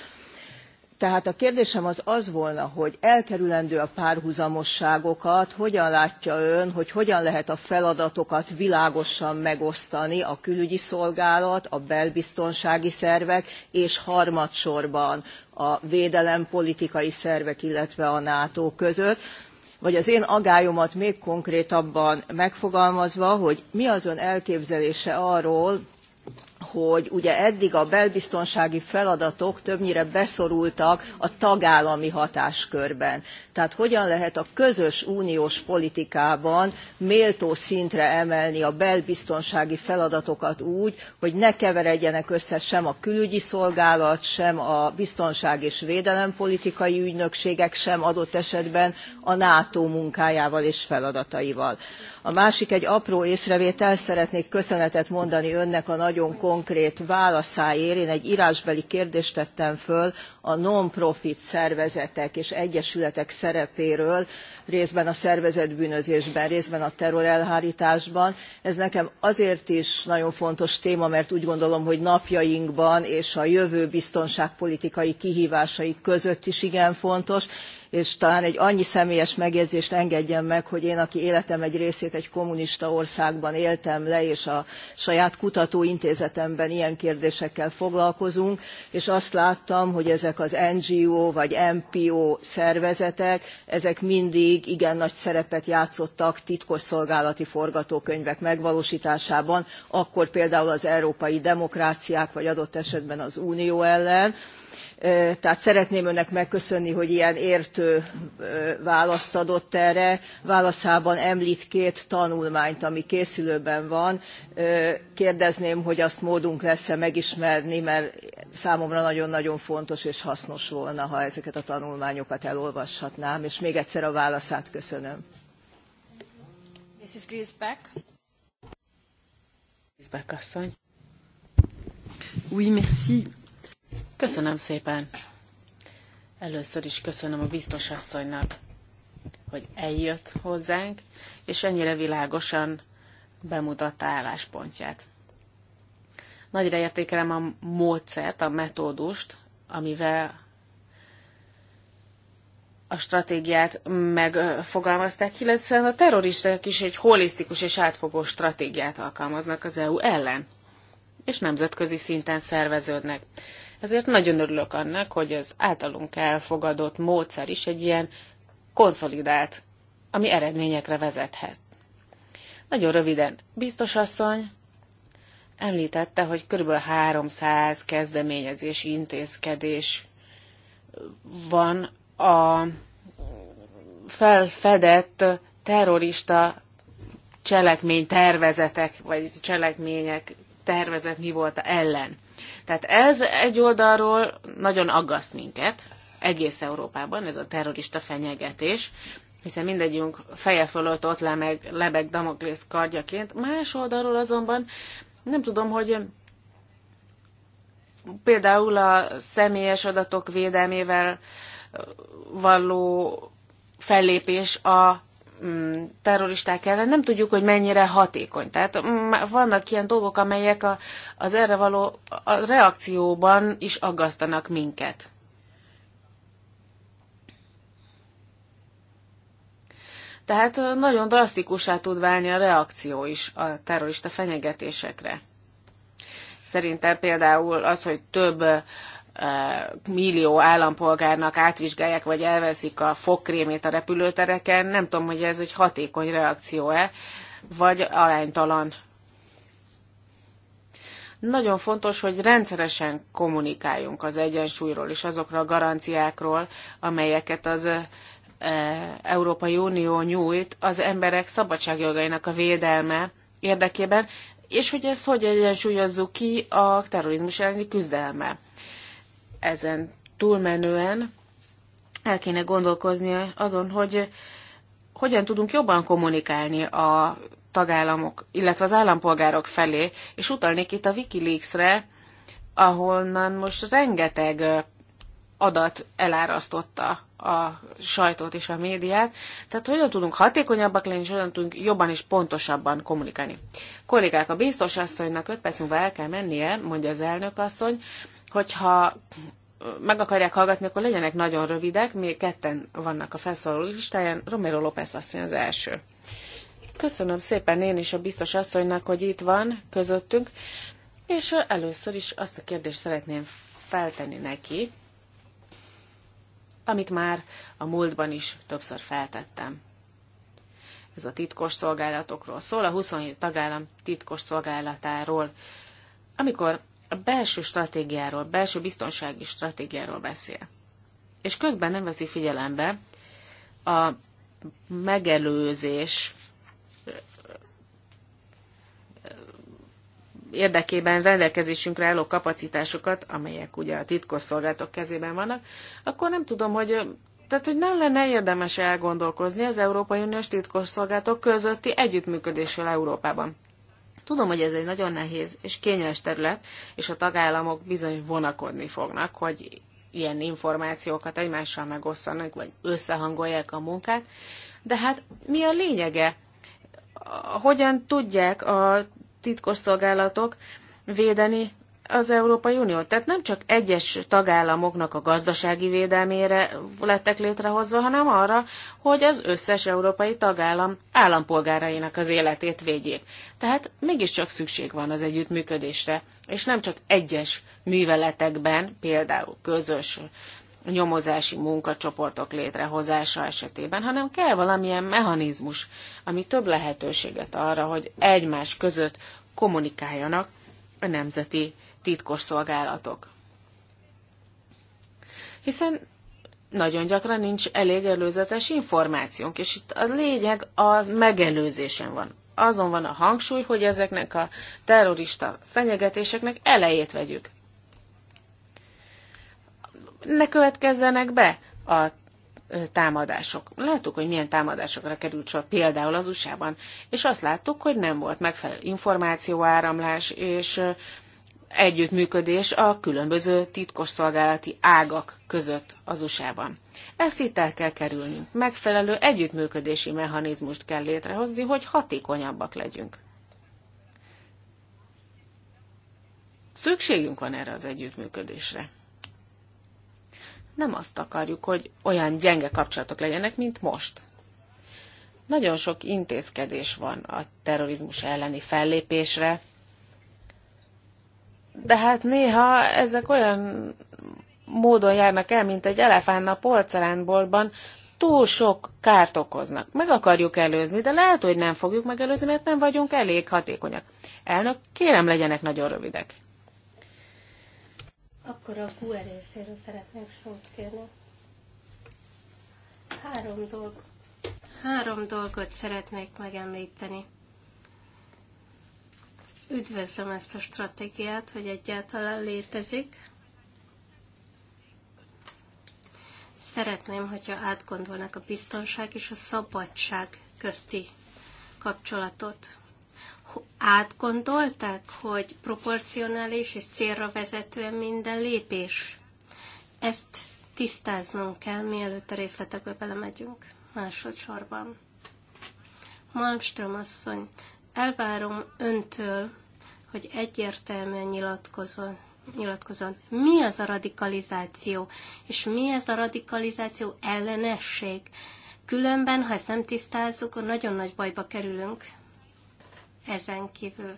tehát a kérdésem az az volna, hogy elkerülendő a párhuzamosságokat, hogyan látja ön, hogy hogyan lehet a feladatokat világosan megosztani a külügyi szolgálat, a belbiztonsági szervek, és harmadsorban a védelempolitikai szervek, illetve a NATO között, vagy az én agályomat még konkrétabban megfogalmazva, hogy mi az ön elképzelése arról, hogy ugye eddig a belbiztonsági feladatok többnyire beszorultak a tagállami hatáskörben. Tehát hogyan lehet a közös uniós politikában méltó szintre emelni a belbiztonsági feladatokat úgy, hogy ne keveredjenek össze sem a külügyi szolgálat, sem a biztonság és védelempolitikai ügynökségek, sem adott esetben a NATO munkájával és feladataival. A másik egy apró észrevétel, szeretnék köszönetet mondani önnek a nagyon konkrét válaszáért. Én egy írásbeli kérdést tettem föl a non-profit szervezetek és egyesületek szerepéről részben a szervezett bűnözésben, részben a terrorelhárításban. Ez nekem azért is nagyon fontos téma, mert úgy gondolom, hogy napjainkban és a jövő biztonságpolitikai kihívásai között is igen fontos, és talán egy annyi személyes megjegyzést engedjen meg, hogy én, aki életem egy részét egy kommunista országban éltem le, és a saját kutatóintézetemben ilyen kérdésekkel foglalkozunk, és azt láttam, hogy ezek az NGO vagy MPO szervezetek, ezek mindig igen nagy szerepet játszottak titkosszolgálati forgatókönyvek megvalósításában, akkor például az európai demokráciák, vagy adott esetben az unió ellen, tehát szeretném önnek megköszönni, hogy ilyen értő választ adott erre. Válaszában említ két tanulmányt, ami készülőben van. Kérdezném, hogy azt módunk lesz-e megismerni, mert számomra nagyon-nagyon fontos és hasznos volna, ha ezeket a tanulmányokat elolvashatnám. És még egyszer a válaszát köszönöm. Mrs. Griesbeck. Griesbeck asszony. Oui, merci. Köszönöm szépen. Először is köszönöm a biztos asszonynak, hogy eljött hozzánk, és ennyire világosan bemutatta álláspontját. Nagyra értékelem a módszert, a metódust, amivel a stratégiát megfogalmazták, illetve a terroristák is egy holisztikus és átfogó stratégiát alkalmaznak az EU ellen, és nemzetközi szinten szerveződnek. Ezért nagyon örülök annak, hogy az általunk elfogadott módszer is egy ilyen konszolidált, ami eredményekre vezethet. Nagyon röviden, biztos asszony említette, hogy kb. 300 kezdeményezési intézkedés van a felfedett terrorista cselekmény tervezetek, vagy cselekmények tervezet mi volt ellen. Tehát ez egy oldalról nagyon aggaszt minket, egész Európában ez a terrorista fenyegetés, hiszen mindegyünk feje fölött ott lemeg, lebeg Damoklész kardjaként. Más oldalról azonban nem tudom, hogy például a személyes adatok védelmével való fellépés a Mm, terroristák ellen nem tudjuk, hogy mennyire hatékony. Tehát mm, vannak ilyen dolgok, amelyek a, az erre való a reakcióban is aggasztanak minket. Tehát nagyon drasztikusá tud válni a reakció is a terrorista fenyegetésekre. Szerintem például az, hogy több millió állampolgárnak átvizsgálják, vagy elveszik a fogkrémét a repülőtereken. Nem tudom, hogy ez egy hatékony reakció-e, vagy aránytalan. Nagyon fontos, hogy rendszeresen kommunikáljunk az egyensúlyról és azokra a garanciákról, amelyeket az e, Európai Unió nyújt az emberek szabadságjogainak a védelme érdekében, és hogy ezt hogy egyensúlyozzuk ki a terrorizmus elleni küzdelme ezen túlmenően el kéne gondolkozni azon, hogy hogyan tudunk jobban kommunikálni a tagállamok, illetve az állampolgárok felé, és utalnék itt a Wikileaks-re, ahonnan most rengeteg adat elárasztotta a sajtót és a médiát. Tehát hogyan tudunk hatékonyabbak lenni, és hogyan tudunk jobban és pontosabban kommunikálni. Kollégák, a biztos asszonynak 5 perc múlva el kell mennie, mondja az elnök asszony hogyha meg akarják hallgatni, akkor legyenek nagyon rövidek. Még ketten vannak a felszólaló listáján. Romero López asszony az első. Köszönöm szépen én is a biztos asszonynak, hogy itt van közöttünk. És először is azt a kérdést szeretném feltenni neki, amit már a múltban is többször feltettem. Ez a titkos szolgálatokról szól, a 27 tagállam titkos szolgálatáról. Amikor a belső stratégiáról, belső biztonsági stratégiáról beszél. És közben nem veszi figyelembe a megelőzés érdekében rendelkezésünkre álló kapacitásokat, amelyek ugye a titkosszolgálatok kezében vannak, akkor nem tudom, hogy tehát, hogy nem lenne érdemes elgondolkozni az Európai Uniós titkosszolgálatok közötti együttműködésről Európában. Tudom, hogy ez egy nagyon nehéz és kényes terület, és a tagállamok bizony vonakodni fognak, hogy ilyen információkat egymással megosztanak, vagy összehangolják a munkát, de hát mi a lényege? Hogyan tudják a titkos szolgálatok védeni az Európai Unió. Tehát nem csak egyes tagállamoknak a gazdasági védelmére lettek létrehozva, hanem arra, hogy az összes európai tagállam állampolgárainak az életét védjék. Tehát mégiscsak szükség van az együttműködésre, és nem csak egyes műveletekben, például közös nyomozási munkacsoportok létrehozása esetében, hanem kell valamilyen mechanizmus, ami több lehetőséget arra, hogy egymás között kommunikáljanak a nemzeti titkos szolgálatok. Hiszen nagyon gyakran nincs elég előzetes információnk, és itt a lényeg az megelőzésen van. Azon van a hangsúly, hogy ezeknek a terrorista fenyegetéseknek elejét vegyük. Ne következzenek be a támadások. Láttuk, hogy milyen támadásokra került sor például az USA-ban, és azt láttuk, hogy nem volt megfelelő információáramlás, és együttműködés a különböző titkosszolgálati ágak között az USA-ban. Ezt itt el kell kerülni. Megfelelő együttműködési mechanizmust kell létrehozni, hogy hatékonyabbak legyünk. Szükségünk van erre az együttműködésre. Nem azt akarjuk, hogy olyan gyenge kapcsolatok legyenek, mint most. Nagyon sok intézkedés van a terrorizmus elleni fellépésre, de hát néha ezek olyan módon járnak el, mint egy elefánt a porcelánboltban, túl sok kárt okoznak. Meg akarjuk előzni, de lehet, hogy nem fogjuk megelőzni, mert nem vagyunk elég hatékonyak. Elnök, kérem legyenek nagyon rövidek. Akkor a GUE részéről szeretnék szót kérni. Három dolg. Három dolgot szeretnék megemlíteni. Üdvözlöm ezt a stratégiát, hogy egyáltalán létezik. Szeretném, hogyha átgondolnak a biztonság és a szabadság közti kapcsolatot átgondolták, hogy proporcionális és célra vezetően minden lépés? Ezt tisztáznunk kell, mielőtt a részletekbe belemegyünk másodszorban. Malmström asszony, elvárom öntől, hogy egyértelműen nyilatkozon, nyilatkozon. Mi az a radikalizáció, és mi ez a radikalizáció ellenesség? Különben, ha ezt nem tisztázzuk, nagyon nagy bajba kerülünk. Ezen kívül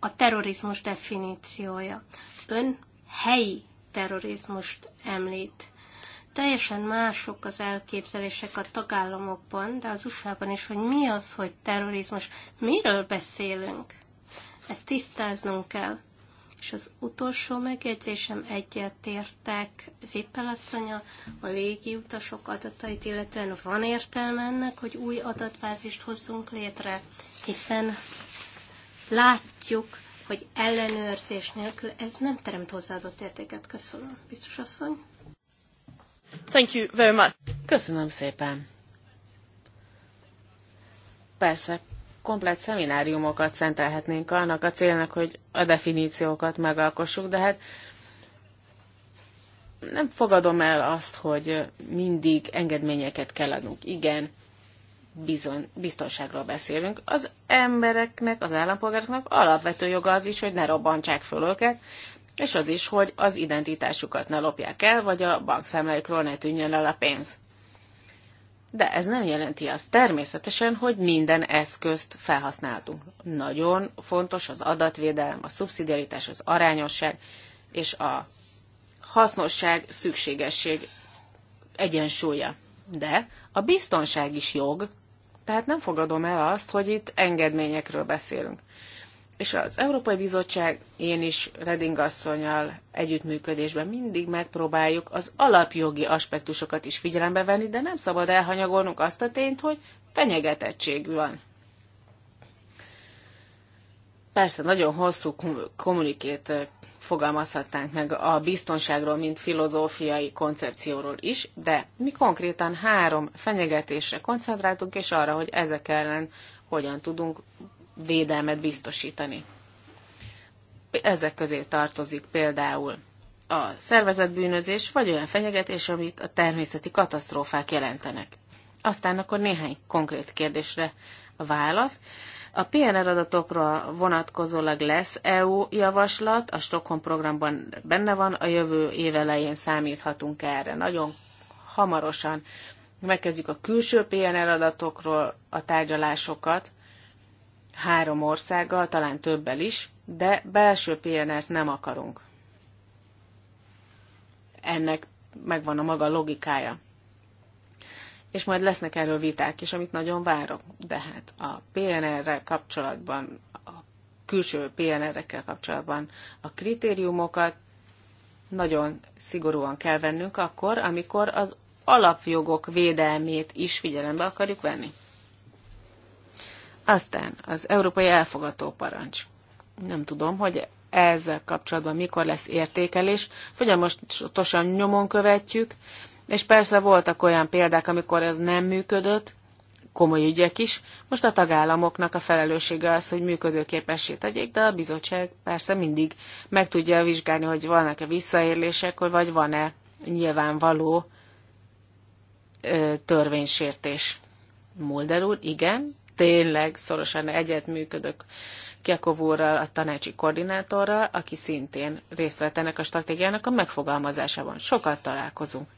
a terrorizmus definíciója. Ön helyi terrorizmust említ teljesen mások az elképzelések a tagállamokban, de az USA-ban is, hogy mi az, hogy terrorizmus, miről beszélünk. Ezt tisztáznunk kell. És az utolsó megjegyzésem egyetértek Zippel asszonya, a légi utasok adatait, illetően van értelme ennek, hogy új adatbázist hozzunk létre, hiszen látjuk, hogy ellenőrzés nélkül ez nem teremt hozzáadott értéket. Köszönöm. Biztos asszony? Köszönöm szépen. Persze, komplet szemináriumokat szentelhetnénk annak a célnak, hogy a definíciókat megalkossuk, de hát nem fogadom el azt, hogy mindig engedményeket kell adnunk. Igen, bizony, biztonságról beszélünk. Az embereknek, az állampolgároknak alapvető joga az is, hogy ne robbantsák föl őket, és az is, hogy az identitásukat ne lopják el, vagy a bankszámláikról ne tűnjön el a pénz. De ez nem jelenti azt természetesen, hogy minden eszközt felhasználtunk. Nagyon fontos az adatvédelem, a szubszidiaritás, az arányosság és a hasznosság, szükségesség egyensúlya. De a biztonság is jog, tehát nem fogadom el azt, hogy itt engedményekről beszélünk és az Európai Bizottság, én is Reding asszonyal együttműködésben mindig megpróbáljuk az alapjogi aspektusokat is figyelembe venni, de nem szabad elhanyagolnunk azt a tényt, hogy fenyegetettség van. Persze nagyon hosszú kommunikét eh, fogalmazhatnánk meg a biztonságról, mint filozófiai koncepcióról is, de mi konkrétan három fenyegetésre koncentráltunk, és arra, hogy ezek ellen hogyan tudunk védelmet biztosítani. Ezek közé tartozik például a szervezetbűnözés, vagy olyan fenyegetés, amit a természeti katasztrófák jelentenek. Aztán akkor néhány konkrét kérdésre a válasz. A PNR adatokra vonatkozólag lesz EU javaslat, a Stockholm programban benne van, a jövő év elején számíthatunk erre. Nagyon hamarosan megkezdjük a külső PNR adatokról a tárgyalásokat, három országgal, talán többel is, de belső PNR-t nem akarunk. Ennek megvan a maga logikája. És majd lesznek erről viták is, amit nagyon várok. De hát a PNR-rel kapcsolatban, a külső PNR-ekkel kapcsolatban a kritériumokat nagyon szigorúan kell vennünk akkor, amikor az alapjogok védelmét is figyelembe akarjuk venni. Aztán az európai elfogató parancs. Nem tudom, hogy ezzel kapcsolatban mikor lesz értékelés. Folyamatosan nyomon követjük, és persze voltak olyan példák, amikor ez nem működött, komoly ügyek is. Most a tagállamoknak a felelőssége az, hogy működőképessé tegyék, de a bizottság persze mindig meg tudja vizsgálni, hogy vannak-e visszaélések, vagy van-e nyilvánvaló ö, törvénysértés. Mulder úr, igen, tényleg szorosan egyetműködök Kiakov úrral, a tanácsi koordinátorral, aki szintén részt vett ennek a stratégiának a megfogalmazásában. Sokat találkozunk.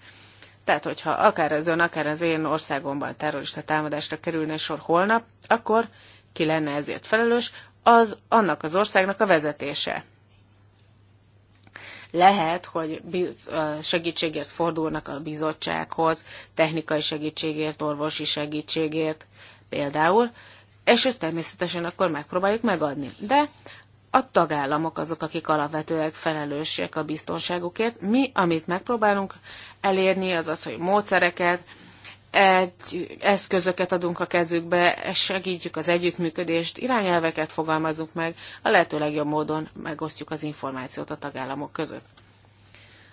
Tehát, hogyha akár az ön, akár az én országomban terrorista támadásra kerülne sor holnap, akkor ki lenne ezért felelős, az annak az országnak a vezetése. Lehet, hogy segítségért fordulnak a bizottsághoz, technikai segítségért, orvosi segítségért, például, és ezt természetesen akkor megpróbáljuk megadni. De a tagállamok azok, akik alapvetőleg felelősek a biztonságukért. Mi, amit megpróbálunk elérni, az az, hogy módszereket, egy eszközöket adunk a kezükbe, segítjük az együttműködést, irányelveket fogalmazunk meg, a lehető legjobb módon megosztjuk az információt a tagállamok között.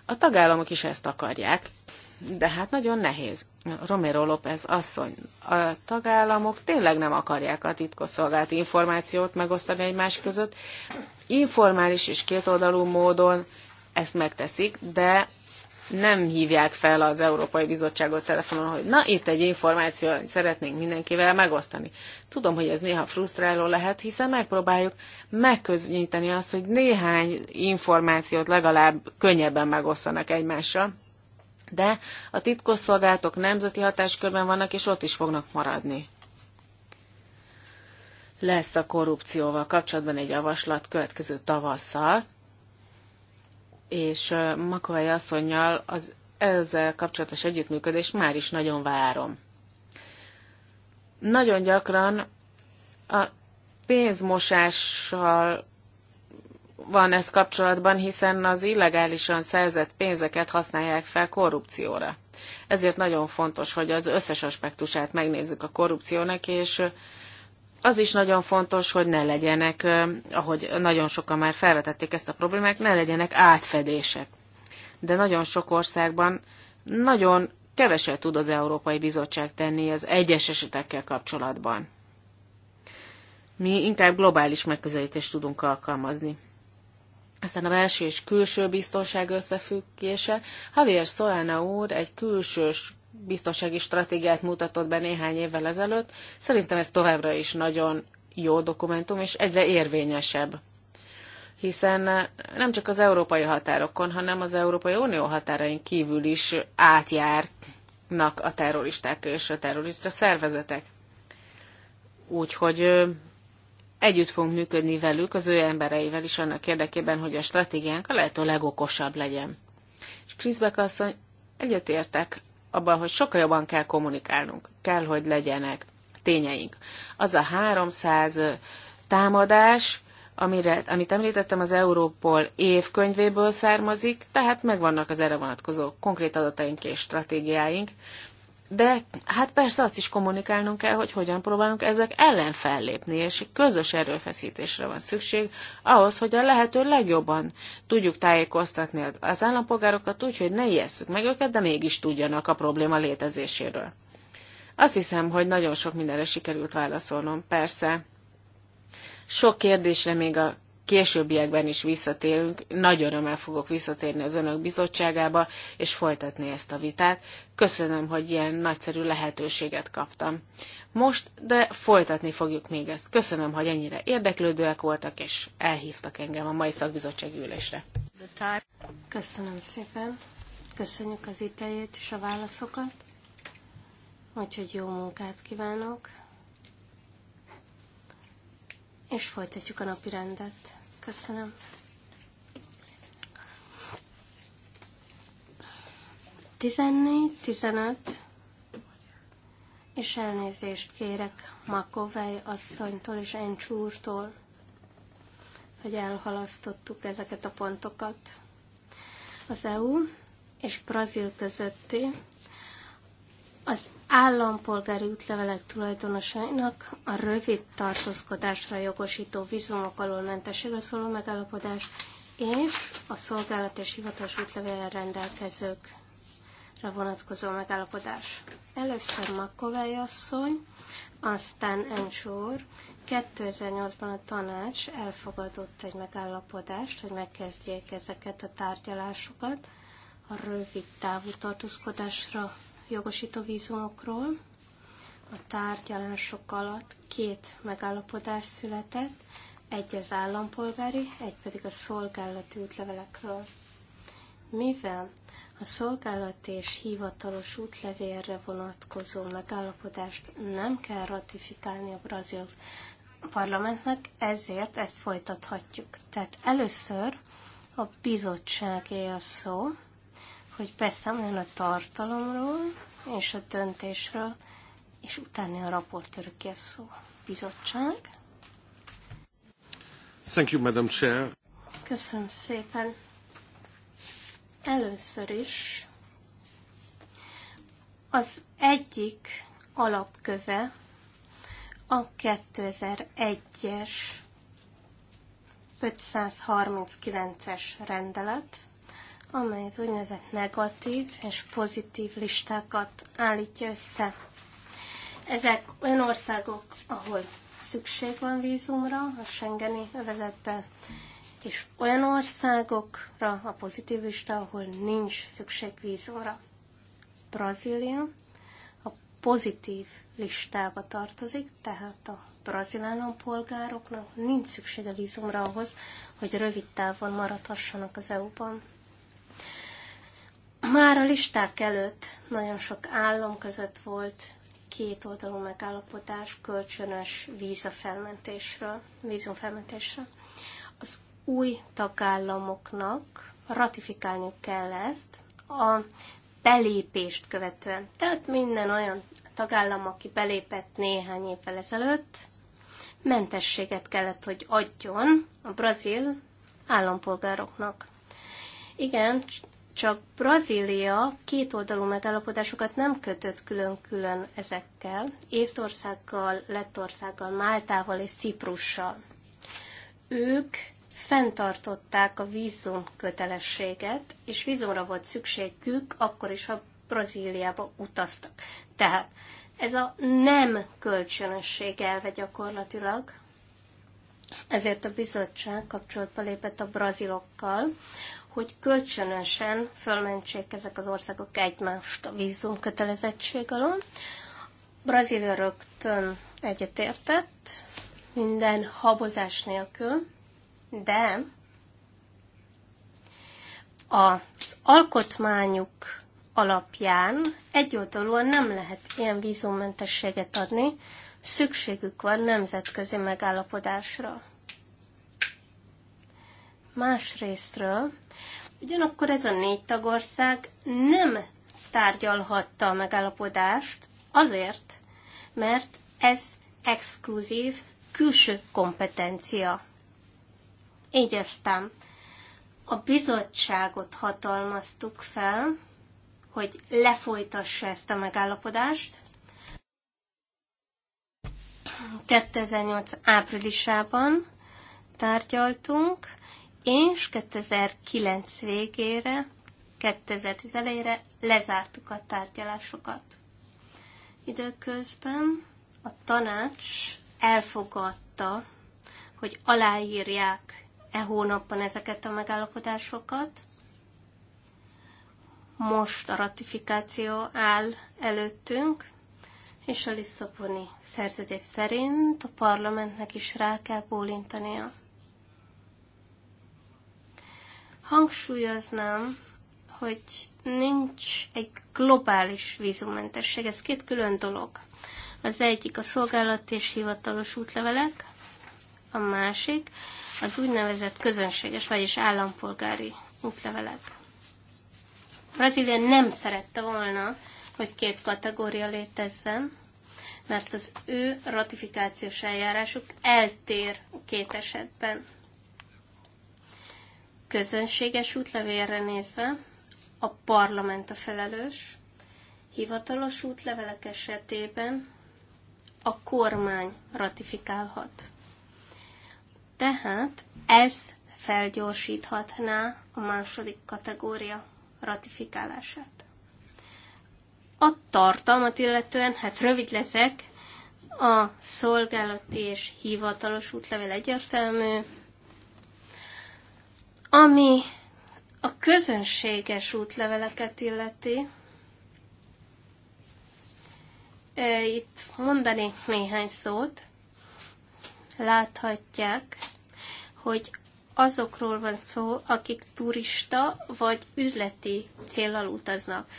A tagállamok is ezt akarják, de hát nagyon nehéz. Romero López asszony, a tagállamok tényleg nem akarják a titkosszolgálati információt megosztani egymás között. Informális és kétoldalú módon ezt megteszik, de nem hívják fel az Európai Bizottságot telefonon, hogy na itt egy információ, szeretnénk mindenkivel megosztani. Tudom, hogy ez néha frusztráló lehet, hiszen megpróbáljuk megköznyíteni azt, hogy néhány információt legalább könnyebben megosztanak egymással. De a titkosszolgálatok nemzeti hatáskörben vannak, és ott is fognak maradni. Lesz a korrupcióval kapcsolatban egy javaslat következő tavasszal, és Makovai asszonynal az ezzel kapcsolatos együttműködést már is nagyon várom. Nagyon gyakran a pénzmosással van ez kapcsolatban, hiszen az illegálisan szerzett pénzeket használják fel korrupcióra. Ezért nagyon fontos, hogy az összes aspektusát megnézzük a korrupciónak, és az is nagyon fontos, hogy ne legyenek, ahogy nagyon sokan már felvetették ezt a problémát, ne legyenek átfedések. De nagyon sok országban nagyon keveset tud az Európai Bizottság tenni az egyes esetekkel kapcsolatban. Mi inkább globális megközelítést tudunk alkalmazni. Aztán a belső és külső biztonság összefüggése. Javier Solana úr egy külsős biztonsági stratégiát mutatott be néhány évvel ezelőtt. Szerintem ez továbbra is nagyon jó dokumentum, és egyre érvényesebb. Hiszen nem csak az európai határokon, hanem az Európai Unió határain kívül is átjárnak a terroristák és a terrorista szervezetek. Úgyhogy együtt fogunk működni velük, az ő embereivel is annak érdekében, hogy a stratégiánk a lehető legokosabb legyen. És Kriszbek asszony, egyetértek abban, hogy sokkal jobban kell kommunikálnunk, kell, hogy legyenek tényeink. Az a 300 támadás, amire, amit említettem, az Európol évkönyvéből származik, tehát megvannak az erre vonatkozó konkrét adataink és stratégiáink, de hát persze azt is kommunikálnunk kell, hogy hogyan próbálunk ezek ellen fellépni, és közös erőfeszítésre van szükség ahhoz, hogy a lehető legjobban tudjuk tájékoztatni az állampolgárokat úgy, hogy ne ijesszük meg őket, de mégis tudjanak a probléma létezéséről. Azt hiszem, hogy nagyon sok mindenre sikerült válaszolnom. Persze, sok kérdésre még a későbbiekben is visszatérünk, nagy örömmel fogok visszatérni az önök bizottságába, és folytatni ezt a vitát. Köszönöm, hogy ilyen nagyszerű lehetőséget kaptam. Most, de folytatni fogjuk még ezt. Köszönöm, hogy ennyire érdeklődőek voltak, és elhívtak engem a mai szakbizottság ülésre. Köszönöm szépen. Köszönjük az idejét és a válaszokat. Úgyhogy jó munkát kívánok. És folytatjuk a napi rendet. Köszönöm. Tizennégy, tizenöt, és elnézést kérek Makovej asszonytól és Encsúrtól, hogy elhalasztottuk ezeket a pontokat. Az EU és Brazil közötti az állampolgári útlevelek tulajdonosainak a rövid tartózkodásra jogosító vizumok alól mentességre szóló megállapodás és a szolgálat és hivatalos útlevelen rendelkezőkre vonatkozó megállapodás. Először Makovály asszony, aztán Ensor 2008-ban a tanács elfogadott egy megállapodást, hogy megkezdjék ezeket a tárgyalásokat a rövid távú tartózkodásra jogosító vízumokról. A tárgyalások alatt két megállapodás született, egy az állampolgári, egy pedig a szolgálati útlevelekről. Mivel a szolgálati és hivatalos útlevélre vonatkozó megállapodást nem kell ratifikálni a brazil parlamentnek, ezért ezt folytathatjuk. Tehát először a bizottságé a szó, hogy beszámoljon a tartalomról és a döntésről, és utána a raportőröké szó. Bizottság. Thank you, Madam Chair. Köszönöm szépen. Először is az egyik alapköve a 2001-es 539-es rendelet, amely az úgynevezett negatív és pozitív listákat állítja össze. Ezek olyan országok, ahol szükség van vízumra a Schengeni övezetbe, és olyan országokra a pozitív lista, ahol nincs szükség vízumra. Brazília a pozitív listába tartozik, tehát a brazil állampolgároknak nincs szüksége vízumra ahhoz, hogy rövid távon maradhassanak az EU-ban. Már a listák előtt nagyon sok állam között volt két oldalú megállapodás kölcsönös vízafelmentésről, vízumfelmentésről. Az új tagállamoknak ratifikálni kell ezt a belépést követően. Tehát minden olyan tagállam, aki belépett néhány évvel ezelőtt, mentességet kellett, hogy adjon a brazil állampolgároknak. Igen, csak Brazília két oldalú megállapodásokat nem kötött külön-külön ezekkel, Észtországgal, Lettországgal, Máltával és Ciprussal. Ők fenntartották a vízum kötelességet, és vízumra volt szükségük akkor is, ha Brazíliába utaztak. Tehát ez a nem kölcsönösség elve gyakorlatilag, ezért a bizottság kapcsolatba lépett a brazilokkal, hogy kölcsönösen fölmentsék ezek az országok egymást a vízum kötelezettség alól. Brazília rögtön egyetértett, minden habozás nélkül, de az alkotmányuk alapján egyoldalúan nem lehet ilyen vízummentességet adni, szükségük van nemzetközi megállapodásra. Másrésztről Ugyanakkor ez a négy tagország nem tárgyalhatta a megállapodást azért, mert ez exkluzív külső kompetencia. Így aztán a bizottságot hatalmaztuk fel, hogy lefolytassa ezt a megállapodást. 2008 áprilisában tárgyaltunk, és 2009 végére, 2010 elejére lezártuk a tárgyalásokat. Időközben a tanács elfogadta, hogy aláírják e hónapban ezeket a megállapodásokat. Most a ratifikáció áll előttünk, és a Lisszaboni szerződés szerint a parlamentnek is rá kell bólintania hangsúlyoznám, hogy nincs egy globális vízummentesség, ez két külön dolog. Az egyik a szolgálati és hivatalos útlevelek, a másik az úgynevezett közönséges, vagyis állampolgári útlevelek. Brazília nem szerette volna, hogy két kategória létezzen, mert az ő ratifikációs eljárásuk eltér a két esetben közönséges útlevélre nézve a parlament a felelős, hivatalos útlevelek esetében a kormány ratifikálhat. Tehát ez felgyorsíthatná a második kategória ratifikálását. A tartalmat illetően, hát rövid leszek, a szolgálati és hivatalos útlevél egyértelmű, ami a közönséges útleveleket illeti, itt mondanék néhány szót. Láthatják, hogy azokról van szó, akik turista vagy üzleti célral utaznak.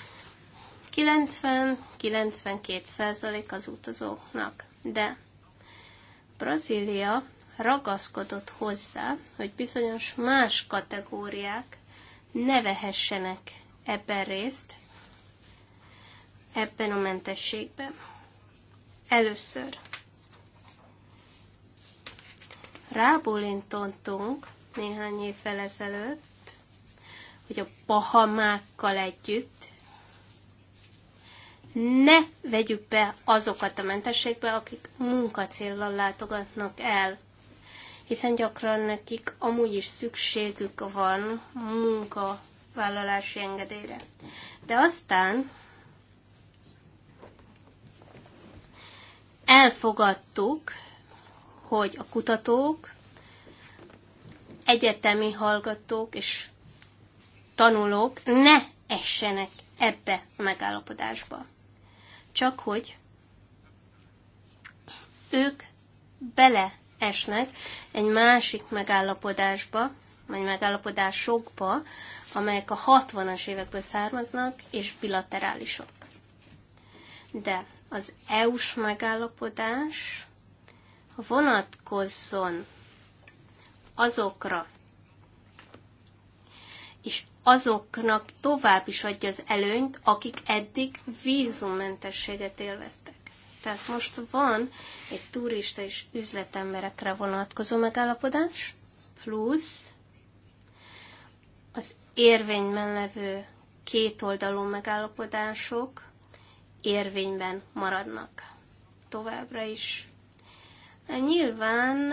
90-92% az utazóknak, de Brazília ragaszkodott hozzá, hogy bizonyos más kategóriák ne vehessenek ebben részt, ebben a mentességben. Először rábólintottunk néhány évvel ezelőtt, hogy a Bahamákkal együtt ne vegyük be azokat a mentességbe, akik munkacéllal látogatnak el hiszen gyakran nekik amúgy is szükségük van munkavállalási engedélyre. De aztán elfogadtuk, hogy a kutatók, egyetemi hallgatók és tanulók ne essenek ebbe a megállapodásba. Csak hogy ők bele esnek egy másik megállapodásba, vagy megállapodásokba, amelyek a 60-as évekből származnak, és bilaterálisok. De az EU-s megállapodás vonatkozzon azokra, és azoknak tovább is adja az előnyt, akik eddig vízummentességet élveztek. Tehát most van egy turista és üzletemberekre vonatkozó megállapodás, plusz az érvényben levő kétoldalú megállapodások érvényben maradnak továbbra is. Nyilván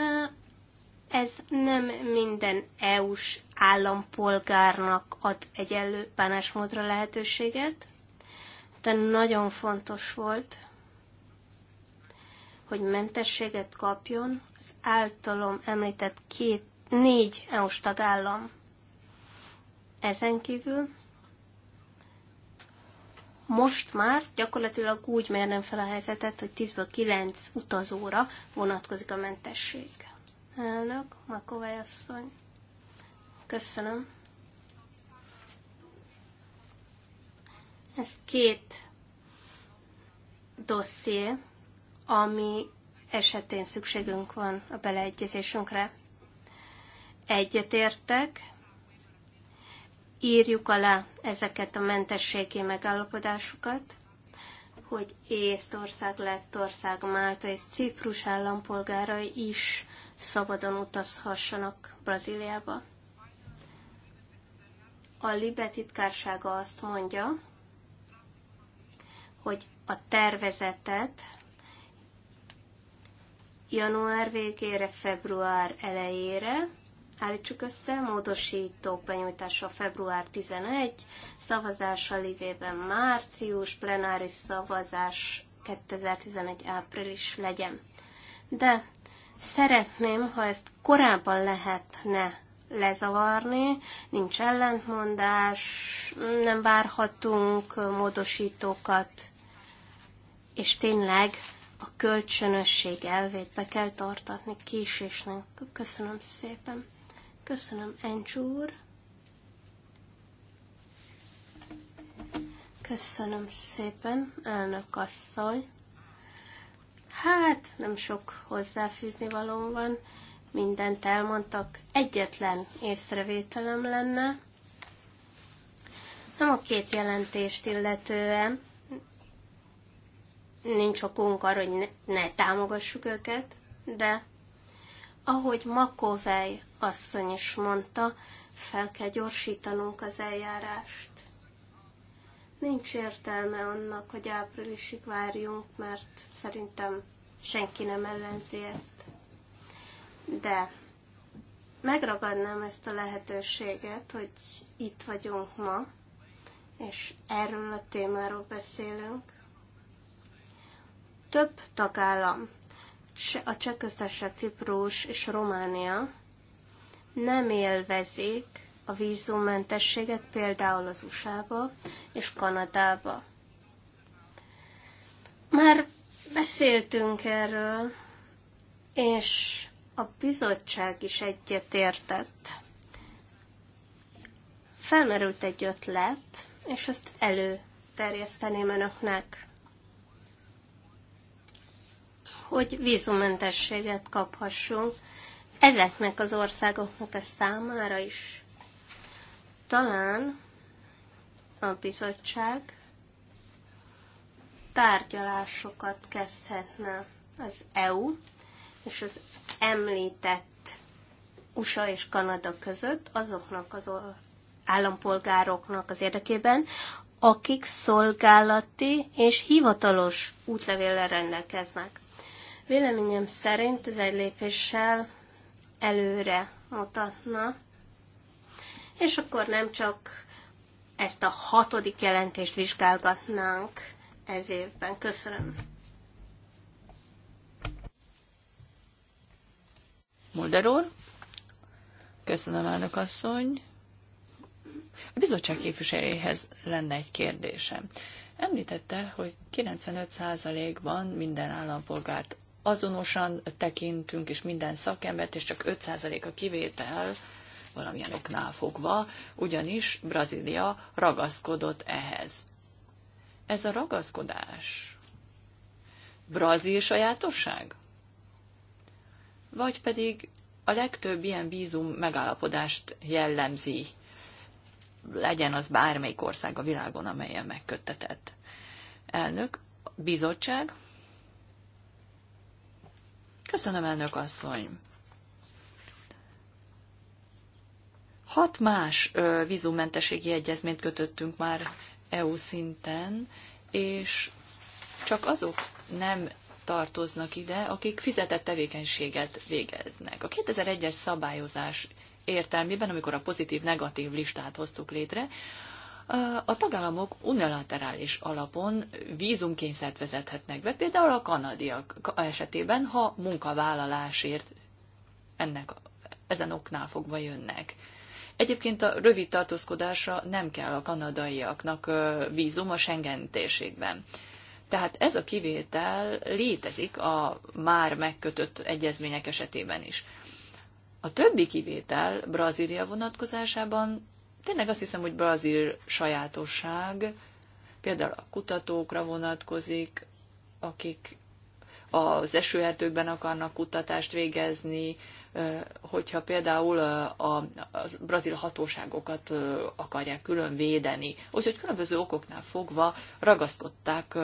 ez nem minden EU-s állampolgárnak ad egyenlő bánásmódra lehetőséget, de nagyon fontos volt, hogy mentességet kapjon az általom említett két, négy EU-s tagállam. Ezen kívül most már gyakorlatilag úgy mérnem fel a helyzetet, hogy 10-ből 9 utazóra vonatkozik a mentesség. Elnök, Makovály asszony. Köszönöm. Ez két dosszié, ami esetén szükségünk van a beleegyezésünkre. Egyetértek, írjuk alá ezeket a mentességi megállapodásokat, hogy Észtország, Lettország, Málta és Ciprus állampolgárai is szabadon utazhassanak Brazíliába. A Libe titkársága azt mondja, hogy a tervezetet január végére, február elejére, állítsuk össze, módosítók benyújtása február 11, szavazása lévében március, plenáris szavazás 2011 április legyen. De szeretném, ha ezt korábban lehetne lezavarni, nincs ellentmondás, nem várhatunk módosítókat, és tényleg a kölcsönösség elvét be kell tartatni késésnek. Köszönöm szépen. Köszönöm, Encsú úr. Köszönöm szépen, elnök asszony. Hát, nem sok hozzáfűzni valóm van, mindent elmondtak. Egyetlen észrevételem lenne. Nem a két jelentést illetően, nincs okunk arra, hogy ne, ne támogassuk őket, de ahogy Makovej asszony is mondta, fel kell gyorsítanunk az eljárást. Nincs értelme annak, hogy áprilisig várjunk, mert szerintem senki nem ellenzi ezt. De megragadnám ezt a lehetőséget, hogy itt vagyunk ma, és erről a témáról beszélünk, több tagállam, a Cseh Köztársaság, Ciprus és Románia nem élvezik a vízummentességet például az USA-ba és Kanadába. Már beszéltünk erről, és a bizottság is egyetértett. Felmerült egy ötlet, és ezt előterjeszteném önöknek hogy vízumentességet kaphassunk ezeknek az országoknak a számára is. Talán a bizottság tárgyalásokat kezdhetne az EU és az említett USA és Kanada között azoknak az állampolgároknak az érdekében, akik szolgálati és hivatalos útlevéllel rendelkeznek. Véleményem szerint ez egy lépéssel előre mutatna, és akkor nem csak ezt a hatodik jelentést vizsgálgatnánk ez évben. Köszönöm. Mulder úr. Köszönöm, elnök asszony. A bizottság képviselőjéhez lenne egy kérdésem. Említette, hogy 95%-ban minden állampolgárt azonosan tekintünk, és minden szakembert, és csak 5% a kivétel, valamilyen oknál fogva, ugyanis Brazília ragaszkodott ehhez. Ez a ragaszkodás brazil sajátosság? Vagy pedig a legtöbb ilyen vízum megállapodást jellemzi, legyen az bármelyik ország a világon, amelyen megköttetett. Elnök, bizottság, Köszönöm, elnök asszony. Hat más vízummentességi egyezményt kötöttünk már EU szinten, és csak azok nem tartoznak ide, akik fizetett tevékenységet végeznek. A 2001-es szabályozás értelmében, amikor a pozitív-negatív listát hoztuk létre, a tagállamok unilaterális alapon vízumkényszert vezethetnek be, például a kanadiak esetében, ha munkavállalásért ennek, ezen oknál fogva jönnek. Egyébként a rövid tartózkodásra nem kell a kanadaiaknak vízum a Schengen térségben. Tehát ez a kivétel létezik a már megkötött egyezmények esetében is. A többi kivétel Brazília vonatkozásában Tényleg azt hiszem, hogy brazil sajátosság például a kutatókra vonatkozik, akik az esőerdőkben akarnak kutatást végezni, hogyha például a, a brazil hatóságokat akarják külön védeni. Úgyhogy különböző okoknál fogva ragaszkodták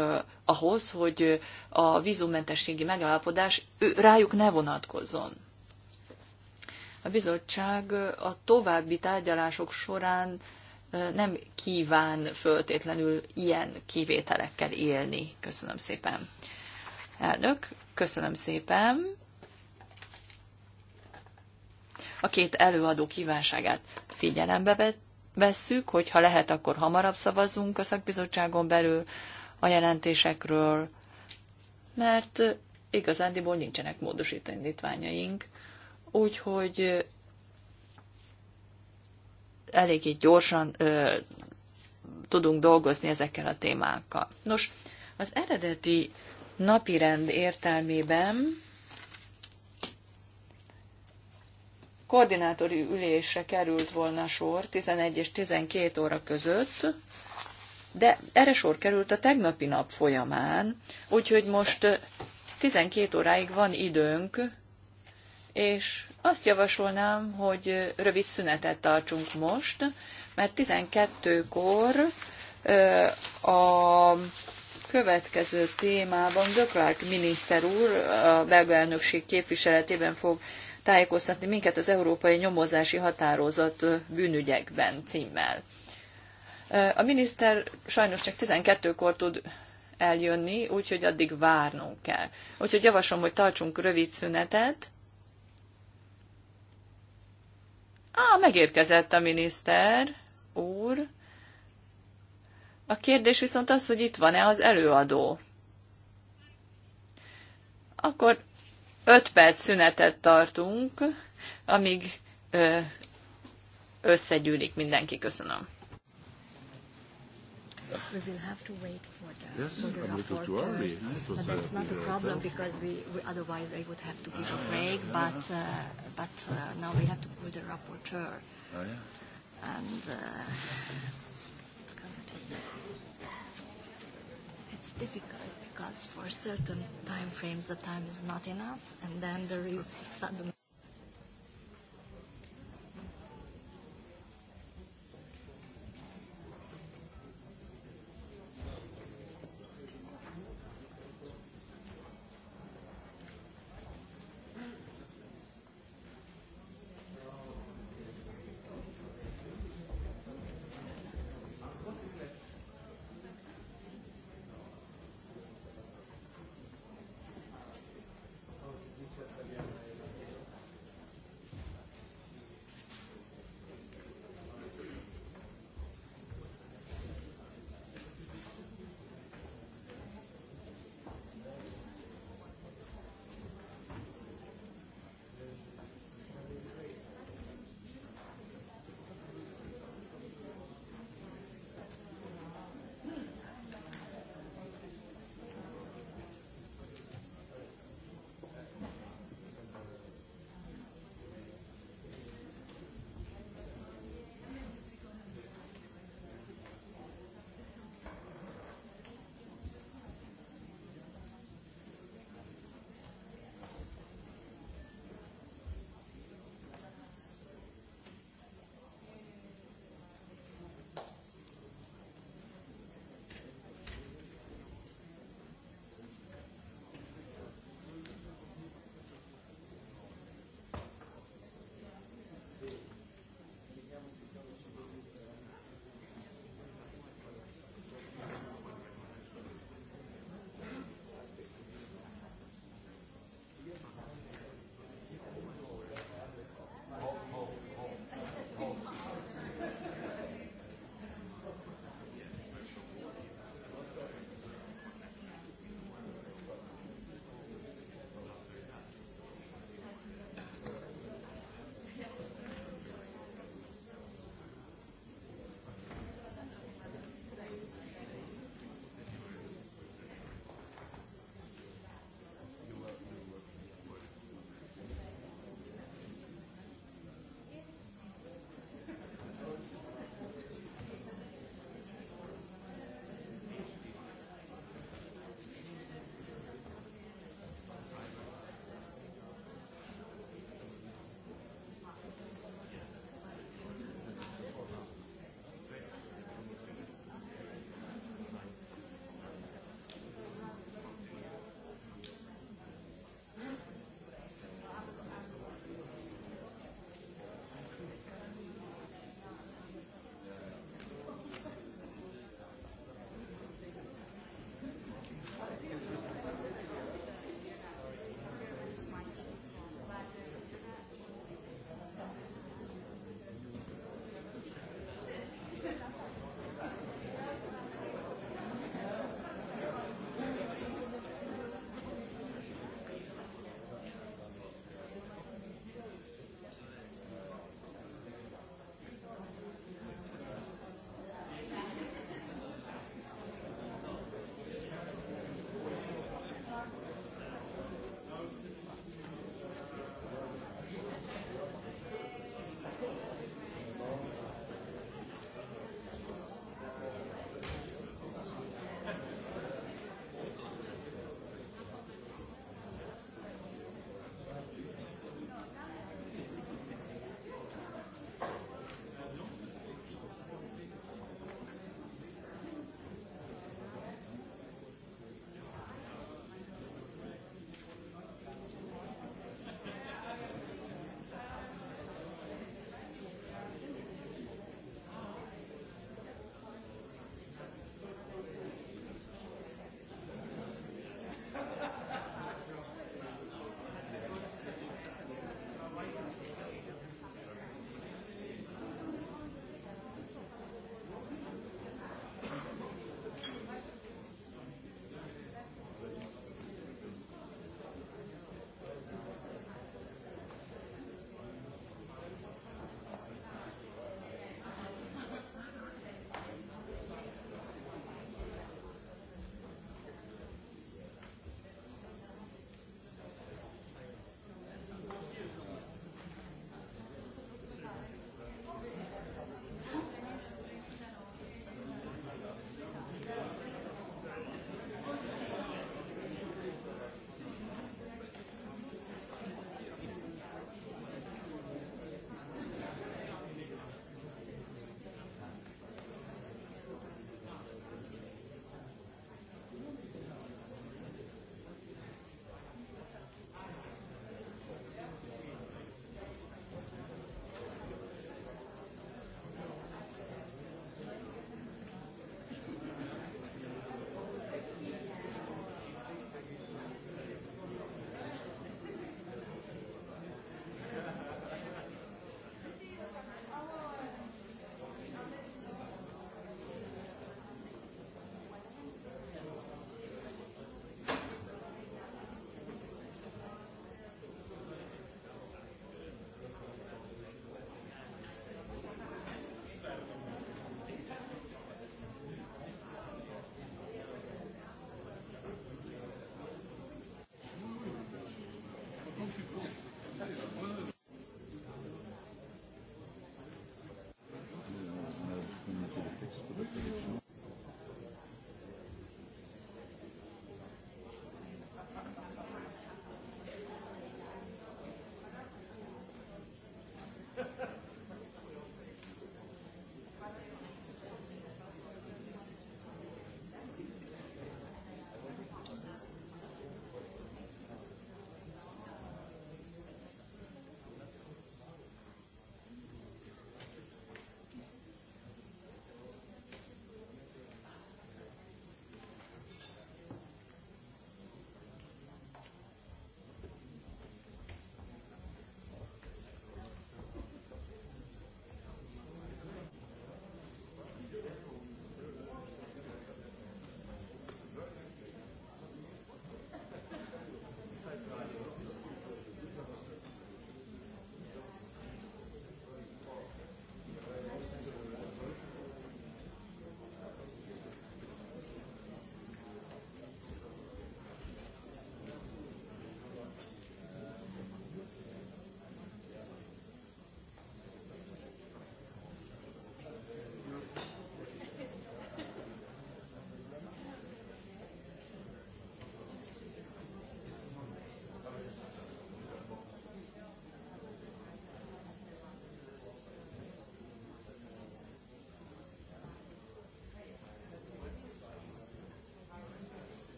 ahhoz, hogy a vízummentességi megállapodás rájuk ne vonatkozzon a bizottság a további tárgyalások során nem kíván föltétlenül ilyen kivételekkel élni. Köszönöm szépen. Elnök, köszönöm szépen a két előadó kívánságát figyelembe vesszük, hogyha lehet, akkor hamarabb szavazunk a szakbizottságon belül a jelentésekről, mert igazándiból nincsenek módosítani indítványaink úgyhogy eléggé gyorsan ö, tudunk dolgozni ezekkel a témákkal. Nos, az eredeti napirend értelmében koordinátori ülésre került volna sor 11 és 12 óra között, de erre sor került a tegnapi nap folyamán, úgyhogy most 12 óráig van időnk és azt javasolnám, hogy rövid szünetet tartsunk most, mert 12-kor a következő témában Döklárk miniszter úr a belga elnökség képviseletében fog tájékoztatni minket az Európai Nyomozási Határozat bűnügyekben címmel. A miniszter sajnos csak 12-kor tud eljönni, úgyhogy addig várnunk kell. Úgyhogy javaslom, hogy tartsunk rövid szünetet, Á, megérkezett a miniszter úr. A kérdés viszont az, hogy itt van-e az előadó. Akkor öt perc szünetet tartunk, amíg ö, összegyűlik mindenki. Köszönöm. We will have to wait Yes, a little too early. But that's uh, not a problem because we, we otherwise I would have to give ah, a break. Yeah, yeah, but Uh, but uh, now we have to call the rapporteur. Ah, yeah. And uh, it's going to take. It's difficult because for certain time frames the time is not enough, and then there is suddenly.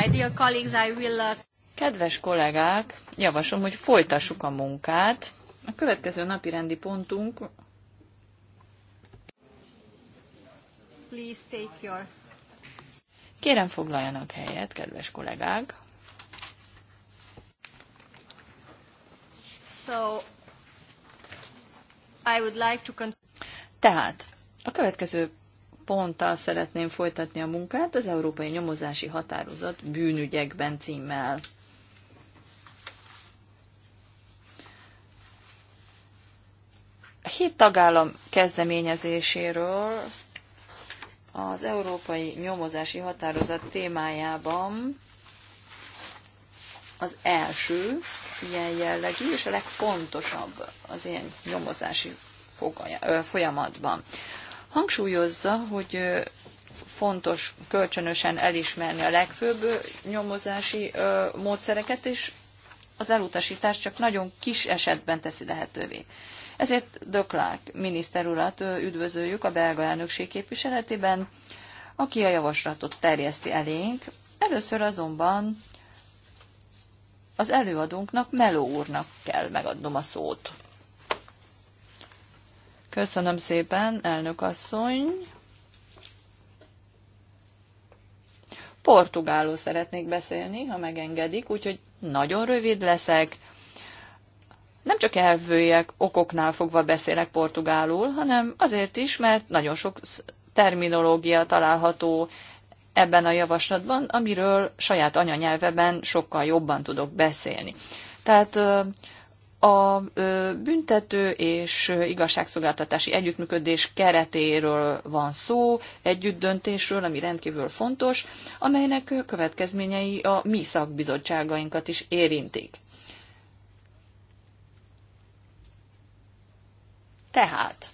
my dear colleagues, I will... Uh, kedves kollégák, javaslom, hogy folytassuk a munkát. A következő napi rendi pontunk... Please take your... Kérem foglaljanak helyet, kedves kollégák. So, I would like to... Tehát, a következő ponttal szeretném folytatni a munkát az Európai Nyomozási Határozat bűnügyekben címmel. A hét tagállam kezdeményezéséről az Európai Nyomozási Határozat témájában az első ilyen jellegű, és a legfontosabb az ilyen nyomozási folyamatban hangsúlyozza, hogy fontos kölcsönösen elismerni a legfőbb nyomozási módszereket, és az elutasítás csak nagyon kis esetben teszi lehetővé. Ezért de Clark miniszter urat üdvözöljük a belga elnökség képviseletében, aki a javaslatot terjeszti elénk. Először azonban az előadónknak Meló úrnak kell megadnom a szót. Köszönöm szépen, elnök asszony. Portugálul szeretnék beszélni, ha megengedik, úgyhogy nagyon rövid leszek. Nem csak elvőjek, okoknál fogva beszélek portugálul, hanem azért is, mert nagyon sok terminológia található ebben a javaslatban, amiről saját anyanyelveben sokkal jobban tudok beszélni. Tehát a büntető és igazságszolgáltatási együttműködés keretéről van szó, együttdöntésről, ami rendkívül fontos, amelynek következményei a mi szakbizottságainkat is érintik. Tehát,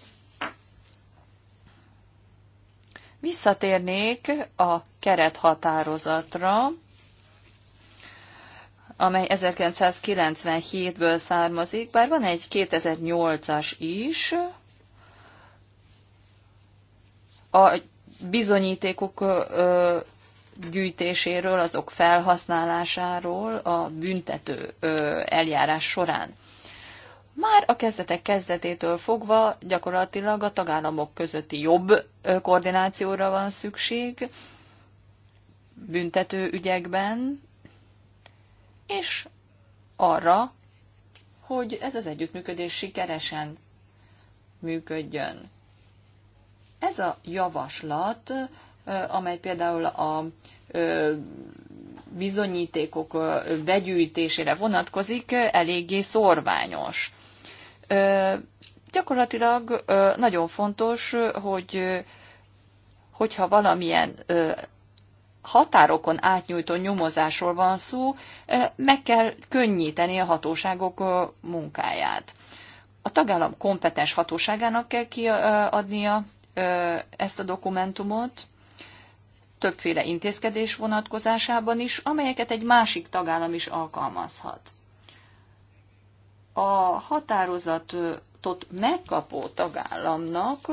visszatérnék a kerethatározatra, amely 1997-ből származik, bár van egy 2008-as is, a bizonyítékok gyűjtéséről, azok felhasználásáról a büntető eljárás során. Már a kezdetek kezdetétől fogva gyakorlatilag a tagállamok közötti jobb koordinációra van szükség büntető ügyekben, és arra, hogy ez az együttműködés sikeresen működjön. Ez a javaslat, amely például a bizonyítékok begyűjtésére vonatkozik, eléggé szorványos. Gyakorlatilag nagyon fontos, hogy hogyha valamilyen határokon átnyújtó nyomozásról van szó, meg kell könnyíteni a hatóságok munkáját. A tagállam kompetens hatóságának kell kiadnia ezt a dokumentumot, többféle intézkedés vonatkozásában is, amelyeket egy másik tagállam is alkalmazhat. A határozatot megkapó tagállamnak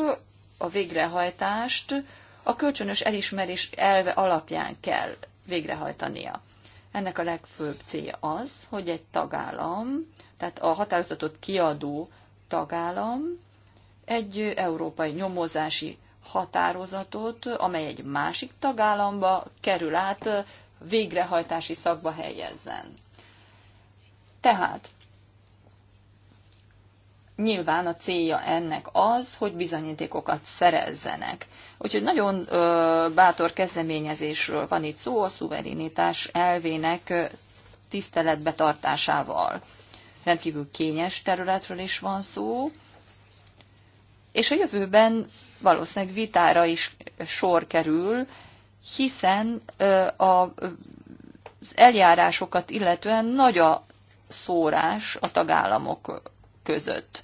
a végrehajtást a kölcsönös elismerés elve alapján kell végrehajtania. Ennek a legfőbb célja az, hogy egy tagállam, tehát a határozatot kiadó tagállam egy európai nyomozási határozatot, amely egy másik tagállamba kerül át, végrehajtási szakba helyezzen. Tehát nyilván a célja ennek az, hogy bizonyítékokat szerezzenek. Úgyhogy nagyon ö, bátor kezdeményezésről van itt szó a szuverinitás elvének tiszteletbe tartásával. Rendkívül kényes területről is van szó, és a jövőben valószínűleg vitára is sor kerül, hiszen ö, a, az eljárásokat illetően nagy a szórás a tagállamok között.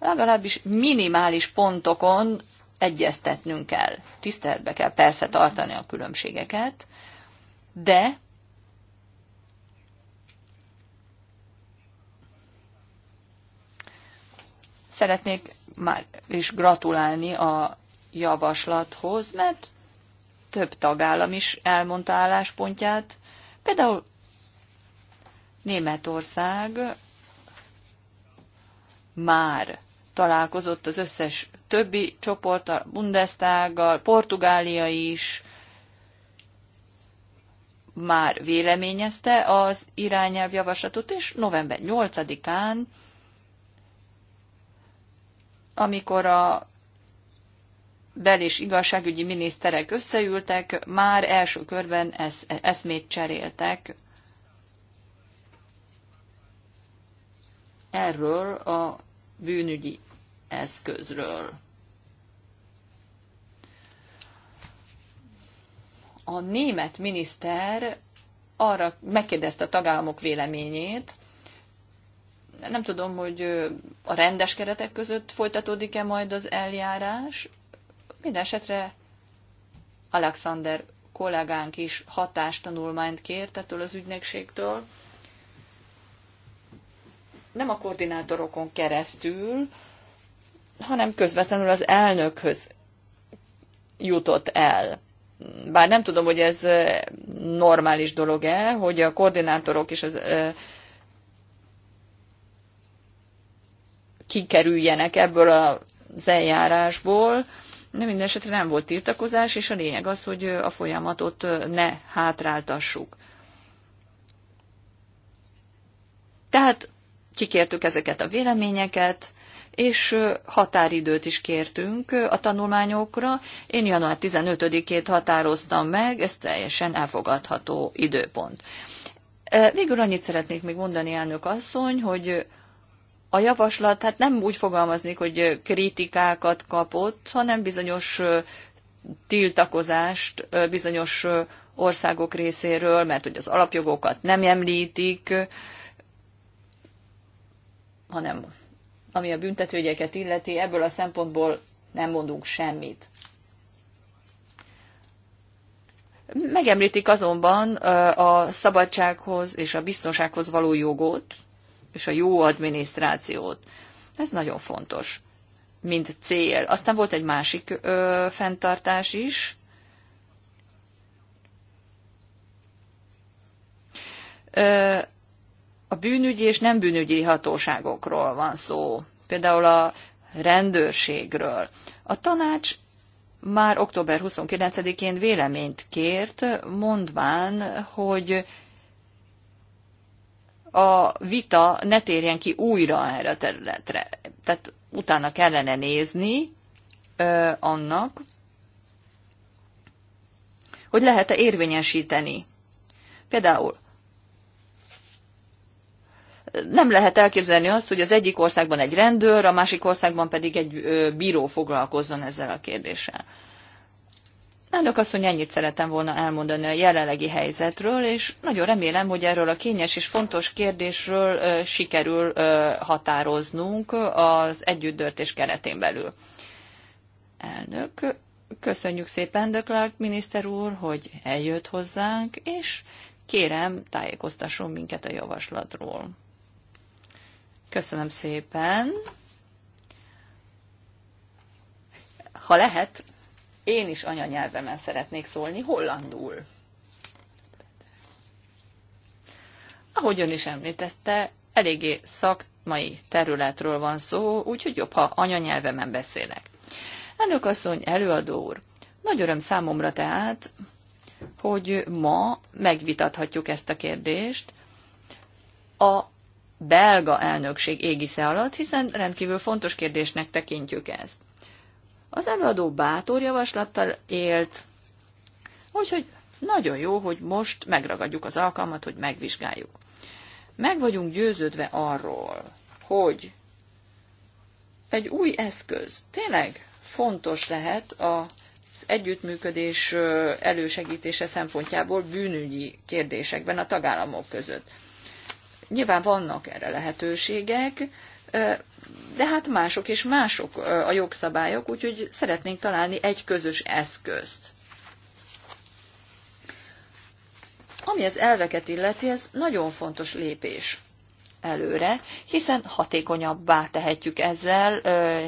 Legalábbis minimális pontokon egyeztetnünk kell. Tiszteletbe kell persze tartani a különbségeket, de szeretnék már is gratulálni a javaslathoz, mert több tagállam is elmondta álláspontját. Például Németország már találkozott az összes többi csoporttal, Bundestággal, Portugália is már véleményezte az irányelvjavaslatot, és november 8-án, amikor a bel- és igazságügyi miniszterek összeültek, már első körben esz- eszmét cseréltek erről a bűnügyi eszközről. A német miniszter arra megkérdezte a tagállamok véleményét, nem tudom, hogy a rendes keretek között folytatódik-e majd az eljárás. Minden esetre Alexander kollégánk is hatástanulmányt kért ettől az ügynökségtől, nem a koordinátorokon keresztül, hanem közvetlenül az elnökhöz jutott el. Bár nem tudom, hogy ez normális dolog-e, hogy a koordinátorok is az, kikerüljenek ebből az eljárásból. De minden esetre nem volt tiltakozás, és a lényeg az, hogy a folyamatot ne hátráltassuk. Tehát kikértük ezeket a véleményeket, és határidőt is kértünk a tanulmányokra. Én január 15-ét határoztam meg, ez teljesen elfogadható időpont. Végül annyit szeretnék még mondani, elnök asszony, hogy a javaslat, hát nem úgy fogalmaznék, hogy kritikákat kapott, hanem bizonyos tiltakozást bizonyos országok részéről, mert hogy az alapjogokat nem említik, hanem ami a büntetőgyeket illeti, ebből a szempontból nem mondunk semmit. Megemlítik azonban a szabadsághoz és a biztonsághoz való jogot, és a jó adminisztrációt. Ez nagyon fontos, mint cél. Aztán volt egy másik ö, fenntartás is. Ö, a bűnügyi és nem bűnügyi hatóságokról van szó, például a rendőrségről. A tanács már október 29-én véleményt kért, mondván, hogy a vita ne térjen ki újra erre a területre. Tehát utána kellene nézni ö, annak, hogy lehet-e érvényesíteni. Például nem lehet elképzelni azt, hogy az egyik országban egy rendőr, a másik országban pedig egy bíró foglalkozzon ezzel a kérdéssel. Elnök hogy ennyit szeretem volna elmondani a jelenlegi helyzetről, és nagyon remélem, hogy erről a kényes és fontos kérdésről sikerül határoznunk az együttdörtés keretén belül. Elnök, köszönjük szépen, de Clark miniszter úr, hogy eljött hozzánk, és kérem, tájékoztasson minket a javaslatról. Köszönöm szépen. Ha lehet, én is anyanyelvemen szeretnék szólni, hollandul. Ahogy ön is említette, eléggé szakmai területről van szó, úgyhogy jobb, ha anyanyelvemen beszélek. Elnök asszony, előadó úr, nagy öröm számomra tehát, hogy ma megvitathatjuk ezt a kérdést. A belga elnökség égisze alatt, hiszen rendkívül fontos kérdésnek tekintjük ezt. Az előadó bátor javaslattal élt, úgyhogy nagyon jó, hogy most megragadjuk az alkalmat, hogy megvizsgáljuk. Meg vagyunk győződve arról, hogy egy új eszköz tényleg fontos lehet az együttműködés elősegítése szempontjából bűnügyi kérdésekben a tagállamok között. Nyilván vannak erre lehetőségek, de hát mások és mások a jogszabályok, úgyhogy szeretnénk találni egy közös eszközt. Ami az elveket illeti, ez nagyon fontos lépés előre, hiszen hatékonyabbá tehetjük ezzel ö,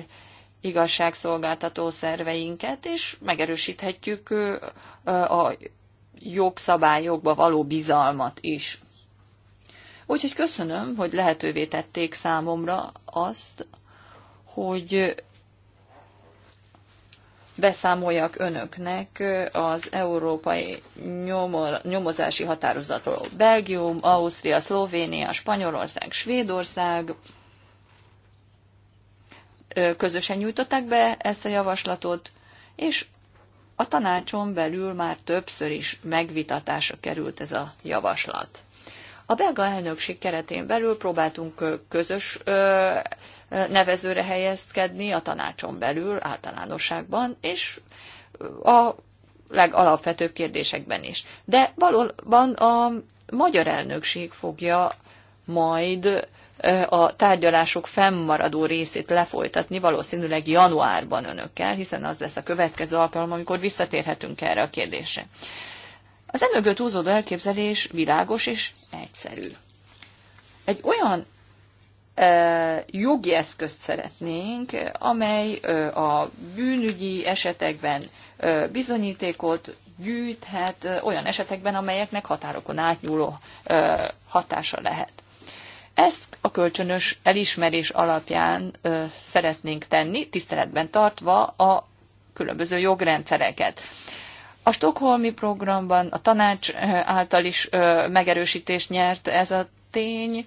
igazságszolgáltató szerveinket, és megerősíthetjük ö, ö, a jogszabályokba való bizalmat is. Úgyhogy köszönöm, hogy lehetővé tették számomra azt, hogy beszámoljak önöknek az európai nyomozási határozatról. Belgium, Ausztria, Szlovénia, Spanyolország, Svédország közösen nyújtották be ezt a javaslatot, és a tanácson belül már többször is megvitatásra került ez a javaslat. A belga elnökség keretén belül próbáltunk közös nevezőre helyezkedni a tanácson belül általánosságban, és a legalapvetőbb kérdésekben is. De valóban a magyar elnökség fogja majd a tárgyalások fennmaradó részét lefolytatni, valószínűleg januárban önökkel, hiszen az lesz a következő alkalom, amikor visszatérhetünk erre a kérdésre. Az emögött húzódó elképzelés világos és egyszerű. Egy olyan jogi eszközt szeretnénk, amely a bűnügyi esetekben bizonyítékot gyűjthet olyan esetekben, amelyeknek határokon átnyúló hatása lehet. Ezt a kölcsönös elismerés alapján szeretnénk tenni, tiszteletben tartva a különböző jogrendszereket. A Stockholmi programban a tanács eh, által is eh, megerősítést nyert ez a tény.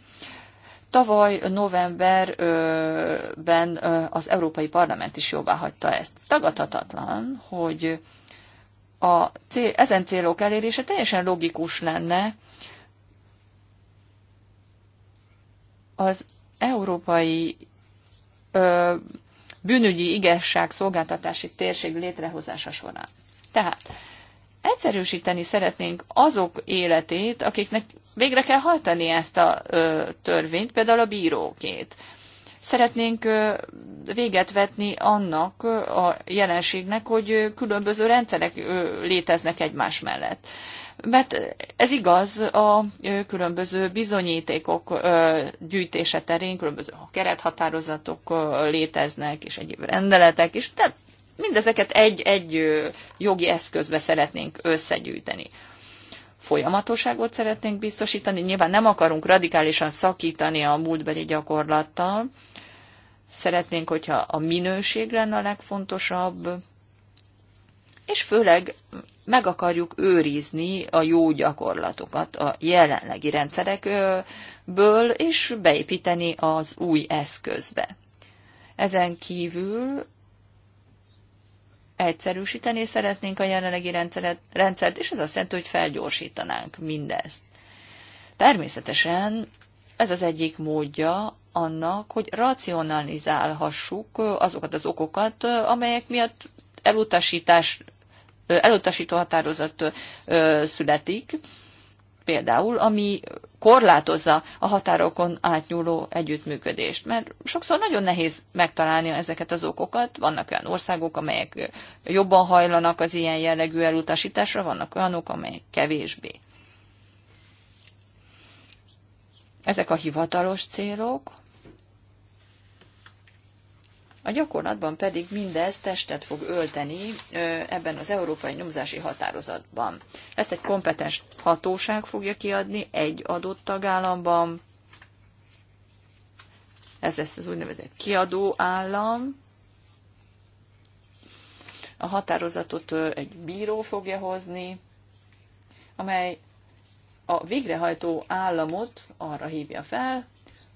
Tavaly novemberben eh, az Európai Parlament is jóvá hagyta ezt. Tagadhatatlan, hogy a cél, ezen célok elérése teljesen logikus lenne az európai ö, bűnügyi igazságszolgáltatási térség létrehozása során. Tehát egyszerűsíteni szeretnénk azok életét, akiknek végre kell hajtani ezt a ö, törvényt, például a bírókét. Szeretnénk véget vetni annak a jelenségnek, hogy különböző rendszerek léteznek egymás mellett. Mert ez igaz a különböző bizonyítékok gyűjtése terén, különböző kerethatározatok léteznek, és egyéb rendeletek is, tehát mindezeket egy-egy jogi eszközbe szeretnénk összegyűjteni. Folyamatoságot szeretnénk biztosítani, nyilván nem akarunk radikálisan szakítani a múltbeli gyakorlattal, szeretnénk, hogyha a minőség lenne a legfontosabb, és főleg meg akarjuk őrizni a jó gyakorlatokat a jelenlegi rendszerekből, és beépíteni az új eszközbe. Ezen kívül egyszerűsíteni szeretnénk a jelenlegi rendszeret, rendszert, és ez azt jelenti, hogy felgyorsítanánk mindezt. Természetesen ez az egyik módja annak, hogy racionalizálhassuk azokat az okokat, amelyek miatt elutasítás, elutasító határozat születik, például, ami korlátozza a határokon átnyúló együttműködést. Mert sokszor nagyon nehéz megtalálni ezeket az okokat. Vannak olyan országok, amelyek jobban hajlanak az ilyen jellegű elutasításra, vannak olyanok, amelyek kevésbé. Ezek a hivatalos célok, a gyakorlatban pedig mindez testet fog ölteni ebben az európai nyomzási határozatban. Ezt egy kompetens hatóság fogja kiadni egy adott tagállamban. Ez lesz az úgynevezett kiadó állam. A határozatot egy bíró fogja hozni, amely a végrehajtó államot arra hívja fel,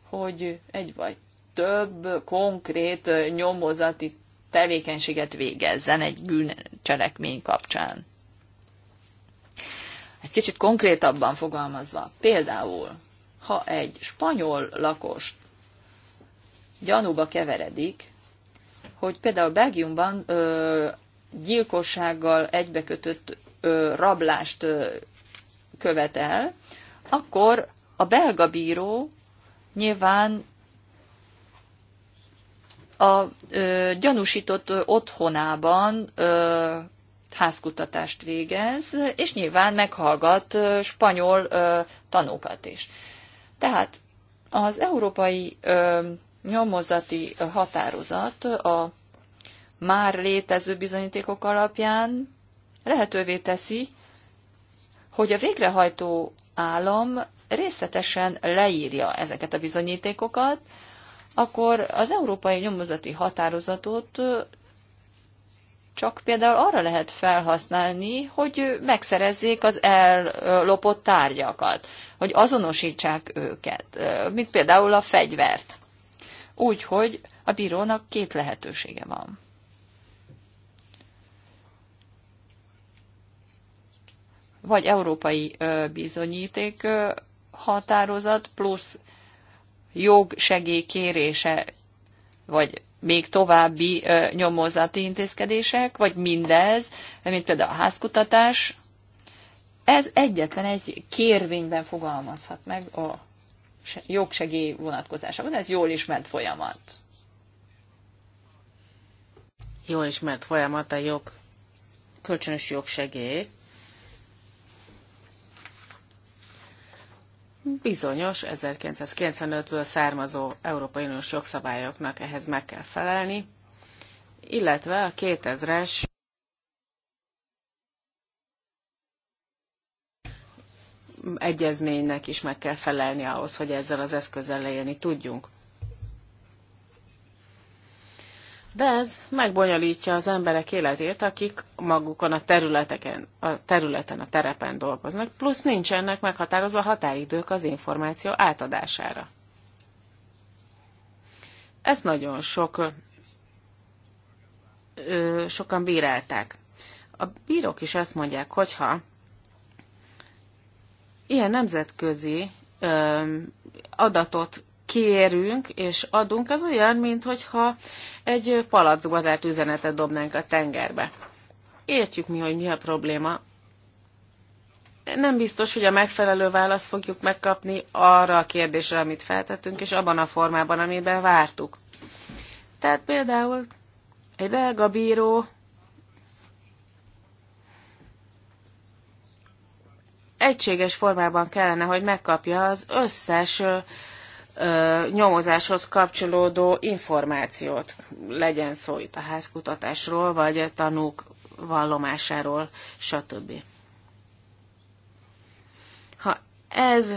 hogy egy vagy több konkrét nyomozati tevékenységet végezzen egy bűncselekmény kapcsán. Egy kicsit konkrétabban fogalmazva, például, ha egy spanyol lakost gyanúba keveredik, hogy például Belgiumban ö, gyilkossággal egybekötött ö, rablást ö, követel, akkor a belga bíró nyilván a ö, gyanúsított otthonában ö, házkutatást végez, és nyilván meghallgat ö, spanyol ö, tanókat is. Tehát az európai ö, nyomozati határozat a már létező bizonyítékok alapján lehetővé teszi, hogy a végrehajtó állam részletesen leírja ezeket a bizonyítékokat, akkor az európai nyomozati határozatot csak például arra lehet felhasználni, hogy megszerezzék az ellopott tárgyakat, hogy azonosítsák őket, mint például a fegyvert. Úgyhogy a bírónak két lehetősége van. Vagy európai bizonyíték határozat plusz jogsegély kérése, vagy még további nyomozati intézkedések, vagy mindez, mint például a házkutatás, ez egyetlen egy kérvényben fogalmazhat meg a jogsegély vonatkozásában. Ez jól ismert folyamat. Jól ismert folyamat a jog, kölcsönös jogsegély, bizonyos 1995-ből származó Európai Uniós jogszabályoknak ehhez meg kell felelni, illetve a 2000-es egyezménynek is meg kell felelni ahhoz, hogy ezzel az eszközzel élni tudjunk. de ez megbonyolítja az emberek életét, akik magukon a területeken, a területen, a terepen dolgoznak, plusz nincsenek meghatározva határidők az információ átadására. Ezt nagyon sok, ö, sokan bírálták. A bírók is azt mondják, hogyha ilyen nemzetközi ö, adatot kérünk és adunk, az olyan, mintha egy palackba zárt üzenetet dobnánk a tengerbe. Értjük mi, hogy mi a probléma. Nem biztos, hogy a megfelelő választ fogjuk megkapni arra a kérdésre, amit feltettünk, és abban a formában, amiben vártuk. Tehát például egy belga bíró egységes formában kellene, hogy megkapja az összes nyomozáshoz kapcsolódó információt, legyen szó itt a házkutatásról, vagy a tanúk vallomásáról, stb. Ha ez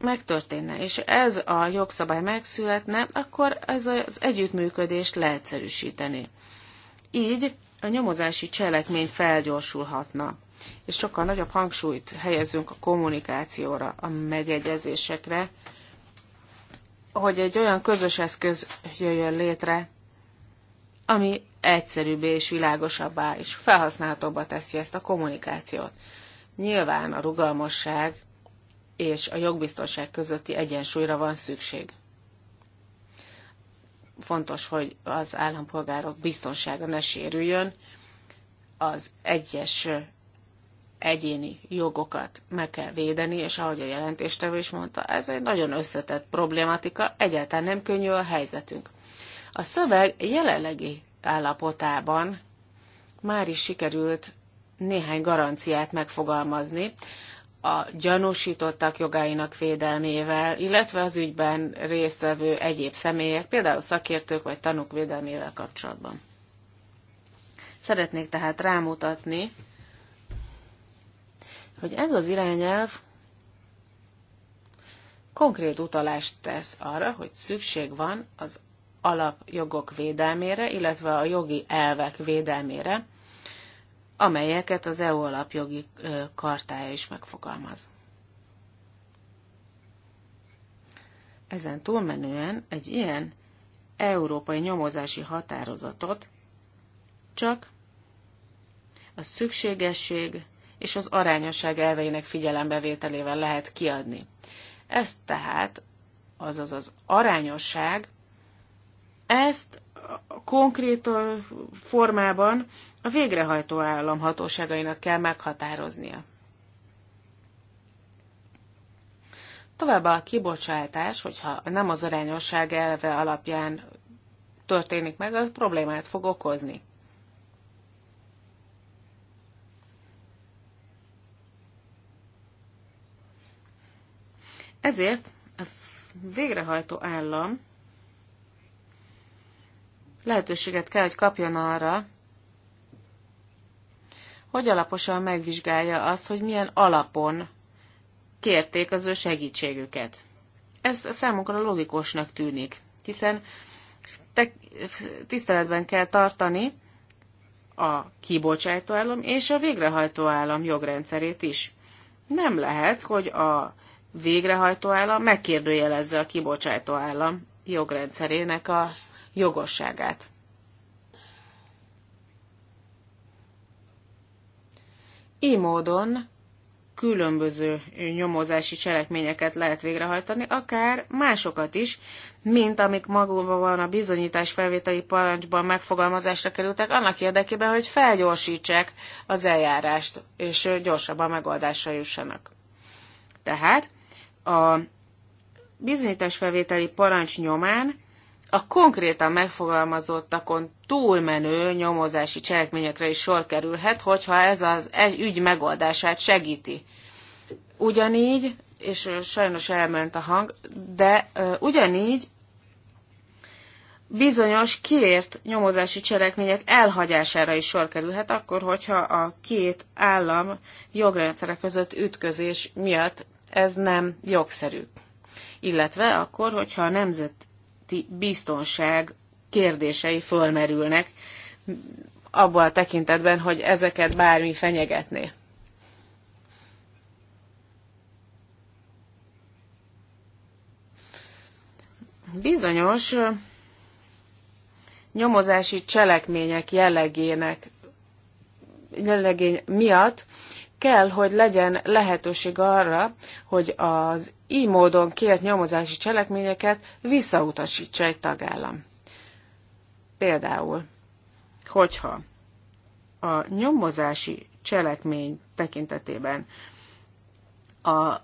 megtörténne, és ez a jogszabály megszületne, akkor ez az együttműködést leegyszerűsíteni. Így a nyomozási cselekmény felgyorsulhatna, és sokkal nagyobb hangsúlyt helyezünk a kommunikációra, a megegyezésekre, hogy egy olyan közös eszköz jöjjön létre, ami egyszerűbbé és világosabbá és felhasználhatóbbá teszi ezt a kommunikációt. Nyilván a rugalmasság és a jogbiztonság közötti egyensúlyra van szükség. Fontos, hogy az állampolgárok biztonsága ne sérüljön, az egyes egyéni jogokat meg kell védeni, és ahogy a jelentéstevő is mondta, ez egy nagyon összetett problématika, egyáltalán nem könnyű a helyzetünk. A szöveg jelenlegi állapotában már is sikerült néhány garanciát megfogalmazni a gyanúsítottak jogáinak védelmével, illetve az ügyben résztvevő egyéb személyek, például szakértők vagy tanúk védelmével kapcsolatban. Szeretnék tehát rámutatni hogy ez az irányelv konkrét utalást tesz arra, hogy szükség van az alapjogok védelmére, illetve a jogi elvek védelmére, amelyeket az EU alapjogi kartája is megfogalmaz. Ezen túlmenően egy ilyen európai nyomozási határozatot csak a szükségesség és az arányosság elveinek figyelembevételével lehet kiadni. Ez tehát, azaz az arányosság, ezt konkrét formában a végrehajtó állam hatóságainak kell meghatároznia. Továbbá a kibocsátás, hogyha nem az arányosság elve alapján történik meg, az problémát fog okozni. Ezért a végrehajtó állam lehetőséget kell, hogy kapjon arra, hogy alaposan megvizsgálja azt, hogy milyen alapon kérték az ő segítségüket. Ez a számunkra logikusnak tűnik, hiszen te, tiszteletben kell tartani a kibocsátó állam és a végrehajtó állam jogrendszerét is. Nem lehet, hogy a végrehajtó állam megkérdőjelezze a kibocsátó állam jogrendszerének a jogosságát. Így módon különböző nyomozási cselekményeket lehet végrehajtani, akár másokat is, mint amik magukban a bizonyítás felvételi parancsban megfogalmazásra kerültek, annak érdekében, hogy felgyorsítsák az eljárást, és gyorsabban megoldásra jussanak. Tehát a bizonyításfelvételi parancs nyomán a konkrétan megfogalmazottakon túlmenő nyomozási cselekményekre is sor kerülhet, hogyha ez az egy ügy megoldását segíti. Ugyanígy, és sajnos elment a hang, de ugyanígy bizonyos kiért nyomozási cselekmények elhagyására is sor kerülhet, akkor, hogyha a két állam jogrendszere között ütközés miatt ez nem jogszerű. Illetve akkor, hogyha a nemzeti biztonság kérdései fölmerülnek, abban a tekintetben, hogy ezeket bármi fenyegetné. Bizonyos nyomozási cselekmények jellegének jellegény miatt kell, hogy legyen lehetőség arra, hogy az így módon kért nyomozási cselekményeket visszautasítsa egy tagállam. Például, hogyha a nyomozási cselekmény tekintetében a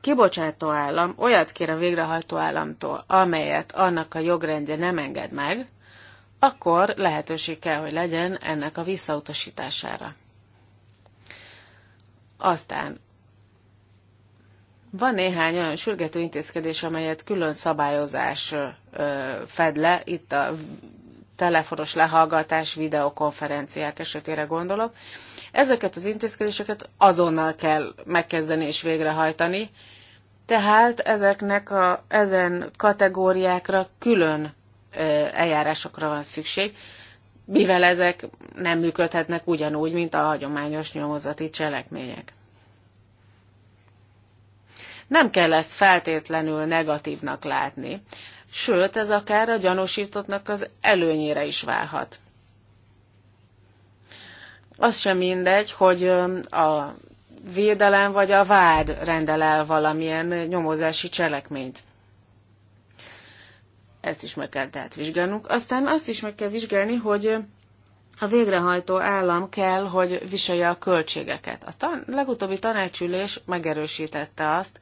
kibocsátó állam olyat kér a végrehajtó államtól, amelyet annak a jogrendje nem enged meg, akkor lehetőség kell, hogy legyen ennek a visszautasítására. Aztán van néhány olyan sürgető intézkedés, amelyet külön szabályozás fed le, itt a telefonos lehallgatás, videokonferenciák esetére gondolok. Ezeket az intézkedéseket azonnal kell megkezdeni és végrehajtani, tehát ezeknek a, ezen kategóriákra külön eljárásokra van szükség, mivel ezek nem működhetnek ugyanúgy, mint a hagyományos nyomozati cselekmények. Nem kell ezt feltétlenül negatívnak látni, sőt, ez akár a gyanúsítottnak az előnyére is válhat. Az sem mindegy, hogy a védelem vagy a vád rendel el valamilyen nyomozási cselekményt. Ezt is meg kell tehát vizsgálnunk. Aztán azt is meg kell vizsgálni, hogy a végrehajtó állam kell, hogy viselje a költségeket. A tan- legutóbbi tanácsülés megerősítette azt,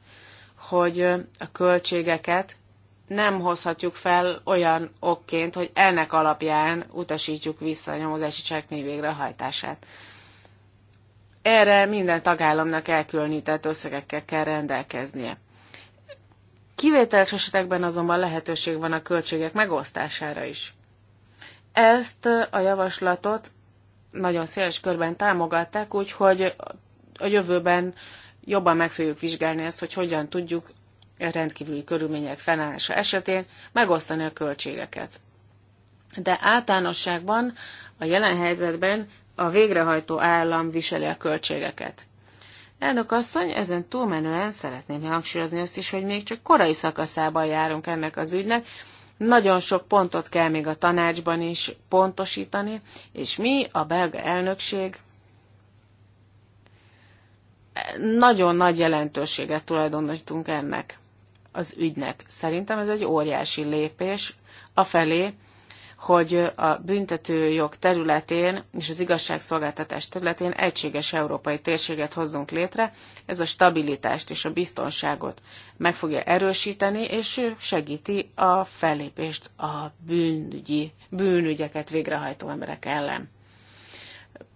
hogy a költségeket nem hozhatjuk fel olyan okként, hogy ennek alapján utasítjuk vissza a nyomozási cselekmény végrehajtását. Erre minden tagállamnak elkülönített összegekkel kell rendelkeznie. Kivételes esetekben azonban lehetőség van a költségek megosztására is. Ezt a javaslatot nagyon széles körben támogatták, úgyhogy a jövőben jobban meg fogjuk vizsgálni ezt, hogy hogyan tudjuk rendkívüli körülmények fennállása esetén megosztani a költségeket. De általánosságban a jelen helyzetben a végrehajtó állam viseli a költségeket. Elnök asszony, ezen túlmenően szeretném hangsúlyozni azt is, hogy még csak korai szakaszában járunk ennek az ügynek. Nagyon sok pontot kell még a tanácsban is pontosítani, és mi, a belga elnökség, nagyon nagy jelentőséget tulajdonítunk ennek az ügynek. Szerintem ez egy óriási lépés afelé, hogy a büntetőjog területén és az igazságszolgáltatás területén egységes európai térséget hozzunk létre. Ez a stabilitást és a biztonságot meg fogja erősíteni, és segíti a fellépést a bűnügyi, bűnügyeket végrehajtó emberek ellen.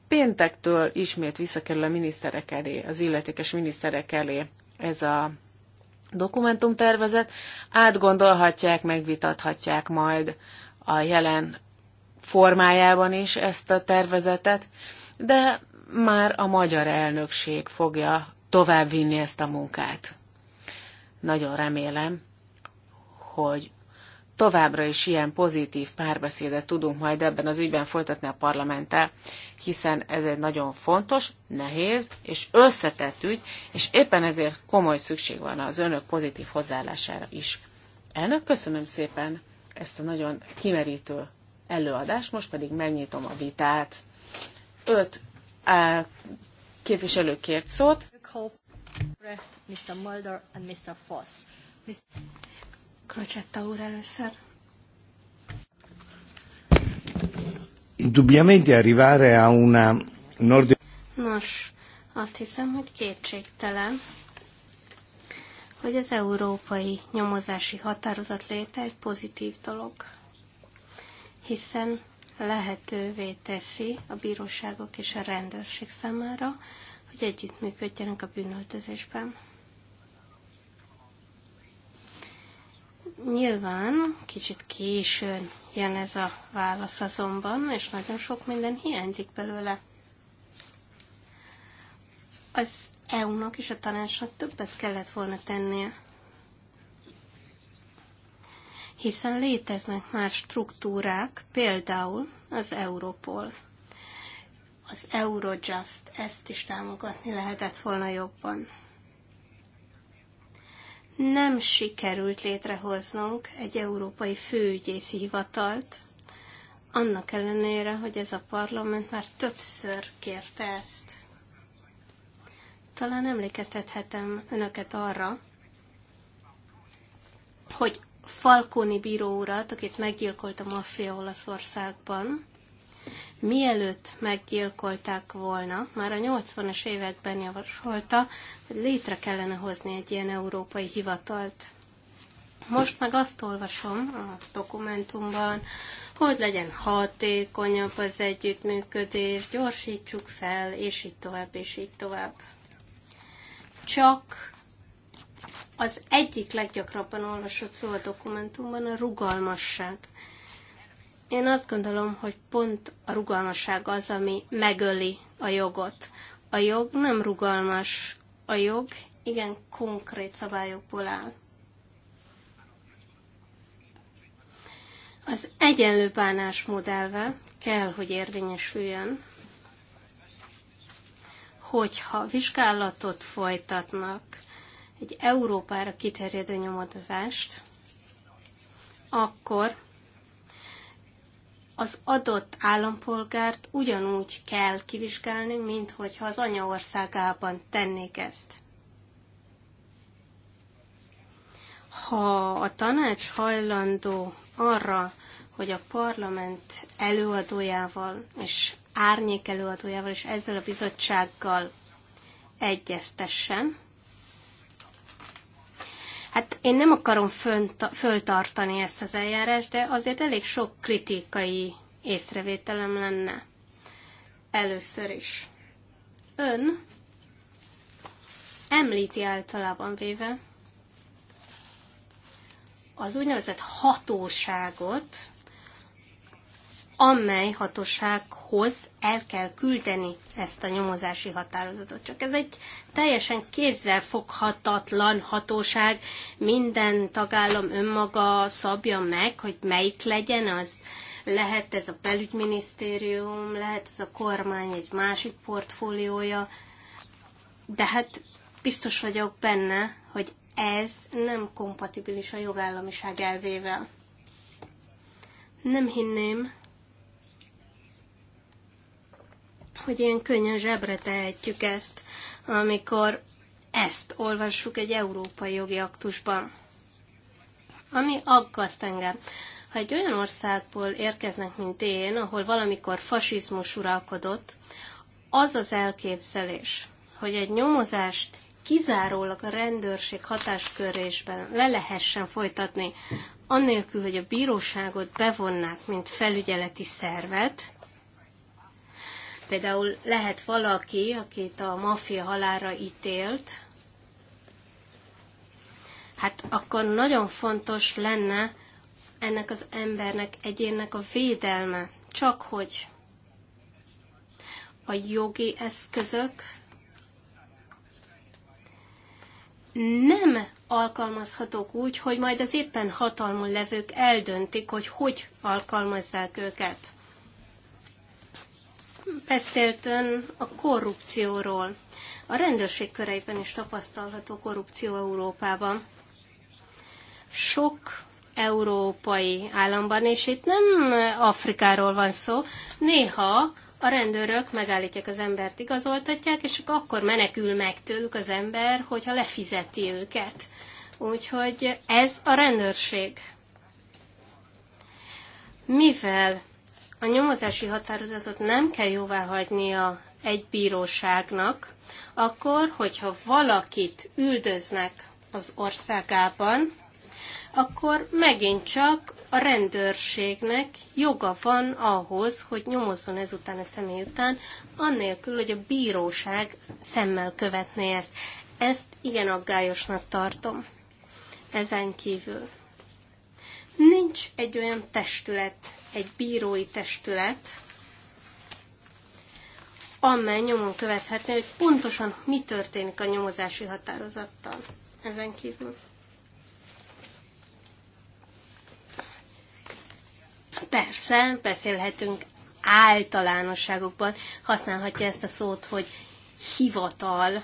Péntektől ismét visszakerül a miniszterek elé, az illetékes miniszterek elé ez a dokumentumtervezet. Átgondolhatják, megvitathatják majd a jelen formájában is ezt a tervezetet, de már a magyar elnökség fogja továbbvinni ezt a munkát. Nagyon remélem, hogy továbbra is ilyen pozitív párbeszédet tudunk majd ebben az ügyben folytatni a parlamenttel, hiszen ez egy nagyon fontos, nehéz és összetett ügy, és éppen ezért komoly szükség van az önök pozitív hozzáállására is. Elnök, köszönöm szépen! ezt a nagyon kimerítő előadást, most pedig megnyitom a vitát. Öt á, képviselő kért szót. Mr. Mulder and Mr. Foss. Mr. Crocetta úr először. Indubbiamente arrivare a una nord... Nos, azt hiszem, hogy kétségtelen, hogy az európai nyomozási határozat léte egy pozitív dolog, hiszen lehetővé teszi a bíróságok és a rendőrség számára, hogy együttműködjenek a bűnöltözésben. Nyilván kicsit későn jön ez a válasz azonban, és nagyon sok minden hiányzik belőle. Az EU-nak és a tanácsnak többet kellett volna tennie. Hiszen léteznek már struktúrák, például az Europol, az Eurojust, ezt is támogatni lehetett volna jobban. Nem sikerült létrehoznunk egy európai főügyészi hivatalt, annak ellenére, hogy ez a parlament már többször kérte ezt. Talán emlékeztethetem önöket arra, hogy Falconi bíró urat, akit meggyilkolt a maffia Olaszországban, mielőtt meggyilkolták volna, már a 80-as években javasolta, hogy létre kellene hozni egy ilyen európai hivatalt. Most meg azt olvasom a dokumentumban, hogy legyen hatékonyabb az együttműködés, gyorsítsuk fel, és így tovább, és így tovább csak az egyik leggyakrabban olvasott szó a dokumentumban a rugalmasság. Én azt gondolom, hogy pont a rugalmasság az, ami megöli a jogot. A jog nem rugalmas, a jog igen konkrét szabályokból áll. Az egyenlő bánásmód elve kell, hogy érvényesüljön, hogyha vizsgálatot folytatnak, egy Európára kiterjedő nyomozást, akkor az adott állampolgárt ugyanúgy kell kivizsgálni, mint hogyha az anyaországában tennék ezt. Ha a tanács hajlandó arra, hogy a parlament előadójával és árnyék előadójával és ezzel a bizottsággal egyeztessen. Hát én nem akarom föltartani ezt az eljárást, de azért elég sok kritikai észrevételem lenne. Először is. Ön említi általában véve az úgynevezett hatóságot, amely hatósághoz el kell küldeni ezt a nyomozási határozatot. Csak ez egy teljesen kézzelfoghatatlan hatóság. Minden tagállam önmaga szabja meg, hogy melyik legyen az. Lehet ez a belügyminisztérium, lehet ez a kormány egy másik portfóliója, de hát biztos vagyok benne, hogy ez nem kompatibilis a jogállamiság elvével. Nem hinném, hogy ilyen könnyen zsebre tehetjük ezt, amikor ezt olvassuk egy európai jogi aktusban. Ami aggaszt engem, ha egy olyan országból érkeznek, mint én, ahol valamikor fasizmus uralkodott, az az elképzelés, hogy egy nyomozást kizárólag a rendőrség hatáskörésben le lehessen folytatni, annélkül, hogy a bíróságot bevonnák, mint felügyeleti szervet, Például lehet valaki, akit a maffia halára ítélt, hát akkor nagyon fontos lenne ennek az embernek, egyénnek a védelme. Csak hogy a jogi eszközök nem alkalmazhatók úgy, hogy majd az éppen hatalmon levők eldöntik, hogy hogy alkalmazzák őket. Beszélt ön a korrupcióról. A rendőrség köreiben is tapasztalható korrupció Európában. Sok európai államban, és itt nem Afrikáról van szó, néha a rendőrök megállítják az embert, igazoltatják, és akkor menekül meg tőlük az ember, hogyha lefizeti őket. Úgyhogy ez a rendőrség. Mivel a nyomozási határozatot nem kell jóvá hagynia egy bíróságnak, akkor, hogyha valakit üldöznek az országában, akkor megint csak a rendőrségnek joga van ahhoz, hogy nyomozzon ezután a személy után, annélkül, hogy a bíróság szemmel követné ezt. Ezt igen aggályosnak tartom. Ezen kívül nincs egy olyan testület egy bírói testület, amely nyomon követhetné, hogy pontosan mi történik a nyomozási határozattal ezen kívül. Persze, beszélhetünk általánosságokban, használhatja ezt a szót, hogy hivatal,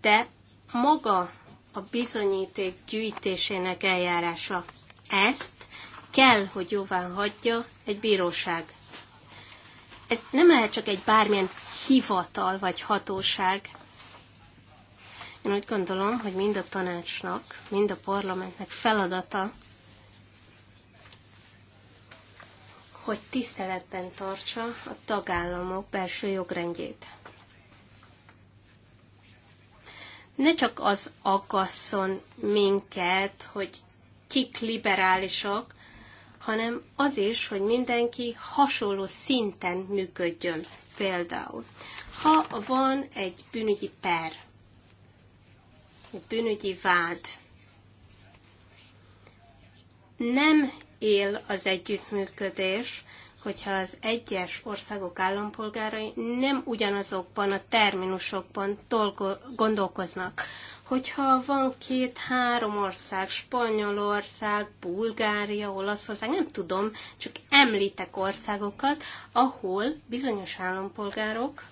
de maga a bizonyíték gyűjtésének eljárása ezt kell, hogy jóvá hagyja egy bíróság. Ez nem lehet csak egy bármilyen hivatal vagy hatóság. Én úgy gondolom, hogy mind a tanácsnak, mind a parlamentnek feladata, hogy tiszteletben tartsa a tagállamok belső jogrendjét. Ne csak az aggasszon minket, hogy kik liberálisok, hanem az is, hogy mindenki hasonló szinten működjön. Például, ha van egy bűnügyi per, egy bűnügyi vád, nem él az együttműködés, hogyha az egyes országok állampolgárai nem ugyanazokban a terminusokban dolgo- gondolkoznak hogyha van két-három ország, Spanyolország, Bulgária, Olaszország, nem tudom, csak említek országokat, ahol bizonyos állampolgárok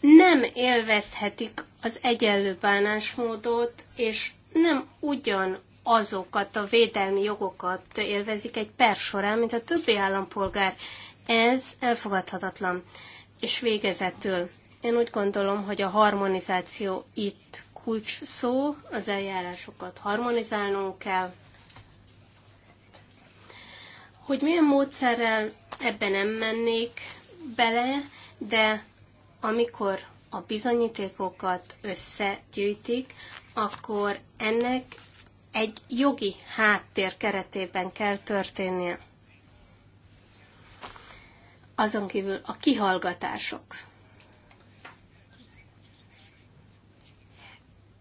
nem élvezhetik az egyenlő bánásmódot, és nem ugyan azokat a védelmi jogokat élvezik egy per során, mint a többi állampolgár. Ez elfogadhatatlan. És végezetül én úgy gondolom, hogy a harmonizáció itt kulcs szó, az eljárásokat harmonizálnunk kell. Hogy milyen módszerrel ebben nem mennék bele, de amikor a bizonyítékokat összegyűjtik, akkor ennek egy jogi háttér keretében kell történnie. Azon kívül a kihallgatások.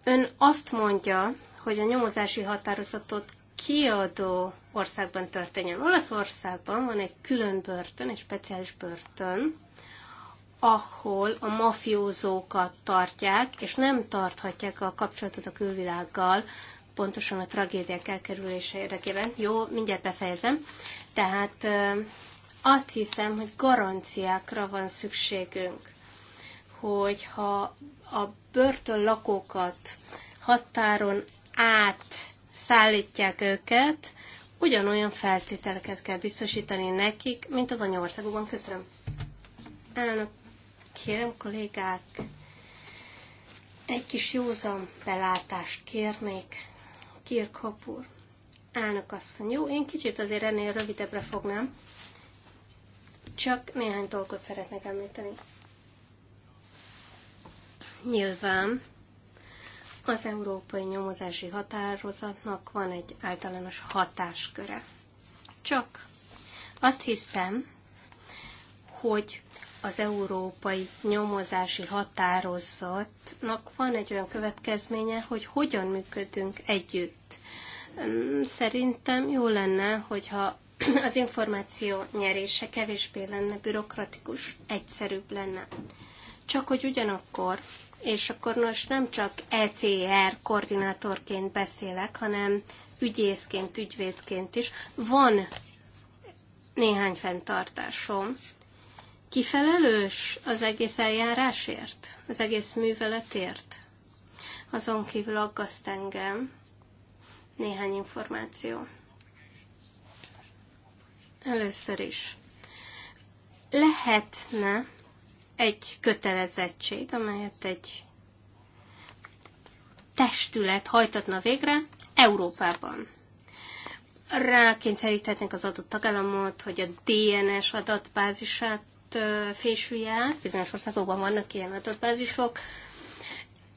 Ön azt mondja, hogy a nyomozási határozatot kiadó országban történjen. Olaszországban van egy külön börtön, egy speciális börtön, ahol a mafiózókat tartják, és nem tarthatják a kapcsolatot a külvilággal, pontosan a tragédiák elkerülése érdekében. Jó, mindjárt befejezem. Tehát azt hiszem, hogy garanciákra van szükségünk hogyha a börtönlakókat határon át szállítják őket, ugyanolyan feltételeket kell biztosítani nekik, mint az anyaországokban. Köszönöm. Elnök, kérem kollégák, egy kis józan belátást kérnék. Kirkapur. Elnök asszony, jó, én kicsit azért ennél rövidebbre fognám. Csak néhány dolgot szeretnék említeni. Nyilván az európai nyomozási határozatnak van egy általános hatásköre. Csak azt hiszem, hogy az európai nyomozási határozatnak van egy olyan következménye, hogy hogyan működünk együtt. Szerintem jó lenne, hogyha az információ nyerése kevésbé lenne bürokratikus, egyszerűbb lenne. Csak hogy ugyanakkor és akkor most nem csak ECR koordinátorként beszélek, hanem ügyészként, ügyvédként is. Van néhány fenntartásom. Kifelelős az egész eljárásért, az egész műveletért? Azon kívül aggaszt engem néhány információ. Először is. Lehetne egy kötelezettség, amelyet egy testület hajtatna végre Európában. Rákényszeríthetnénk az adott tagállamot, hogy a DNS adatbázisát fésülje át, bizonyos országokban vannak ilyen adatbázisok,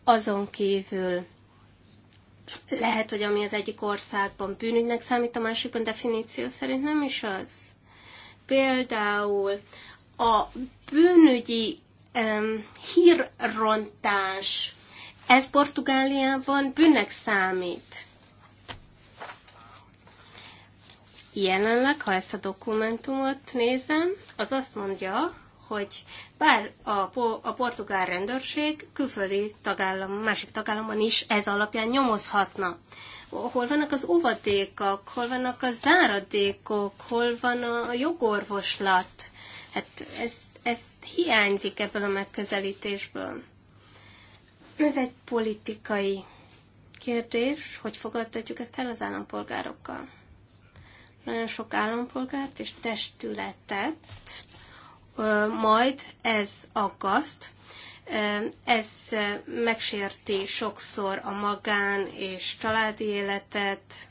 azon kívül lehet, hogy ami az egyik országban bűnügynek számít, a másikban definíció szerint nem is az. Például a bűnügyi um, hírrontás, ez Portugáliában bűnnek számít. Jelenleg, ha ezt a dokumentumot nézem, az azt mondja, hogy bár a, a portugál rendőrség külföldi tagállam, másik tagállamban is ez alapján nyomozhatna. Hol vannak az óvadékok, hol vannak a záradékok, hol van a jogorvoslat. Hát ez, ez hiányzik ebből a megközelítésből. Ez egy politikai kérdés, hogy fogadtatjuk ezt el az állampolgárokkal. Nagyon sok állampolgárt és testületet majd ez aggaszt, ez megsérti sokszor a magán és családi életet,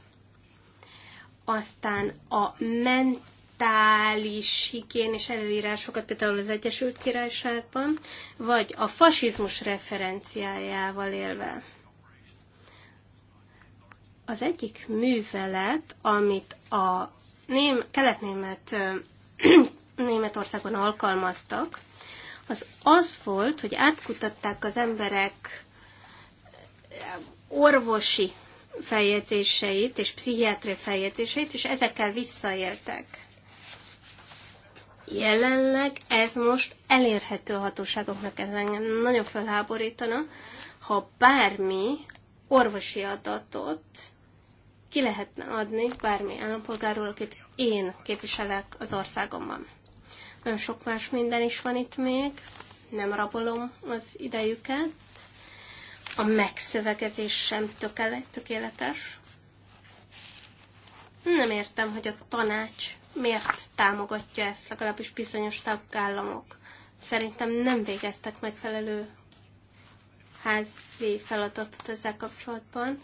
aztán a ment mentális és előírásokat, például az Egyesült Királyságban, vagy a fasizmus referenciájával élve. Az egyik művelet, amit a ném, kelet-német Németországon alkalmaztak, az az volt, hogy átkutatták az emberek orvosi feljegyzéseit és pszichiátriai feljegyzéseit, és ezekkel visszaértek jelenleg ez most elérhető a hatóságoknak, ez engem nagyon felháborítana, ha bármi orvosi adatot ki lehetne adni bármi állampolgárról, akit én képviselek az országomban. Nagyon sok más minden is van itt még, nem rabolom az idejüket, a megszövegezés sem tökéletes. Nem értem, hogy a tanács miért támogatja ezt legalábbis bizonyos tagállamok? Szerintem nem végeztek megfelelő házi feladatot ezzel kapcsolatban.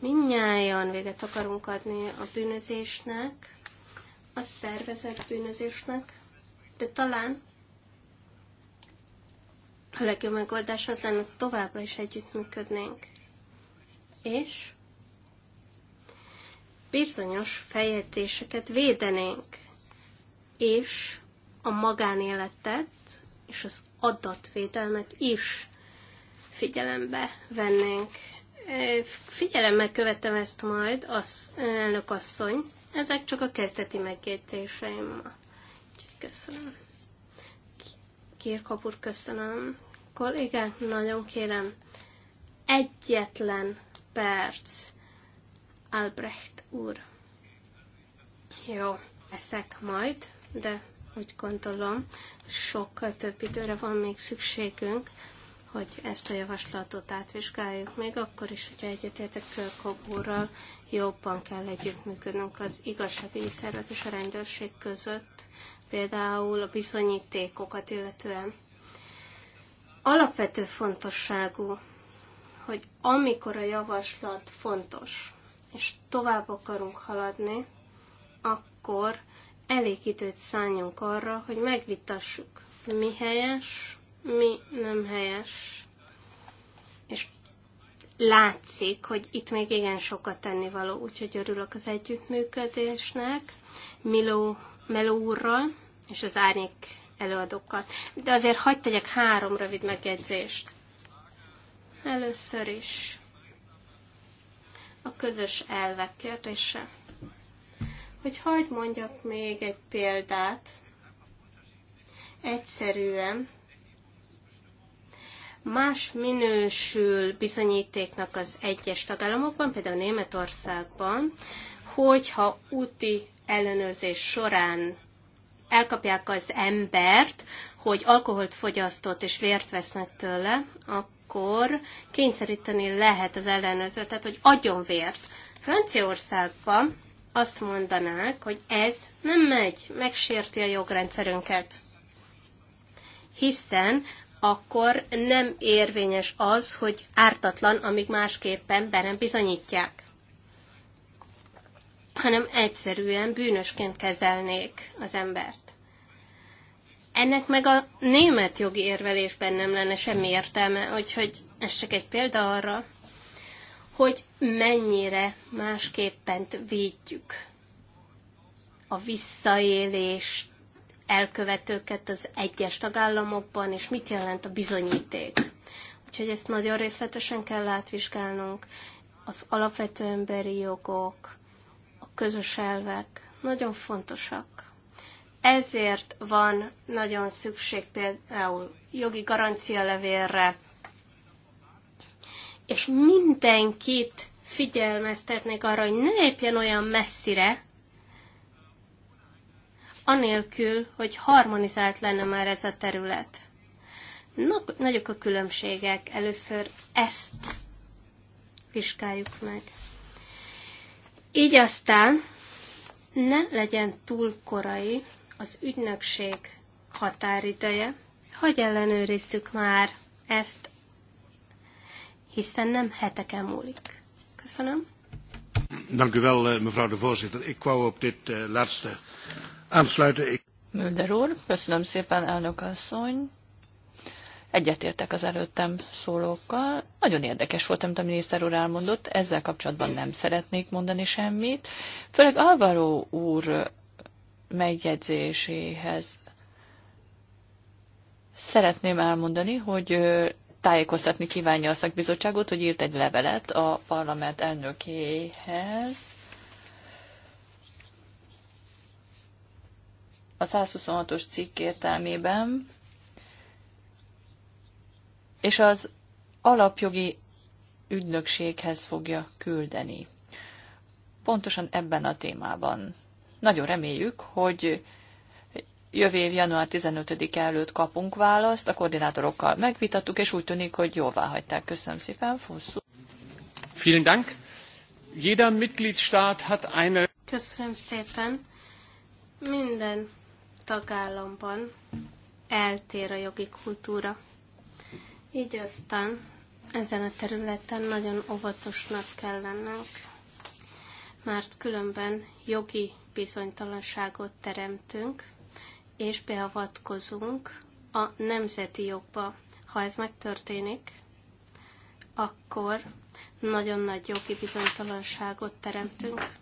Mindnyájan véget akarunk adni a bűnözésnek, a szervezett bűnözésnek, de talán a legjobb megoldás az lenne, továbbra is együttműködnénk. És bizonyos feljegyzéseket védenénk, és a magánéletet és az adatvédelmet is figyelembe vennénk. Figyelemmel követem ezt majd, az elnök asszony. Ezek csak a kezdeti megjegyzéseim ma. Úgyhogy köszönöm. Kirkapur, köszönöm. Kollégák, nagyon kérem, egyetlen perc Albrecht úr. Jó, eszek majd, de úgy gondolom, sokkal több időre van még szükségünk, hogy ezt a javaslatot átvizsgáljuk, még akkor is, hogyha egyetértek Kobúrral, jobban kell együttműködnünk az igazságügyi szervek és a rendőrség között, például a bizonyítékokat illetően. Alapvető fontosságú, hogy amikor a javaslat fontos, és tovább akarunk haladni, akkor elég időt szálljunk arra, hogy megvitassuk, mi helyes, mi nem helyes. És látszik, hogy itt még igen sokat tennivaló, úgyhogy örülök az együttműködésnek Miló, Meló úrral és az árnyék előadókat. De azért hagyd tegyek három rövid megjegyzést. Először is a közös elvek kérdése. Hogy hagyd mondjak még egy példát, egyszerűen más minősül bizonyítéknak az egyes tagállamokban, például Németországban, hogyha úti ellenőrzés során elkapják az embert, hogy alkoholt fogyasztott és vért vesznek tőle, akkor akkor kényszeríteni lehet az ellenőrzőt, tehát hogy adjon vért. Franciaországban azt mondanák, hogy ez nem megy, megsérti a jogrendszerünket. Hiszen akkor nem érvényes az, hogy ártatlan, amíg másképpen be nem bizonyítják hanem egyszerűen bűnösként kezelnék az embert ennek meg a német jogi érvelésben nem lenne semmi értelme, úgyhogy ez csak egy példa arra, hogy mennyire másképpen védjük a visszaélést, elkövetőket az egyes tagállamokban, és mit jelent a bizonyíték. Úgyhogy ezt nagyon részletesen kell átvizsgálnunk. Az alapvető emberi jogok, a közös elvek nagyon fontosak. Ezért van nagyon szükség például jogi garancia levélre, és mindenkit figyelmeztetnek arra, hogy ne lépjen olyan messzire, anélkül, hogy harmonizált lenne már ez a terület. nagyok a különbségek. Először ezt vizsgáljuk meg. Így aztán ne legyen túl korai az ügynökség határideje, hogy ellenőrizzük már ezt, hiszen nem heteken múlik. Köszönöm. Dank u wel, eh, mevrouw de voorzitter. Ik wou op dit eh, laatste aansluiten. Ik... Mulder úr, köszönöm szépen, elnök asszony. Egyetértek az előttem szólókkal. Nagyon érdekes volt, amit a miniszter úr elmondott. Ezzel kapcsolatban nem szeretnék mondani semmit. Főleg Alvaro úr megjegyzéséhez. Szeretném elmondani, hogy tájékoztatni kívánja a szakbizottságot, hogy írt egy levelet a parlament elnökéhez. A 126-os cikk értelmében, és az alapjogi ügynökséghez fogja küldeni. Pontosan ebben a témában nagyon reméljük, hogy jövő év január 15 előtt kapunk választ, a koordinátorokkal megvitattuk, és úgy tűnik, hogy jóvá hagyták. Köszönöm szépen, Fosszú. Vielen Dank. Jeder Mitgliedstaat hat eine... Köszönöm szépen. Minden tagállamban eltér a jogi kultúra. Így aztán ezen a területen nagyon óvatosnak kell lennünk, mert különben jogi bizonytalanságot teremtünk, és beavatkozunk a nemzeti jogba. Ha ez megtörténik, akkor nagyon nagy jogi bizonytalanságot teremtünk.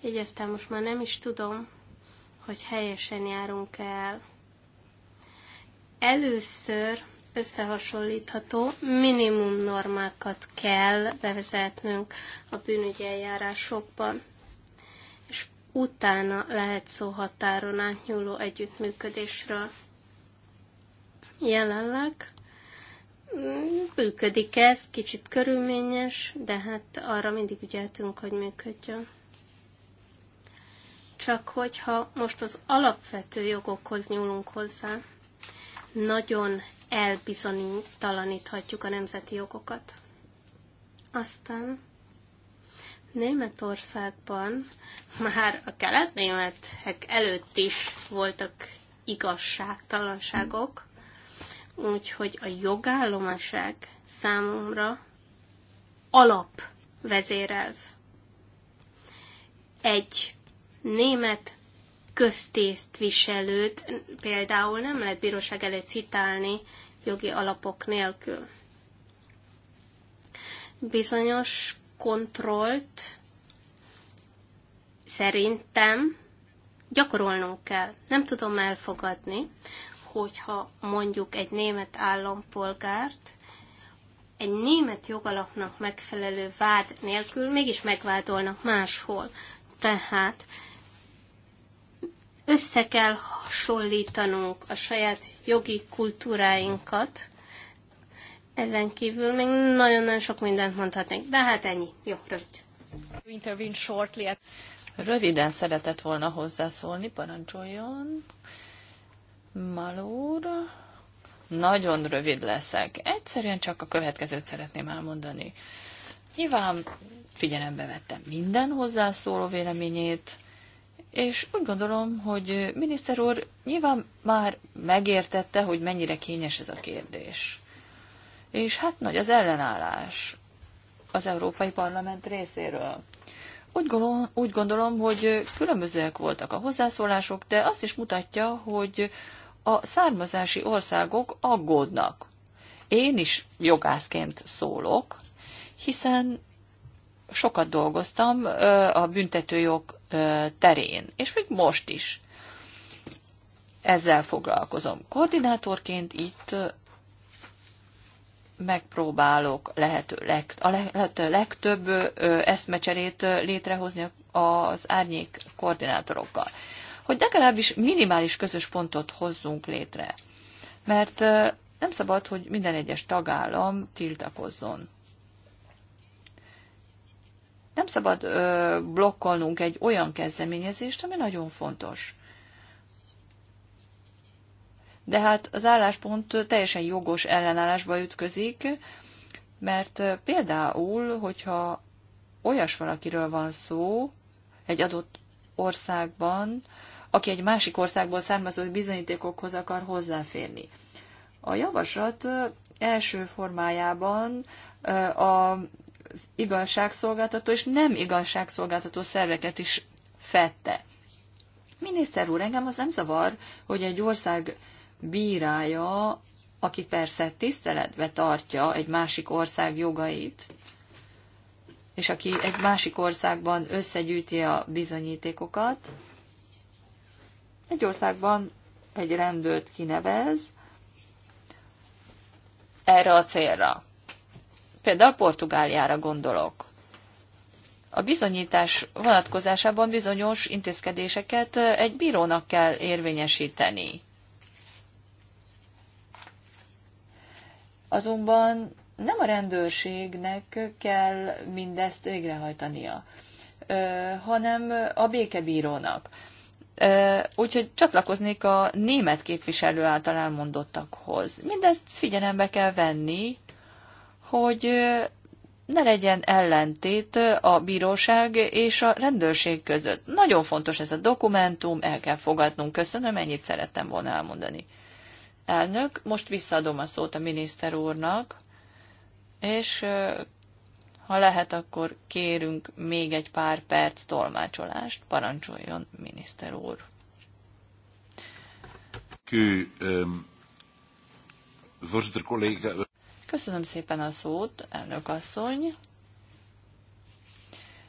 Így aztán most már nem is tudom, hogy helyesen járunk el. Először összehasonlítható minimum normákat kell bevezetnünk a bűnügyi eljárásokban utána lehet szó határon átnyúló együttműködésről. Jelenleg mm, működik ez, kicsit körülményes, de hát arra mindig ügyeltünk, hogy működjön. Csak hogyha most az alapvető jogokhoz nyúlunk hozzá, nagyon elbizonytalaníthatjuk a nemzeti jogokat. Aztán Németországban már a keletnémetek előtt is voltak igazságtalanságok, úgyhogy a jogállomaság számomra alap Egy német viselőt, például nem lehet bíróság elé citálni jogi alapok nélkül. Bizonyos kontrollt szerintem gyakorolnunk kell. Nem tudom elfogadni, hogyha mondjuk egy német állampolgárt egy német jogalapnak megfelelő vád nélkül mégis megvádolnak máshol. Tehát össze kell hasonlítanunk a saját jogi kultúráinkat, ezen kívül még nagyon-nagyon sok mindent mondhatnék, de hát ennyi. Jó, rövid. Röviden szeretett volna hozzászólni, parancsoljon. Malúr. Nagyon rövid leszek. Egyszerűen csak a következőt szeretném elmondani. Nyilván figyelembe vettem minden hozzászóló véleményét, és úgy gondolom, hogy miniszter úr nyilván már megértette, hogy mennyire kényes ez a kérdés és hát nagy az ellenállás az Európai Parlament részéről. Úgy gondolom, úgy gondolom, hogy különbözőek voltak a hozzászólások, de azt is mutatja, hogy a származási országok aggódnak. Én is jogászként szólok, hiszen sokat dolgoztam a büntetőjog terén, és még most is ezzel foglalkozom. Koordinátorként itt megpróbálok lehető leg, a lehető legtöbb eszmecserét létrehozni az árnyék koordinátorokkal. Hogy legalábbis minimális közös pontot hozzunk létre. Mert nem szabad, hogy minden egyes tagállam tiltakozzon. Nem szabad blokkolnunk egy olyan kezdeményezést, ami nagyon fontos de hát az álláspont teljesen jogos ellenállásba ütközik, mert például, hogyha olyas valakiről van szó egy adott országban, aki egy másik országból származó bizonyítékokhoz akar hozzáférni. A javaslat első formájában a igazságszolgáltató és nem igazságszolgáltató szerveket is fette. Miniszter úr, engem az nem zavar, hogy egy ország bírálja, aki persze tiszteletbe tartja egy másik ország jogait, és aki egy másik országban összegyűjti a bizonyítékokat, egy országban egy rendőrt kinevez erre a célra. Például Portugáliára gondolok. A bizonyítás vonatkozásában bizonyos intézkedéseket egy bírónak kell érvényesíteni. Azonban nem a rendőrségnek kell mindezt végrehajtania, hanem a békebírónak. Úgyhogy csatlakoznék a német képviselő által elmondottakhoz. Mindezt figyelembe kell venni, hogy ne legyen ellentét a bíróság és a rendőrség között. Nagyon fontos ez a dokumentum, el kell fogadnunk. Köszönöm, ennyit szerettem volna elmondani. Elnök, most visszaadom a szót a miniszter úrnak, és ha lehet, akkor kérünk még egy pár perc tolmácsolást. Parancsoljon, miniszter úr. Köszönöm szépen a szót, elnök asszony.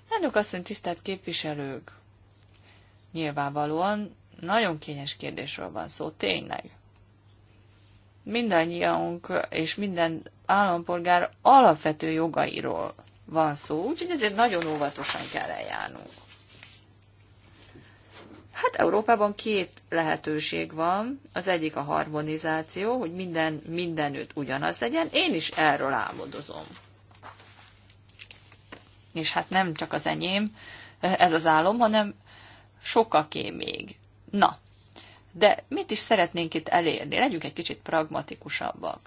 Elnök asszony, tisztelt képviselők! Nyilvánvalóan nagyon kényes kérdésről van szó, tényleg mindannyiunk és minden állampolgár alapvető jogairól van szó, úgyhogy ezért nagyon óvatosan kell eljárnunk. Hát Európában két lehetőség van. Az egyik a harmonizáció, hogy minden mindenütt ugyanaz legyen. Én is erről álmodozom. És hát nem csak az enyém ez az álom, hanem sokaké még. Na, de mit is szeretnénk itt elérni? Legyünk egy kicsit pragmatikusabbak.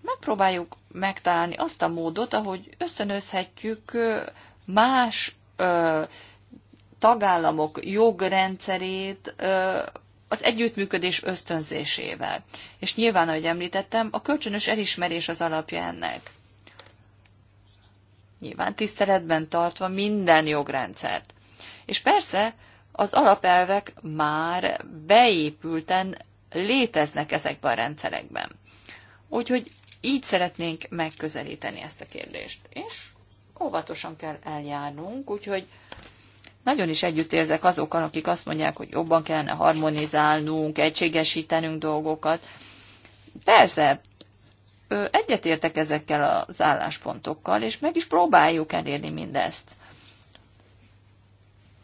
Megpróbáljuk megtalálni azt a módot, ahogy összönözhetjük más ö, tagállamok jogrendszerét ö, az együttműködés ösztönzésével. És nyilván, ahogy említettem, a kölcsönös elismerés az alapja ennek. Nyilván tiszteletben tartva minden jogrendszert. És persze az alapelvek már beépülten léteznek ezekben a rendszerekben. Úgyhogy így szeretnénk megközelíteni ezt a kérdést. És óvatosan kell eljárnunk, úgyhogy nagyon is együtt érzek azokkal, akik azt mondják, hogy jobban kellene harmonizálnunk, egységesítenünk dolgokat. Persze, egyetértek ezekkel az álláspontokkal, és meg is próbáljuk elérni mindezt.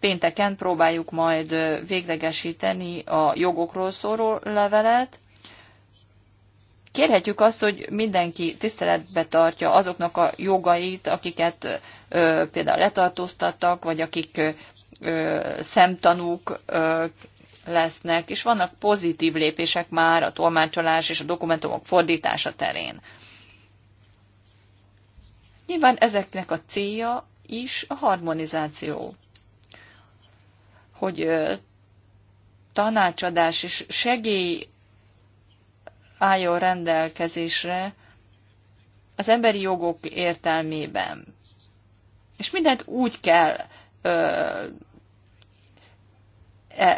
Pénteken próbáljuk majd véglegesíteni a jogokról szóló levelet. Kérhetjük azt, hogy mindenki tiszteletbe tartja azoknak a jogait, akiket ö, például letartóztattak, vagy akik ö, szemtanúk ö, lesznek, és vannak pozitív lépések már a tolmácsolás és a dokumentumok fordítása terén. Nyilván ezeknek a célja is a harmonizáció hogy tanácsadás és segély álljon rendelkezésre az emberi jogok értelmében. És mindent úgy kell, e,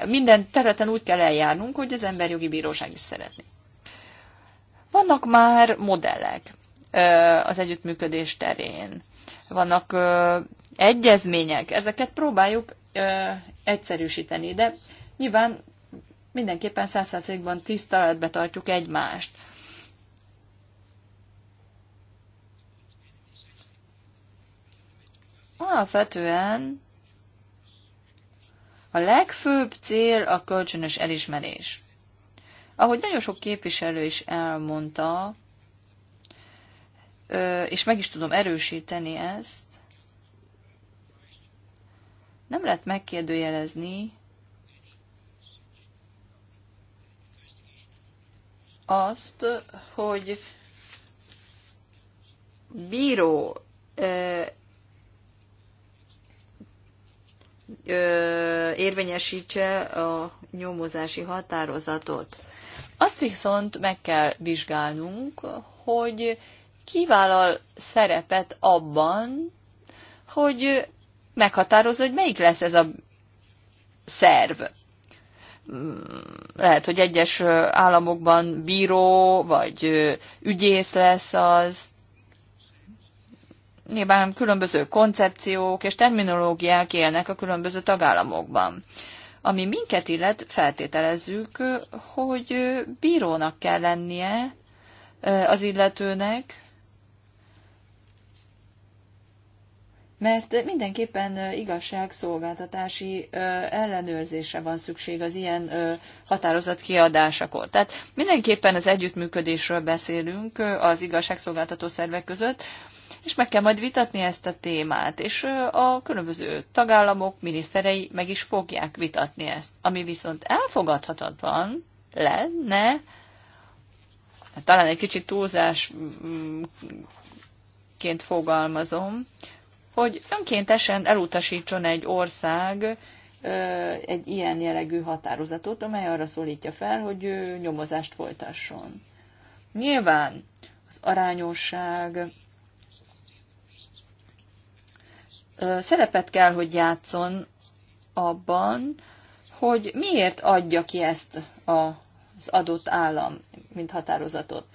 minden területen úgy kell eljárnunk, hogy az emberi jogi bíróság is szeretné. Vannak már modellek az együttműködés terén. Vannak egyezmények, ezeket próbáljuk egyszerűsíteni, de nyilván mindenképpen százszerzékban tiszteletbe tartjuk egymást. Alapvetően a legfőbb cél a kölcsönös elismerés. Ahogy nagyon sok képviselő is elmondta, és meg is tudom erősíteni ezt, nem lehet megkérdőjelezni azt, hogy bíró ö, ö, érvényesítse a nyomozási határozatot. Azt viszont meg kell vizsgálnunk, hogy kivállal szerepet abban, hogy meghatározza, hogy melyik lesz ez a szerv. Lehet, hogy egyes államokban bíró vagy ügyész lesz az. Nyilván különböző koncepciók és terminológiák élnek a különböző tagállamokban. Ami minket illet, feltételezzük, hogy bírónak kell lennie az illetőnek, mert mindenképpen igazságszolgáltatási ellenőrzésre van szükség az ilyen határozat kiadásakor. Tehát mindenképpen az együttműködésről beszélünk az igazságszolgáltató szervek között, és meg kell majd vitatni ezt a témát, és a különböző tagállamok miniszterei meg is fogják vitatni ezt. Ami viszont elfogadhatatlan lenne, hát talán egy kicsit túlzásként mm, fogalmazom, hogy önkéntesen elutasítson egy ország egy ilyen jellegű határozatot, amely arra szólítja fel, hogy nyomozást folytasson. Nyilván az arányosság szerepet kell, hogy játszon abban, hogy miért adja ki ezt az adott állam, mint határozatot.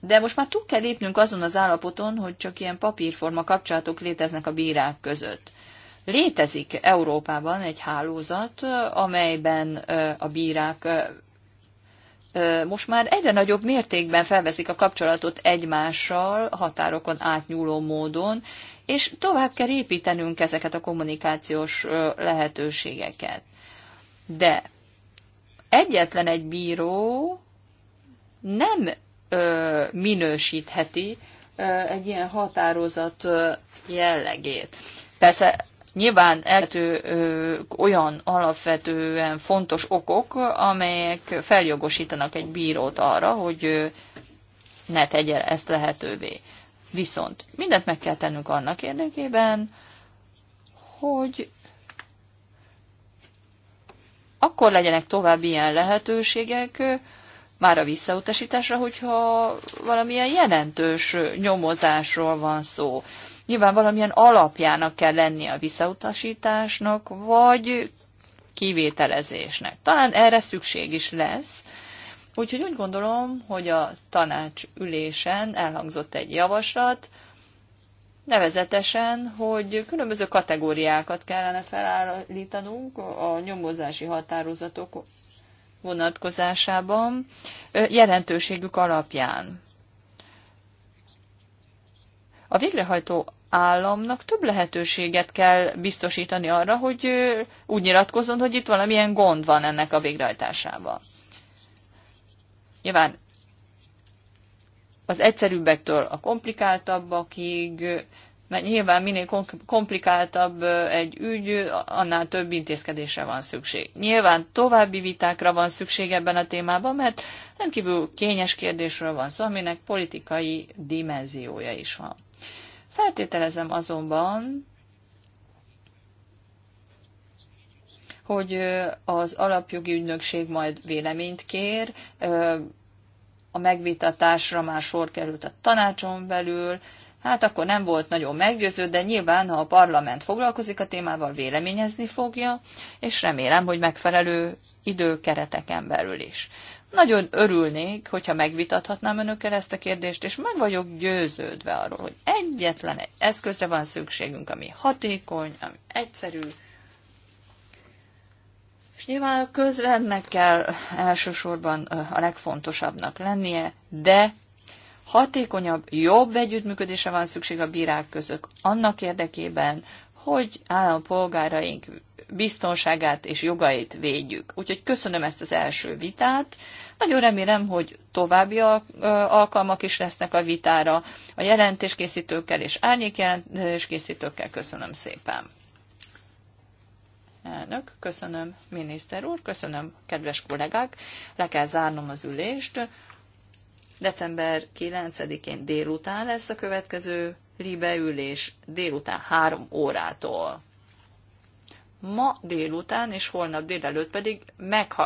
De most már túl kell lépnünk azon az állapoton, hogy csak ilyen papírforma kapcsolatok léteznek a bírák között. Létezik Európában egy hálózat, amelyben a bírák most már egyre nagyobb mértékben felveszik a kapcsolatot egymással, határokon átnyúló módon, és tovább kell építenünk ezeket a kommunikációs lehetőségeket. De egyetlen egy bíró nem minősítheti egy ilyen határozat jellegét. Persze nyilván eltő olyan alapvetően fontos okok, amelyek feljogosítanak egy bírót arra, hogy ne tegye ezt lehetővé. Viszont mindent meg kell tennünk annak érdekében, hogy akkor legyenek további ilyen lehetőségek, már a visszautasításra, hogyha valamilyen jelentős nyomozásról van szó. Nyilván valamilyen alapjának kell lenni a visszautasításnak, vagy kivételezésnek. Talán erre szükség is lesz. Úgyhogy úgy gondolom, hogy a tanács ülésen elhangzott egy javaslat, nevezetesen, hogy különböző kategóriákat kellene felállítanunk a nyomozási határozatok vonatkozásában jelentőségük alapján. A végrehajtó államnak több lehetőséget kell biztosítani arra, hogy úgy nyilatkozzon, hogy itt valamilyen gond van ennek a végrehajtásában. Nyilván az egyszerűbbektől a komplikáltabbakig mert nyilván minél komplikáltabb egy ügy, annál több intézkedésre van szükség. Nyilván további vitákra van szükség ebben a témában, mert rendkívül kényes kérdésről van szó, aminek politikai dimenziója is van. Feltételezem azonban, hogy az alapjogi ügynökség majd véleményt kér, a megvitatásra már sor került a tanácson belül, Hát akkor nem volt nagyon meggyőző, de nyilván, ha a parlament foglalkozik a témával, véleményezni fogja, és remélem, hogy megfelelő időkereteken belül is. Nagyon örülnék, hogyha megvitathatnám önökkel ezt a kérdést, és meg vagyok győződve arról, hogy egyetlen egy eszközre van szükségünk, ami hatékony, ami egyszerű, és nyilván a közrendnek kell elsősorban a legfontosabbnak lennie, de hatékonyabb, jobb együttműködése van szükség a bírák között, annak érdekében, hogy állampolgáraink biztonságát és jogait védjük. Úgyhogy köszönöm ezt az első vitát. Nagyon remélem, hogy további alkalmak is lesznek a vitára a jelentéskészítőkkel és árnyékjelentéskészítőkkel. Köszönöm szépen. Elnök, köszönöm, miniszter úr, köszönöm, kedves kollégák. Le kell zárnom az ülést. December 9-én délután lesz a következő libeülés, délután 3 órától. Ma délután és holnap délelőtt pedig meghallgatás.